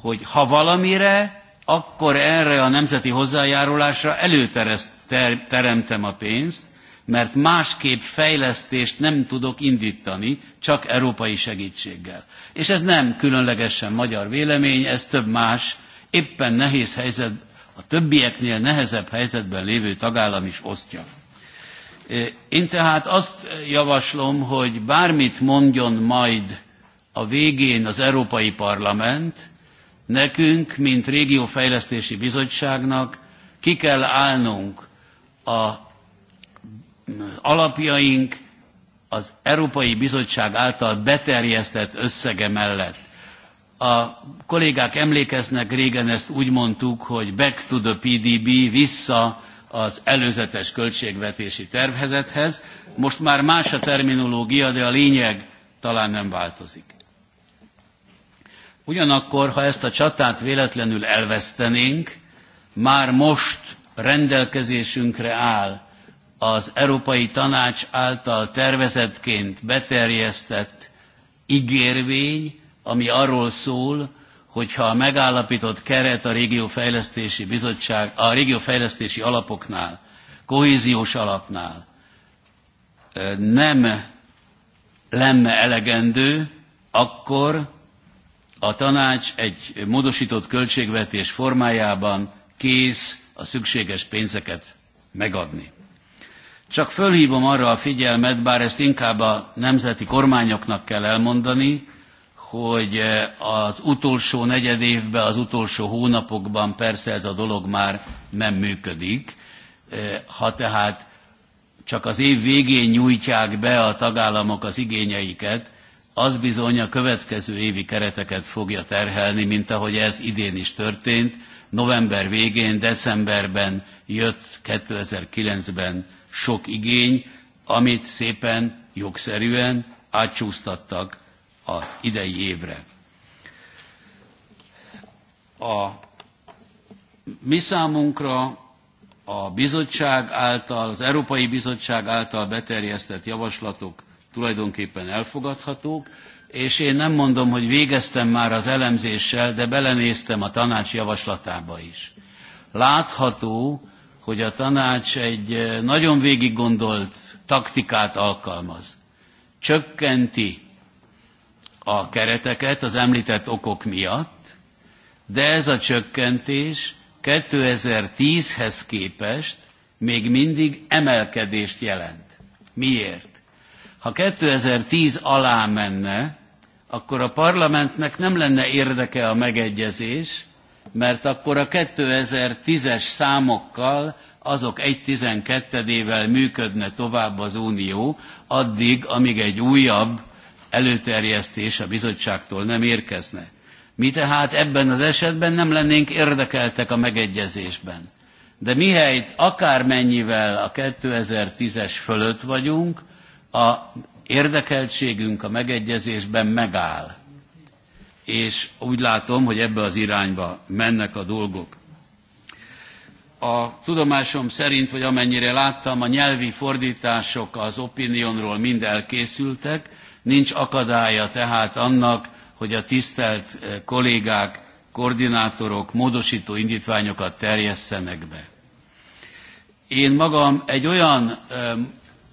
hogy ha valamire akkor erre a nemzeti hozzájárulásra előtereszt ter- teremtem a pénzt, mert másképp fejlesztést nem tudok indítani, csak európai segítséggel. És ez nem különlegesen magyar vélemény, ez több más, éppen nehéz helyzet, a többieknél nehezebb helyzetben lévő tagállam is osztja. Én tehát azt javaslom, hogy bármit mondjon majd a végén az Európai Parlament, Nekünk, mint Régiófejlesztési Bizottságnak ki kell állnunk a alapjaink az Európai Bizottság által beterjesztett összege mellett. A kollégák emlékeznek, régen ezt úgy mondtuk, hogy back to the PDB, vissza az előzetes költségvetési tervezethez. Most már más a terminológia, de a lényeg talán nem változik. Ugyanakkor, ha ezt a csatát véletlenül elvesztenénk, már most rendelkezésünkre áll az Európai Tanács által tervezetként beterjesztett ígérvény, ami arról szól, hogyha a megállapított keret a régiófejlesztési bizottság, a régiófejlesztési alapoknál, kohéziós alapnál nem lenne elegendő, akkor a tanács egy módosított költségvetés formájában kész a szükséges pénzeket megadni. Csak fölhívom arra a figyelmet, bár ezt inkább a nemzeti kormányoknak kell elmondani, hogy eh, az utolsó negyed évben, az utolsó hónapokban persze ez a dolog már nem működik. Eh, ha tehát csak az év végén nyújtják be a tagállamok az igényeiket, az bizony a következő évi kereteket fogja terhelni, mint ahogy ez idén is történt. November végén, decemberben jött 2009-ben sok igény, amit szépen jogszerűen átcsúsztattak az idei évre. A mi számunkra a bizottság által, az Európai Bizottság által beterjesztett javaslatok tulajdonképpen elfogadhatók, és én nem mondom, hogy végeztem már az elemzéssel, de belenéztem a tanács javaslatába is. Látható, hogy a tanács egy eh, nagyon végiggondolt taktikát alkalmaz. Csökkenti a kereteket az említett okok miatt, de ez a csökkentés 2010-hez képest még mindig emelkedést jelent. Miért? Ha 2010 alá menne, akkor a parlamentnek nem lenne érdeke a megegyezés, mert akkor a 2010-es számokkal azok egy ével működne tovább az Unió, addig, amíg egy újabb előterjesztés a bizottságtól nem érkezne. Mi tehát ebben az esetben nem lennénk érdekeltek a megegyezésben. De mihelyt akármennyivel a 2010-es fölött vagyunk, a érdekeltségünk a megegyezésben megáll. És úgy látom, hogy ebbe az irányba mennek a dolgok. A tudomásom szerint, vagy amennyire láttam, a nyelvi fordítások az opinionról mind elkészültek, nincs akadálya tehát annak, hogy a tisztelt eh, kollégák, koordinátorok módosító indítványokat terjesszenek be. Én magam egy olyan eh,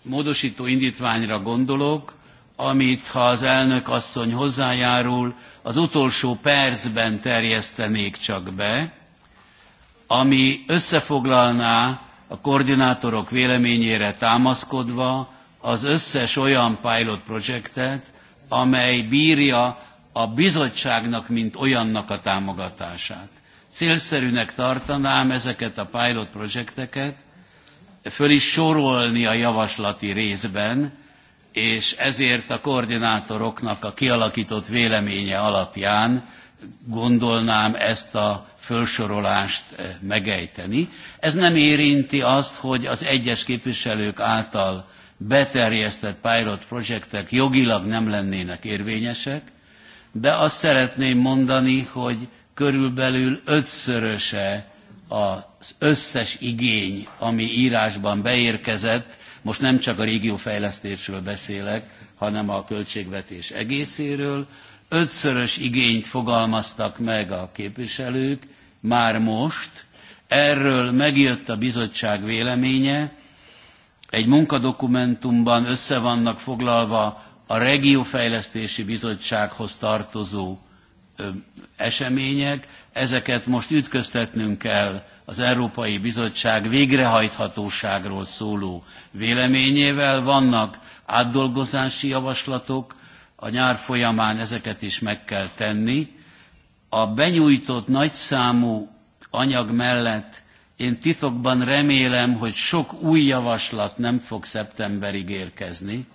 módosító indítványra gondolok, amit ha az elnök asszony hozzájárul, az utolsó percben terjesztenék csak be, ami összefoglalná a koordinátorok véleményére támaszkodva az összes olyan pilot projektet, amely bírja a bizottságnak, mint olyannak a támogatását. Célszerűnek tartanám ezeket a pilot projekteket föl is sorolni a javaslati részben, és ezért a koordinátoroknak a kialakított véleménye alapján gondolnám ezt a fölsorolást eh, megejteni. Ez nem érinti azt, hogy az egyes képviselők által beterjesztett pilot projektek jogilag nem lennének érvényesek, de azt szeretném mondani, hogy körülbelül ötszöröse az összes igény, ami írásban beérkezett, most nem csak a régiófejlesztésről beszélek, hanem a költségvetés egészéről, ötszörös igényt fogalmaztak meg a képviselők, már most, erről megjött a bizottság véleménye, egy munkadokumentumban össze vannak foglalva a Regiófejlesztési Bizottsághoz tartozó események, ezeket most ütköztetnünk kell az Európai Bizottság végrehajthatóságról szóló véleményével. Vannak átdolgozási javaslatok, a nyár folyamán ezeket is meg kell tenni. A benyújtott nagyszámú anyag mellett én titokban remélem, hogy sok új javaslat nem fog szeptemberig érkezni,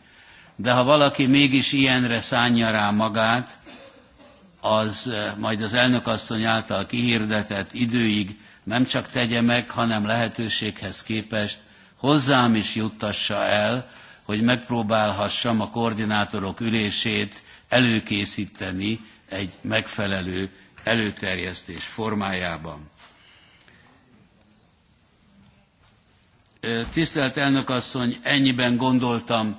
de ha valaki mégis ilyenre szánja rá magát, az eh, majd az elnökasszony által kihirdetett időig nem csak tegye meg, hanem lehetőséghez képest hozzám is juttassa el, hogy megpróbálhassam a koordinátorok ülését előkészíteni egy megfelelő előterjesztés formájában. Eh, tisztelt elnökasszony, ennyiben gondoltam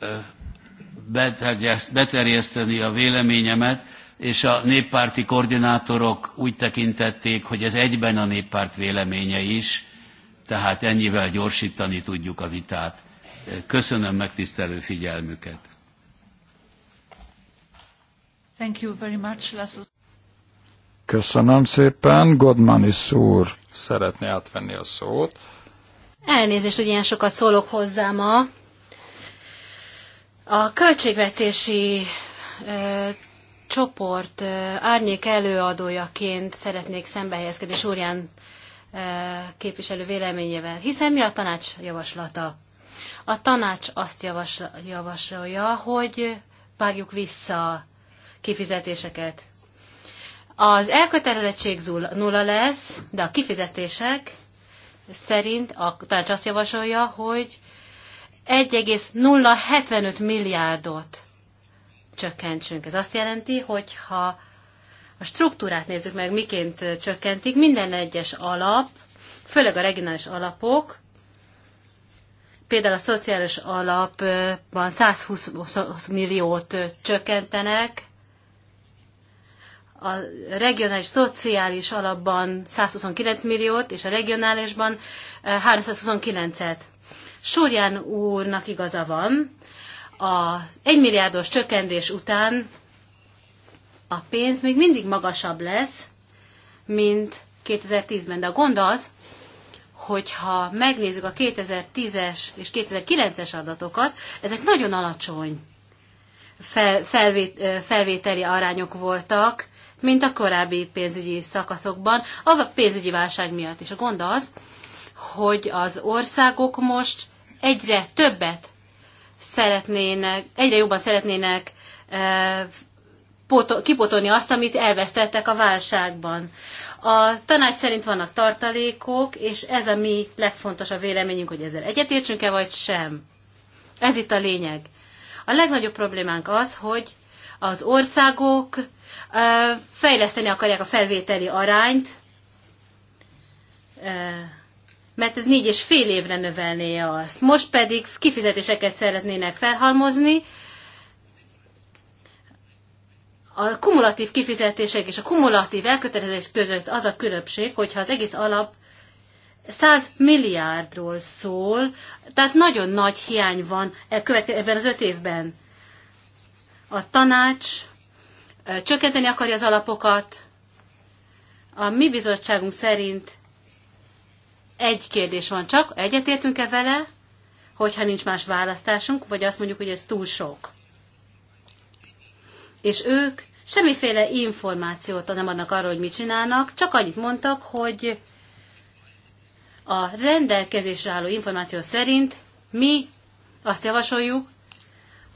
eh, beterjeszteni a véleményemet és a néppárti koordinátorok úgy tekintették, hogy ez egyben a néppárt véleménye is, tehát ennyivel gyorsítani tudjuk a vitát. Köszönöm megtisztelő figyelmüket. Thank you very much, Köszönöm szépen. Godmanis úr szeretné átvenni a szót. Elnézést, hogy ilyen sokat szólok hozzá ma. A költségvetési csoport árnyék előadójaként szeretnék szembehelyezkedni Súrján képviselő véleményével, hiszen mi a tanács javaslata? A tanács azt javasolja, hogy vágjuk vissza kifizetéseket. Az elkötelezettség nulla lesz, de a kifizetések szerint a tanács azt javasolja, hogy 1,075 milliárdot csökkentsünk. Ez azt jelenti, hogy ha a struktúrát nézzük meg, miként csökkentik, minden egyes alap, főleg a regionális alapok, például a szociális alapban 120 milliót csökkentenek, a regionális szociális alapban 129 milliót, és a regionálisban 329-et. Eh, Súrján úrnak igaza van, a egymilliárdos milliárdos csökkentés után a pénz még mindig magasabb lesz, mint 2010-ben. De a gond az, hogyha megnézzük a 2010-es és 2009-es adatokat, ezek nagyon alacsony felvételi arányok voltak, mint a korábbi pénzügyi szakaszokban, a pénzügyi válság miatt is. A gond az, hogy az országok most egyre többet szeretnének, egyre jobban szeretnének eh, kipotolni azt, amit elvesztettek a válságban. A tanács szerint vannak tartalékok, és ez a mi legfontosabb véleményünk, hogy ezzel egyetértsünk-e vagy sem. Ez itt a lényeg. A legnagyobb problémánk az, hogy az országok eh, fejleszteni akarják a felvételi arányt, eh, mert ez négy és fél évre növelné azt. Most pedig kifizetéseket szeretnének felhalmozni, a kumulatív kifizetések és a kumulatív elkötelezés között az a különbség, hogyha az egész alap 100 milliárdról szól, tehát nagyon nagy hiány van e ebben az öt évben. A tanács csökkenteni akarja az alapokat, a mi bizottságunk szerint egy kérdés van csak, egyetértünk-e vele, hogyha nincs más választásunk, vagy azt mondjuk, hogy ez túl sok. És ők semmiféle információt nem adnak arról, hogy mit csinálnak, csak annyit mondtak, hogy a rendelkezésre álló információ szerint mi azt javasoljuk,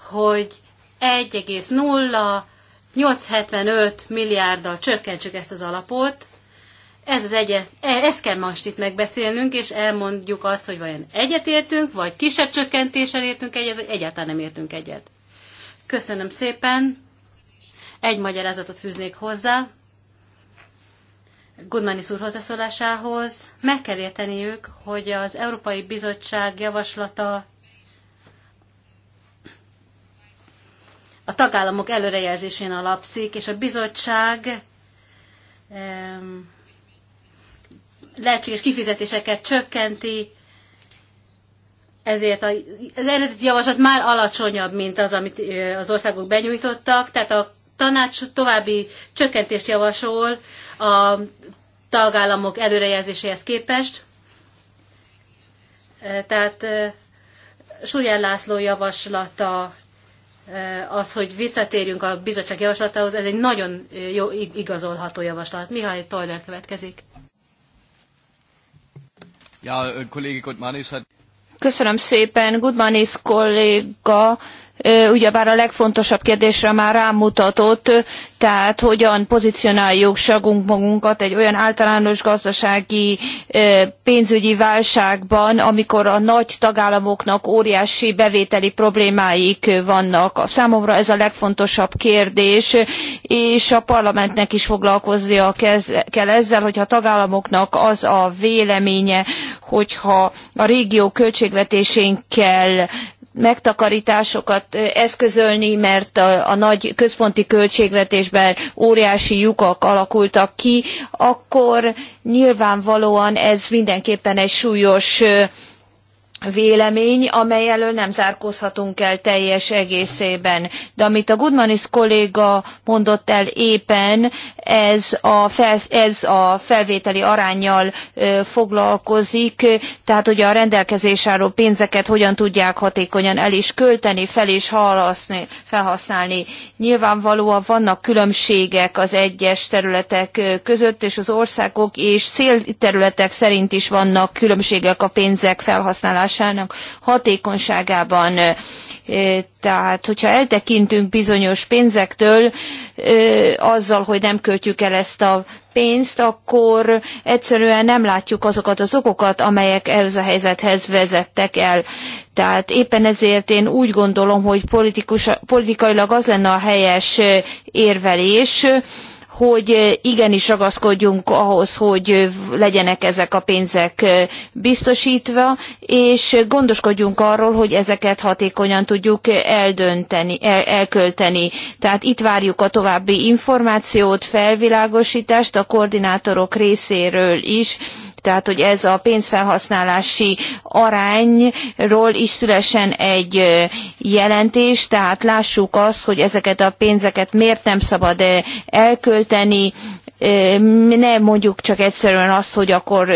hogy 1,0875 milliárddal csökkentsük ezt az alapot, ez az egyet, e, ezt kell most itt megbeszélnünk, és elmondjuk azt, hogy vajon egyetértünk, vagy kisebb csökkentéssel értünk egyet, vagy egyáltalán nem értünk egyet. Köszönöm szépen. Egy magyarázatot fűznék hozzá. Gudmanis szúr hozzászólásához. Meg kell érteniük, hogy az Európai Bizottság javaslata a tagállamok előrejelzésén alapszik, és a bizottság um, lehetséges kifizetéseket csökkenti, ezért az eredeti javaslat már alacsonyabb, mint az, amit az országok benyújtottak, tehát a tanács további csökkentést javasol a tagállamok előrejelzéséhez képest. Tehát Súlyán László javaslata az, hogy visszatérjünk a bizottság javaslatához, ez egy nagyon jó, igazolható javaslat. Mihály Toldán következik. Ja, Kollege Gutmanis hat... Köszönöm szépen. Gutmanis kolléga ugyebár a legfontosabb kérdésre már rámutatott, tehát hogyan pozícionáljuk sagunk magunkat egy olyan általános gazdasági pénzügyi válságban, amikor a nagy tagállamoknak óriási bevételi problémáik vannak. Számomra ez a legfontosabb kérdés, és a parlamentnek is foglalkoznia kell ezzel, hogyha a tagállamoknak az a véleménye, hogyha a régió költségvetésén kell megtakarításokat eszközölni, mert a, a nagy központi költségvetésben óriási lyukak alakultak ki, akkor nyilvánvalóan ez mindenképpen egy súlyos vélemény, amely elől nem zárkózhatunk el teljes egészében. De amit a Goodmanis kolléga mondott el éppen, ez a, fel, ez a felvételi arányjal ö, foglalkozik, tehát hogy a rendelkezés álló pénzeket hogyan tudják hatékonyan el is költeni, fel is halaszni, felhasználni. Nyilvánvalóan vannak különbségek az egyes területek között, és az országok és célterületek szerint is vannak különbségek a pénzek felhasználása alkalmazásának hatékonyságában. Tehát, hogyha eltekintünk bizonyos pénzektől, azzal, hogy nem költjük el ezt a pénzt, akkor egyszerűen nem látjuk azokat az okokat, amelyek ehhez a helyzethez vezettek el. Tehát éppen ezért én úgy gondolom, hogy politikus, politikailag az lenne a helyes érvelés, hogy igenis ragaszkodjunk ahhoz, hogy legyenek ezek a pénzek biztosítva, és gondoskodjunk arról, hogy ezeket hatékonyan tudjuk eldönteni, el, elkölteni. Tehát itt várjuk a további információt, felvilágosítást a koordinátorok részéről is, tehát, hogy ez a pénzfelhasználási arányról is szülesen egy jelentés, tehát lássuk azt, hogy ezeket a pénzeket miért nem szabad elkölteni, nem mondjuk csak egyszerűen azt, hogy akkor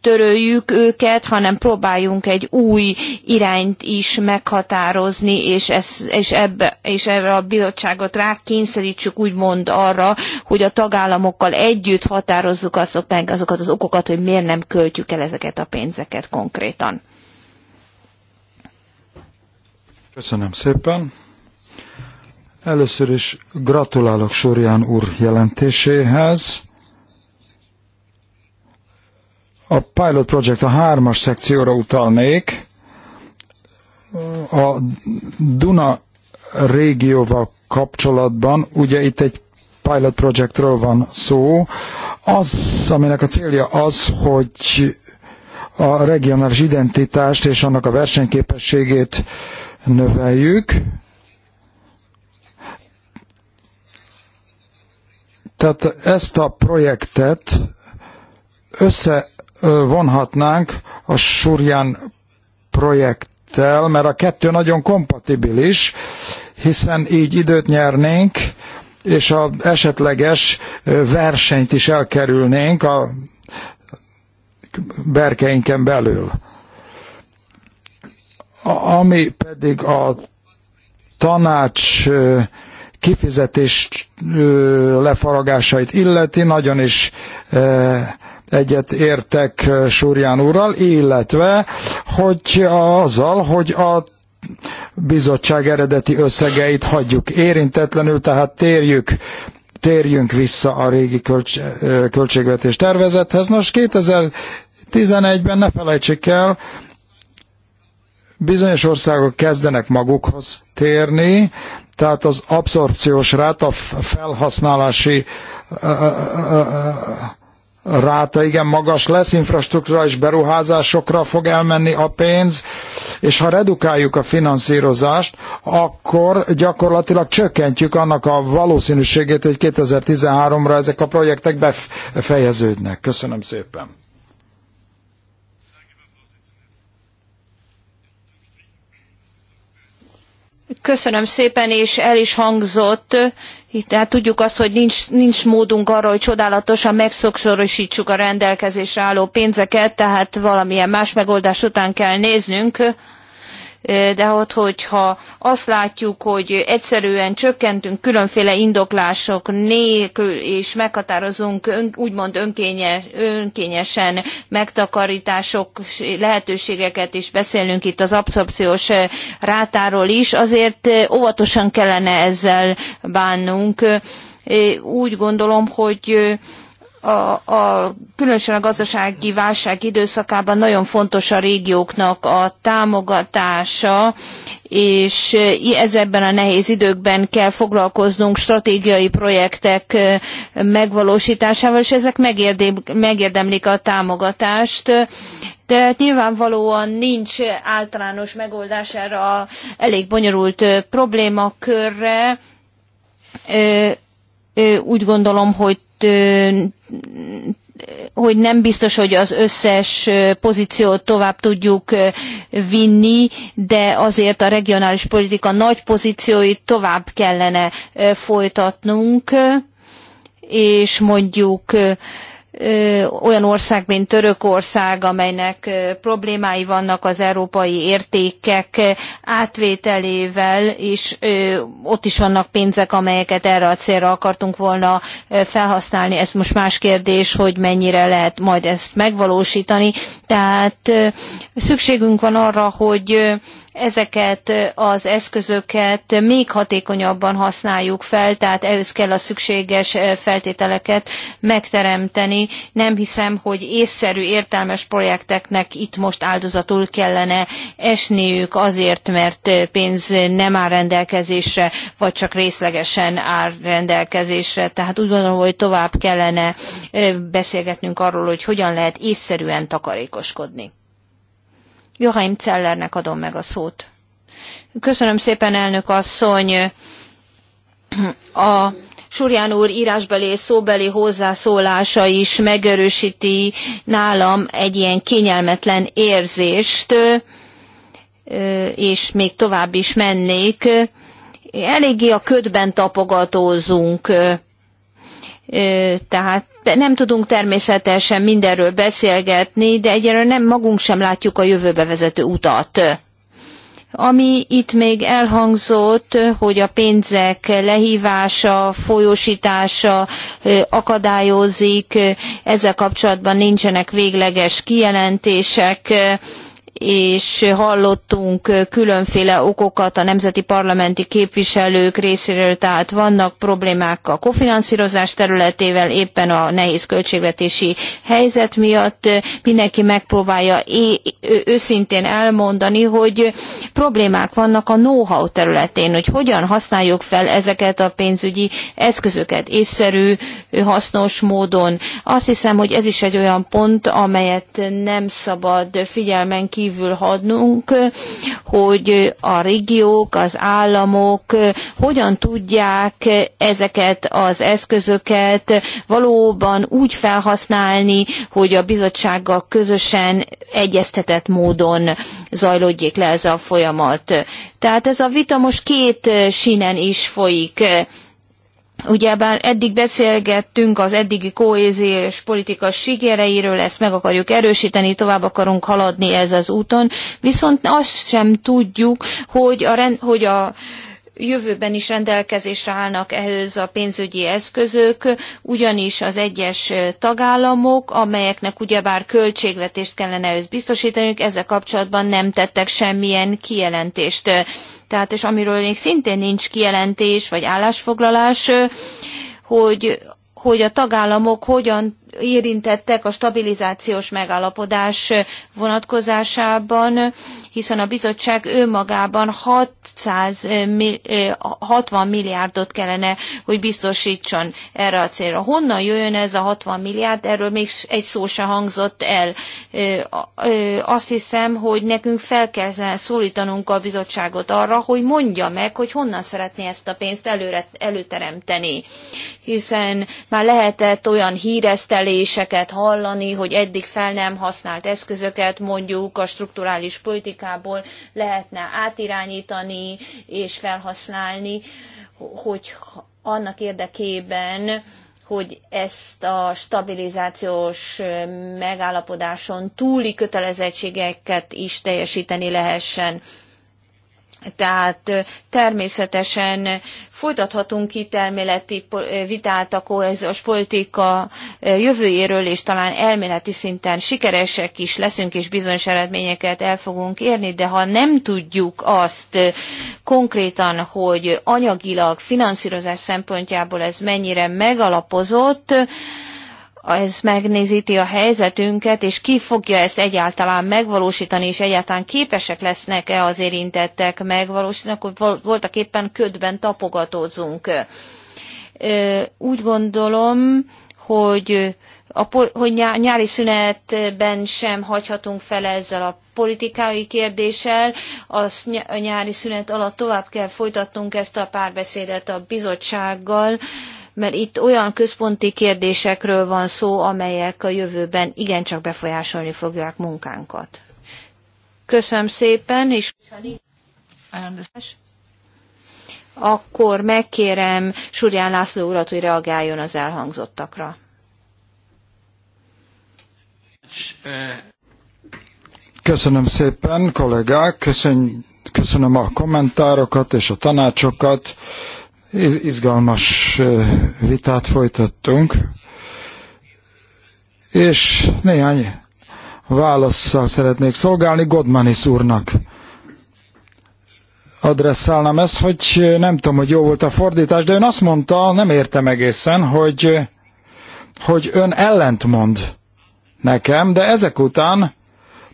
töröljük őket, hanem próbáljunk egy új irányt is meghatározni, és, ez, és, ebbe, és erre a bizottságot rákényszerítsük úgymond arra, hogy a tagállamokkal együtt határozzuk azok meg azokat az okokat, hogy miért nem költjük el ezeket a pénzeket konkrétan. Köszönöm szépen. Először is gratulálok Sorján úr jelentéséhez. A Pilot Project a hármas szekcióra utalnék. A Duna régióval kapcsolatban, ugye itt egy pilot Projectről van szó, az, aminek a célja az, hogy a regionális identitást és annak a versenyképességét növeljük. Tehát ezt a projektet össze vonhatnánk a Surján projekttel, mert a kettő nagyon kompatibilis, hiszen így időt nyernénk, és a esetleges versenyt is elkerülnénk a berkeinken belül. Ami pedig a tanács kifizetés lefaragásait illeti, nagyon is egyet értek Súrján úrral, illetve hogy azzal, hogy a bizottság eredeti összegeit hagyjuk érintetlenül, tehát térjük térjünk vissza a régi költs költségvetés tervezethez. Nos, 2011-ben ne felejtsék el, bizonyos országok kezdenek magukhoz térni, tehát az abszorpciós ráta felhasználási ráta igen magas lesz, infrastruktúra és beruházásokra fog elmenni a pénz, és ha redukáljuk a finanszírozást, akkor gyakorlatilag csökkentjük annak a valószínűségét, hogy 2013-ra ezek a projektek befejeződnek. Köszönöm szépen. Köszönöm szépen, és el is hangzott, tehát tudjuk azt, hogy nincs, nincs módunk arra, hogy csodálatosan megszokszorosítsuk a rendelkezésre álló pénzeket, tehát valamilyen más megoldás után kell néznünk de ott, hogyha azt látjuk, hogy egyszerűen csökkentünk különféle indoklások nélkül, és meghatározunk ön, úgymond önkényes, önkényesen megtakarítások lehetőségeket, és beszélünk itt az abszorpciós rátáról is, azért óvatosan kellene ezzel bánnunk. Úgy gondolom, hogy a, a, különösen a gazdasági válság időszakában nagyon fontos a régióknak a támogatása, és ez ebben a nehéz időkben kell foglalkoznunk stratégiai projektek megvalósításával, és ezek megérdemlik a támogatást. De hát nyilvánvalóan nincs általános megoldás erre a elég bonyolult problémakörre. Úgy gondolom, hogy hogy nem biztos, hogy az összes pozíciót tovább tudjuk vinni, de azért a regionális politika nagy pozícióit tovább kellene folytatnunk, és mondjuk olyan ország, mint Törökország, amelynek problémái vannak az európai értékek átvételével, és ott is vannak pénzek, amelyeket erre a célra akartunk volna felhasználni. Ez most más kérdés, hogy mennyire lehet majd ezt megvalósítani. Tehát szükségünk van arra, hogy ezeket az eszközöket még hatékonyabban használjuk fel, tehát ehhez kell a szükséges feltételeket megteremteni. Nem hiszem, hogy észszerű, értelmes projekteknek itt most áldozatul kellene esniük azért, mert pénz nem áll rendelkezésre, vagy csak részlegesen áll rendelkezésre. Tehát úgy gondolom, hogy tovább kellene beszélgetnünk arról, hogy hogyan lehet észszerűen takarékoskodni. Joachim Cellernek adom meg a szót. Köszönöm szépen, elnök asszony. A Surján úr írásbeli és szóbeli hozzászólása is megerősíti nálam egy ilyen kényelmetlen érzést, és még tovább is mennék. Eléggé a ködben tapogatózunk tehát nem tudunk természetesen mindenről beszélgetni, de egyelőre nem magunk sem látjuk a jövőbe vezető utat. Ami itt még elhangzott, hogy a pénzek lehívása, folyósítása akadályozik, ezzel kapcsolatban nincsenek végleges kijelentések és hallottunk különféle okokat a nemzeti parlamenti képviselők részéről, tehát vannak problémák a kofinanszírozás területével, éppen a nehéz költségvetési helyzet miatt mindenki megpróbálja őszintén elmondani, hogy problémák vannak a know-how területén, hogy hogyan használjuk fel ezeket a pénzügyi eszközöket észszerű, hasznos módon. Azt hiszem, hogy ez is egy olyan pont, amelyet nem szabad figyelmen kívül kívül hadnunk, hogy a régiók, az államok hogyan tudják ezeket az eszközöket valóban úgy felhasználni, hogy a bizottsággal közösen egyeztetett módon zajlódjék le ez a folyamat. Tehát ez a vita most két sinen is folyik Ugyebár eddig beszélgettünk az eddigi kohéziós politika sikereiről, ezt meg akarjuk erősíteni, tovább akarunk haladni ez az úton, viszont azt sem tudjuk, hogy a, rend, hogy a jövőben is rendelkezésre állnak ehhez a pénzügyi eszközök, ugyanis az egyes tagállamok, amelyeknek ugyebár költségvetést kellene ehhez biztosítaniuk, ezzel kapcsolatban nem tettek semmilyen kijelentést tehát és amiről még szintén nincs kijelentés vagy állásfoglalás, hogy, hogy a tagállamok hogyan érintettek a stabilizációs megállapodás vonatkozásában, hiszen a bizottság önmagában 600, 60 milliárdot kellene, hogy biztosítson erre a célra. Honnan jön ez a 60 milliárd? Erről még egy szó se hangzott el. Azt hiszem, hogy nekünk fel kellene szólítanunk a bizottságot arra, hogy mondja meg, hogy honnan szeretné ezt a pénzt előre, előteremteni. Hiszen már lehetett olyan híreszteléseket hallani, hogy eddig fel nem használt eszközöket, mondjuk a strukturális politikai százalékából lehetne átirányítani és felhasználni, hogy annak érdekében, hogy ezt a stabilizációs megállapodáson túli kötelezettségeket is teljesíteni lehessen. Tehát természetesen folytathatunk itt elméleti vitát a kohéziós politika jövőjéről, és talán elméleti szinten sikeresek is leszünk, és bizonyos eredményeket el fogunk érni, de ha nem tudjuk azt konkrétan, hogy anyagilag, finanszírozás szempontjából ez mennyire megalapozott, ez megnézíti a helyzetünket, és ki fogja ezt egyáltalán megvalósítani, és egyáltalán képesek lesznek-e az érintettek megvalósítani, akkor voltak éppen ködben tapogatózunk. Úgy gondolom, hogy a, hogy nyári szünetben sem hagyhatunk fel ezzel a politikai kérdéssel, az nyári szünet alatt tovább kell folytatnunk ezt a párbeszédet a bizottsággal, mert itt olyan központi kérdésekről van szó, amelyek a jövőben igencsak befolyásolni fogják munkánkat. Köszönöm szépen, és akkor megkérem Surján László urat, hogy reagáljon az elhangzottakra. Köszönöm szépen, kollégák, köszönöm a kommentárokat és a tanácsokat izgalmas vitát folytattunk, és néhány válaszsal szeretnék szolgálni Godmanis úrnak. Adresszálnám ezt, hogy nem tudom, hogy jó volt a fordítás, de ön azt mondta, nem értem egészen, hogy, hogy ön ellentmond nekem, de ezek után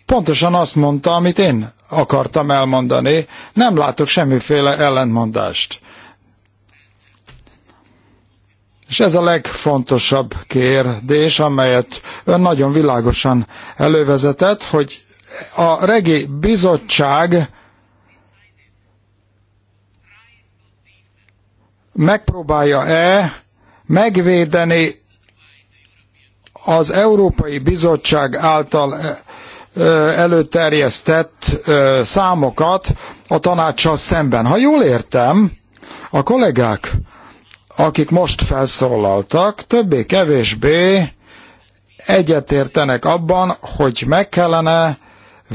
pontosan azt mondta, amit én akartam elmondani. Nem látok semmiféle ellentmondást. És ez a legfontosabb kérdés, amelyet ön nagyon világosan elővezetett, hogy a regi bizottság megpróbálja-e megvédeni az Európai Bizottság által előterjesztett számokat a tanácssal szemben. Ha jól értem, a kollégák akik most felszólaltak, többé-kevésbé egyetértenek abban, hogy meg kellene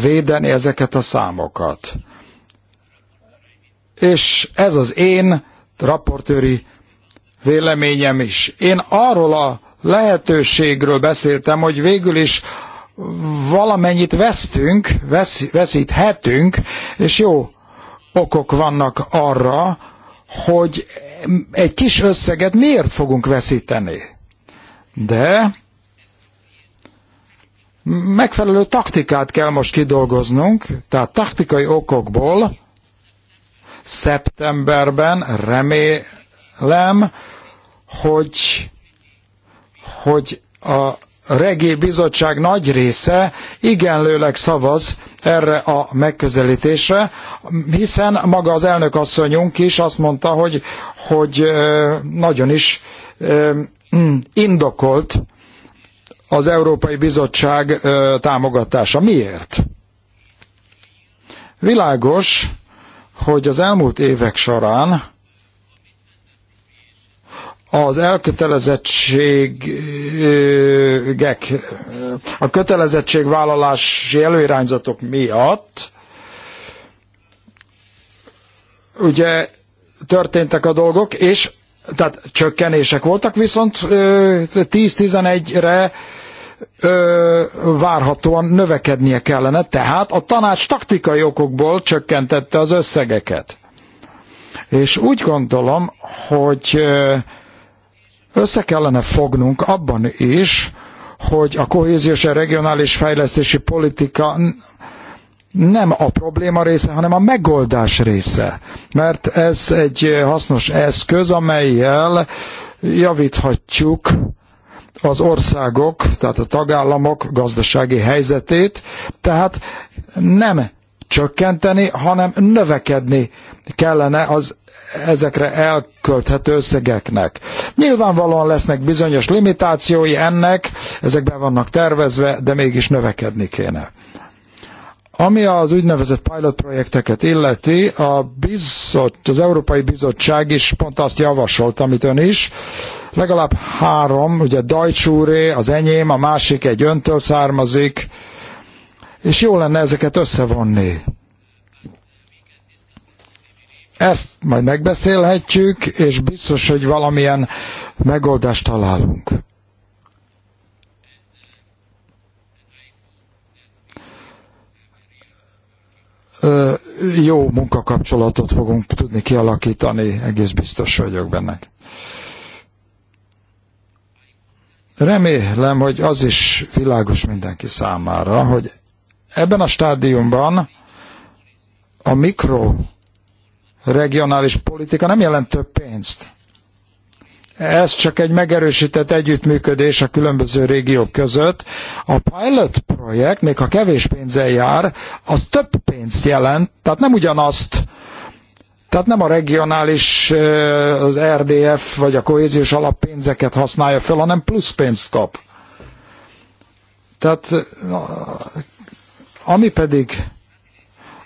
védeni ezeket a számokat. És ez az én raportőri véleményem is. Én arról a lehetőségről beszéltem, hogy végül is valamennyit vesztünk, vesz, veszíthetünk, és jó okok vannak arra, hogy egy kis összeget miért fogunk veszíteni. De megfelelő taktikát kell most kidolgoznunk, tehát taktikai okokból szeptemberben remélem, hogy, hogy a regi bizottság nagy része igenlőleg szavaz erre a megközelítésre, hiszen maga az elnök asszonyunk is azt mondta, hogy, hogy nagyon is mm, indokolt az Európai Bizottság támogatása. Miért? Világos, hogy az elmúlt évek során az elkötelezettségek, a kötelezettségvállalási előirányzatok miatt ugye történtek a dolgok, és tehát csökkenések voltak, viszont 10-11-re ö, várhatóan növekednie kellene, tehát a tanács taktikai okokból csökkentette az összegeket. És úgy gondolom, hogy össze kellene fognunk abban is, hogy a kohéziós és regionális fejlesztési politika nem a probléma része, hanem a megoldás része. Mert ez egy hasznos eszköz, amelyel javíthatjuk az országok, tehát a tagállamok gazdasági helyzetét, tehát nem csökkenteni, hanem növekedni kellene az ezekre elkölthető összegeknek. Nyilvánvalóan lesznek bizonyos limitációi ennek, ezekben vannak tervezve, de mégis növekedni kéne. Ami az úgynevezett pilot projekteket illeti, a bizot, az Európai Bizottság is pont azt javasolt, amit ön is. Legalább három, ugye Dajcsúré, az enyém, a másik egy öntől származik, és jó lenne ezeket összevonni. Ezt majd megbeszélhetjük, és biztos, hogy valamilyen megoldást találunk. jó munkakapcsolatot fogunk tudni kialakítani, egész biztos vagyok benne. Remélem, hogy az is világos mindenki számára, hogy Ebben a stádiumban a mikro regionális politika nem jelent több pénzt. Ez csak egy megerősített együttműködés a különböző régiók között. A pilot projekt, még ha kevés pénzzel jár, az több pénzt jelent, tehát nem ugyanazt, tehát nem a regionális, az RDF vagy a kohéziós alappénzeket használja fel, hanem plusz pénzt kap. Tehát ami pedig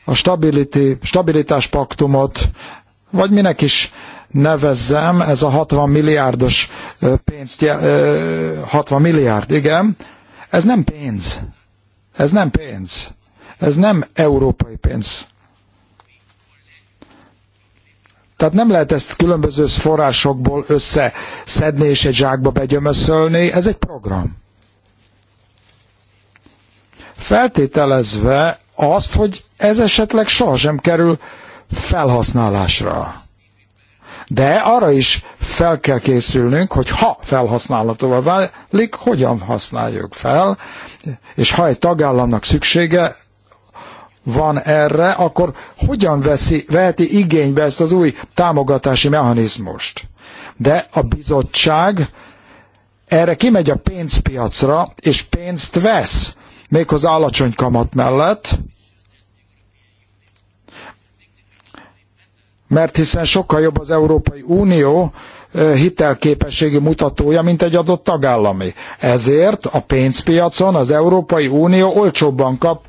a stability, stabilitás paktumot, vagy minek is nevezzem, ez a 60 milliárdos pénzt, 60 milliárd, igen, ez nem pénz. Ez nem pénz. Ez nem európai pénz. Tehát nem lehet ezt különböző forrásokból összeszedni és egy zsákba begyömöszölni, ez egy program feltételezve azt, hogy ez esetleg sohasem kerül felhasználásra. De arra is fel kell készülnünk, hogy ha felhasználhatóvá válik, hogyan használjuk fel, és ha egy tagállamnak szüksége van erre, akkor hogyan veszi, veheti igénybe ezt az új támogatási mechanizmust. De a bizottság erre kimegy a pénzpiacra, és pénzt vesz méghozzá alacsony kamat mellett, mert hiszen sokkal jobb az Európai Unió hitelképességi mutatója, mint egy adott tagállami. Ezért a pénzpiacon az Európai Unió olcsóbban kap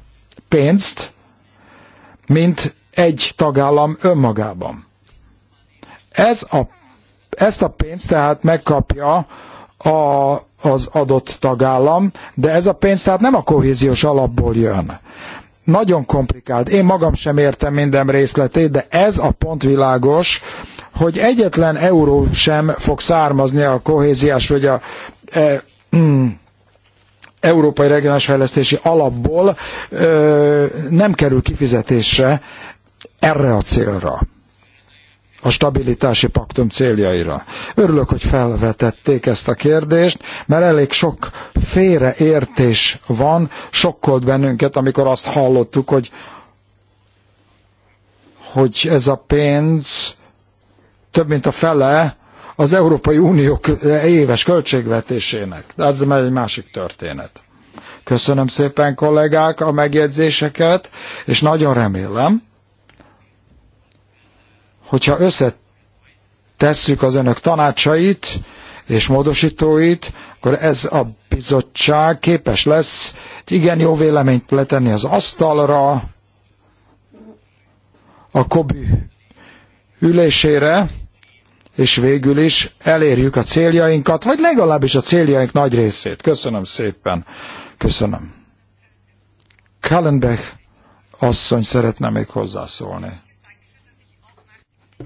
pénzt, mint egy tagállam önmagában. Ez a, ezt a pénzt tehát megkapja a az adott tagállam, de ez a pénz tehát nem a kohéziós alapból jön. Nagyon komplikált. Én magam sem értem minden részletét, de ez a pont világos, hogy egyetlen euró sem fog származni a kohéziás vagy a e, mm, Európai Regionális Fejlesztési Alapból, e, nem kerül kifizetésre erre a célra a stabilitási paktum céljaira. Örülök, hogy felvetették ezt a kérdést, mert elég sok félreértés van, sokkolt bennünket, amikor azt hallottuk, hogy hogy ez a pénz több mint a fele az Európai Unió éves költségvetésének. De ez már egy másik történet. Köszönöm szépen kollégák a megjegyzéseket, és nagyon remélem, hogyha összetesszük az önök tanácsait és módosítóit, akkor ez a bizottság képes lesz igen jó véleményt letenni az asztalra, a kobi ülésére, és végül is elérjük a céljainkat, vagy legalábbis a céljaink nagy részét. Köszönöm szépen. Köszönöm. Kallenbeck asszony szeretne még hozzászólni.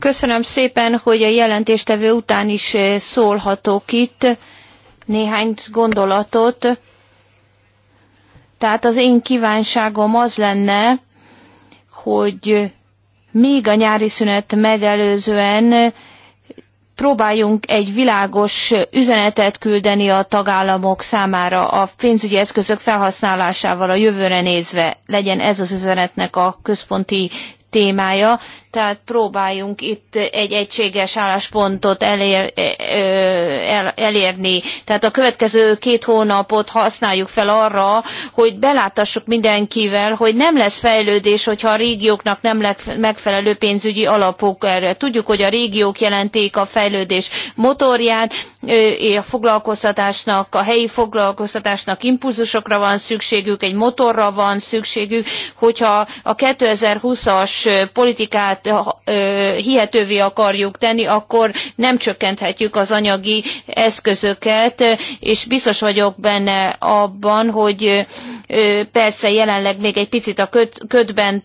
Köszönöm szépen, hogy a jelentéstevő után is eh, szólhatok itt néhány gondolatot. Tehát az én kívánságom az lenne, hogy még a nyári szünet megelőzően próbáljunk egy világos üzenetet küldeni a tagállamok számára a pénzügyi eszközök felhasználásával a jövőre nézve. Legyen ez az üzenetnek a központi témája, tehát próbáljunk itt egy egységes álláspontot elér, e, e, elérni. Tehát a következő két hónapot használjuk fel arra, hogy belátassuk mindenkivel, hogy nem lesz fejlődés, hogyha a régióknak nem lesz megfelelő pénzügyi alapok erre. Tudjuk, hogy a régiók jelentik a fejlődés motorját, a foglalkoztatásnak, a helyi foglalkoztatásnak impulzusokra van szükségük, egy motorra van szükségük, hogyha a 2020-as politikát hihetővé akarjuk tenni, akkor nem csökkenthetjük az anyagi eszközöket, és biztos vagyok benne abban, hogy persze jelenleg még egy picit a ködben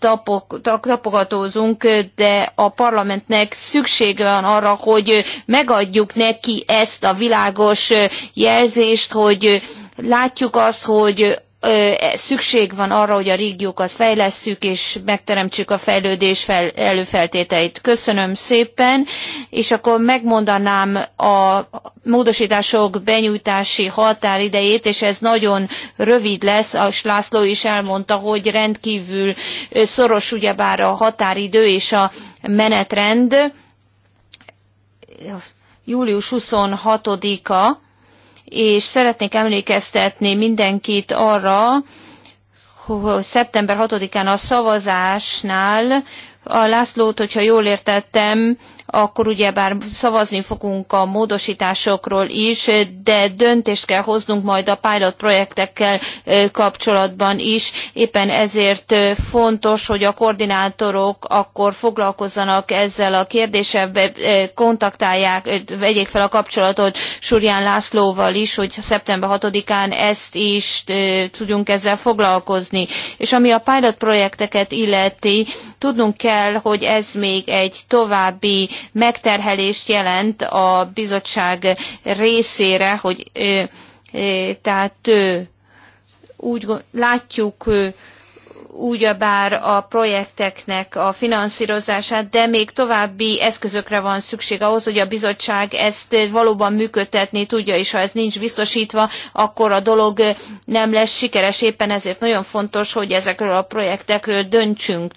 tapogatózunk, de a parlamentnek szüksége van arra, hogy megadjuk neki ezt a világos jelzést, hogy látjuk azt, hogy E, szükség van arra, hogy a régiókat fejlesszük, és megteremtsük a fejlődés fel, előfeltételeit. Köszönöm szépen, és akkor megmondanám a módosítások benyújtási határidejét, és ez nagyon rövid lesz, a László is elmondta, hogy rendkívül szoros ugyebár a határidő és a menetrend. Július 26-a és szeretnék emlékeztetni mindenkit arra, hogy szeptember 6-án a szavazásnál a Lászlót, hogyha jól értettem, akkor ugyebár szavazni fogunk a módosításokról is, de döntést kell hoznunk majd a pilot projektekkel kapcsolatban is. Éppen ezért fontos, hogy a koordinátorok akkor foglalkozzanak ezzel a kérdéssel, kontaktálják, vegyék fel a kapcsolatot Surján Lászlóval is, hogy szeptember 6-án ezt is tudjunk ezzel foglalkozni. És ami a pilot projekteket illeti, tudnunk kell, hogy ez még egy további megterhelést jelent a bizottság részére, hogy tehát úgy látjuk ugyebár a projekteknek a finanszírozását, de még további eszközökre van szükség ahhoz, hogy a bizottság ezt valóban működtetni tudja, és ha ez nincs biztosítva, akkor a dolog nem lesz sikeres. Éppen ezért nagyon fontos, hogy ezekről a projektekről döntsünk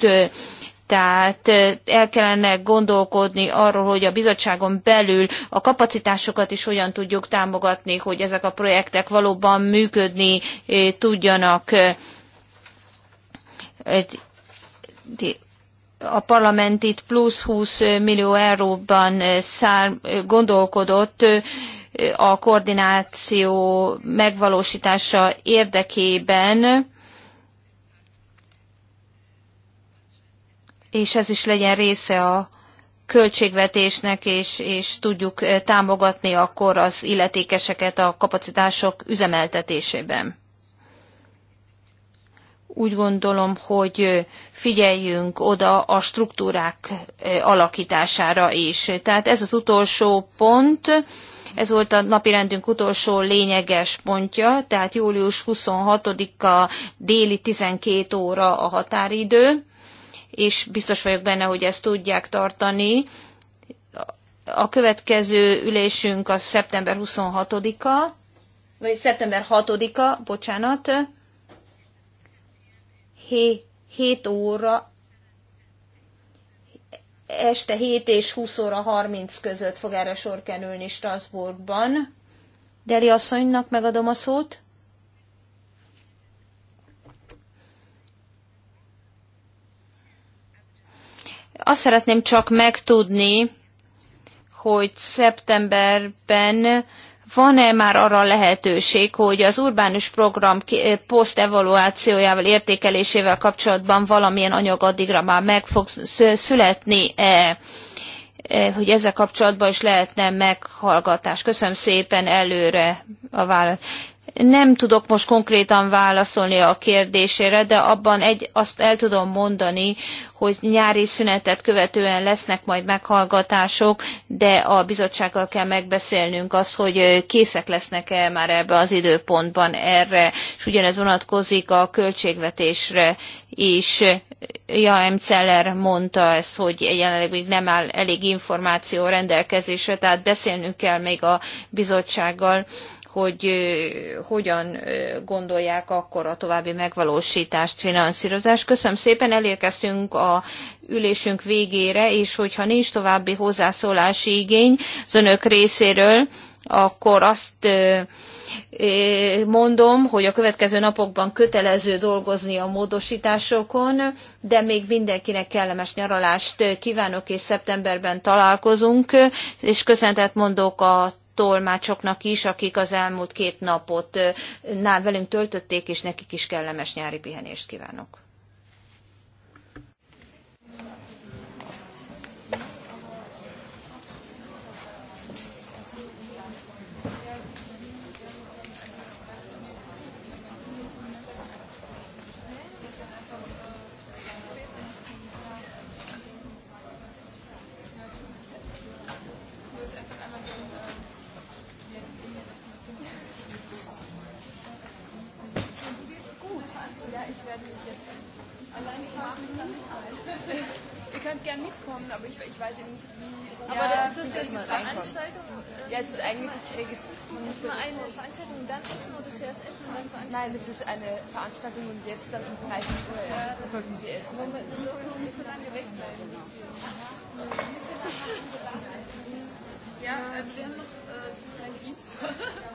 tehát el kellene gondolkodni arról, hogy a bizottságon belül a kapacitásokat is hogyan tudjuk támogatni, hogy ezek a projektek valóban működni tudjanak. A parlament itt plusz 20 millió euróban szár, gondolkodott, a koordináció megvalósítása érdekében és ez is legyen része a költségvetésnek, és, és tudjuk eh, támogatni akkor az illetékeseket a kapacitások üzemeltetésében. Úgy gondolom, hogy eh, figyeljünk oda a struktúrák eh, alakítására is. Tehát ez az utolsó pont, ez volt a napirendünk utolsó lényeges pontja, tehát július 26-a déli 12 óra a határidő és biztos vagyok benne, hogy ezt tudják tartani. A következő ülésünk az szeptember 26-a, vagy szeptember 6-a, bocsánat, 7, óra, este 7 és 20 óra 30 között fog erre sor kerülni Strasbourgban. Deli asszonynak megadom a szót. Azt szeretném csak megtudni, hogy szeptemberben van-e már arra lehetőség, hogy az urbánus program posztevaluációjával, értékelésével kapcsolatban valamilyen anyag addigra már meg fog születni, -e, hogy ezzel kapcsolatban is lehetne meghallgatás. Köszönöm szépen előre a választ. Nem tudok most konkrétan válaszolni a kérdésére, de abban egy, azt el tudom mondani, hogy nyári szünetet követően lesznek majd meghallgatások, de a bizottsággal kell megbeszélnünk azt, hogy készek lesznek-e már ebbe az időpontban erre, és ugyanez vonatkozik a költségvetésre is. Ja, M. Celler mondta ezt, hogy jelenleg még nem áll elég információ rendelkezésre, tehát beszélnünk kell még a bizottsággal hogy hogyan gondolják akkor a további megvalósítást, finanszírozást. Köszönöm szépen, elérkeztünk a ülésünk végére, és hogyha nincs további hozzászólási igény az önök részéről, akkor azt mondom, hogy a következő napokban kötelező dolgozni a módosításokon, de még mindenkinek kellemes nyaralást kívánok, és szeptemberben találkozunk, és köszöntet mondok a tolmácsoknak is, akik az elmúlt két napot nál velünk töltötték, és nekik is kellemes nyári pihenést kívánok. Veranstaltung? Ja, es ist eigentlich registriert. muss mal eine Veranstaltung und dann essen oder zuerst essen und dann Veranstaltung? Nein, es ist eine Veranstaltung und jetzt dann um 30 Uhr ja, sollten Sie essen. Nur nicht so lange wegbleiben. Ja, also wir haben noch äh, ziemlich Dienst.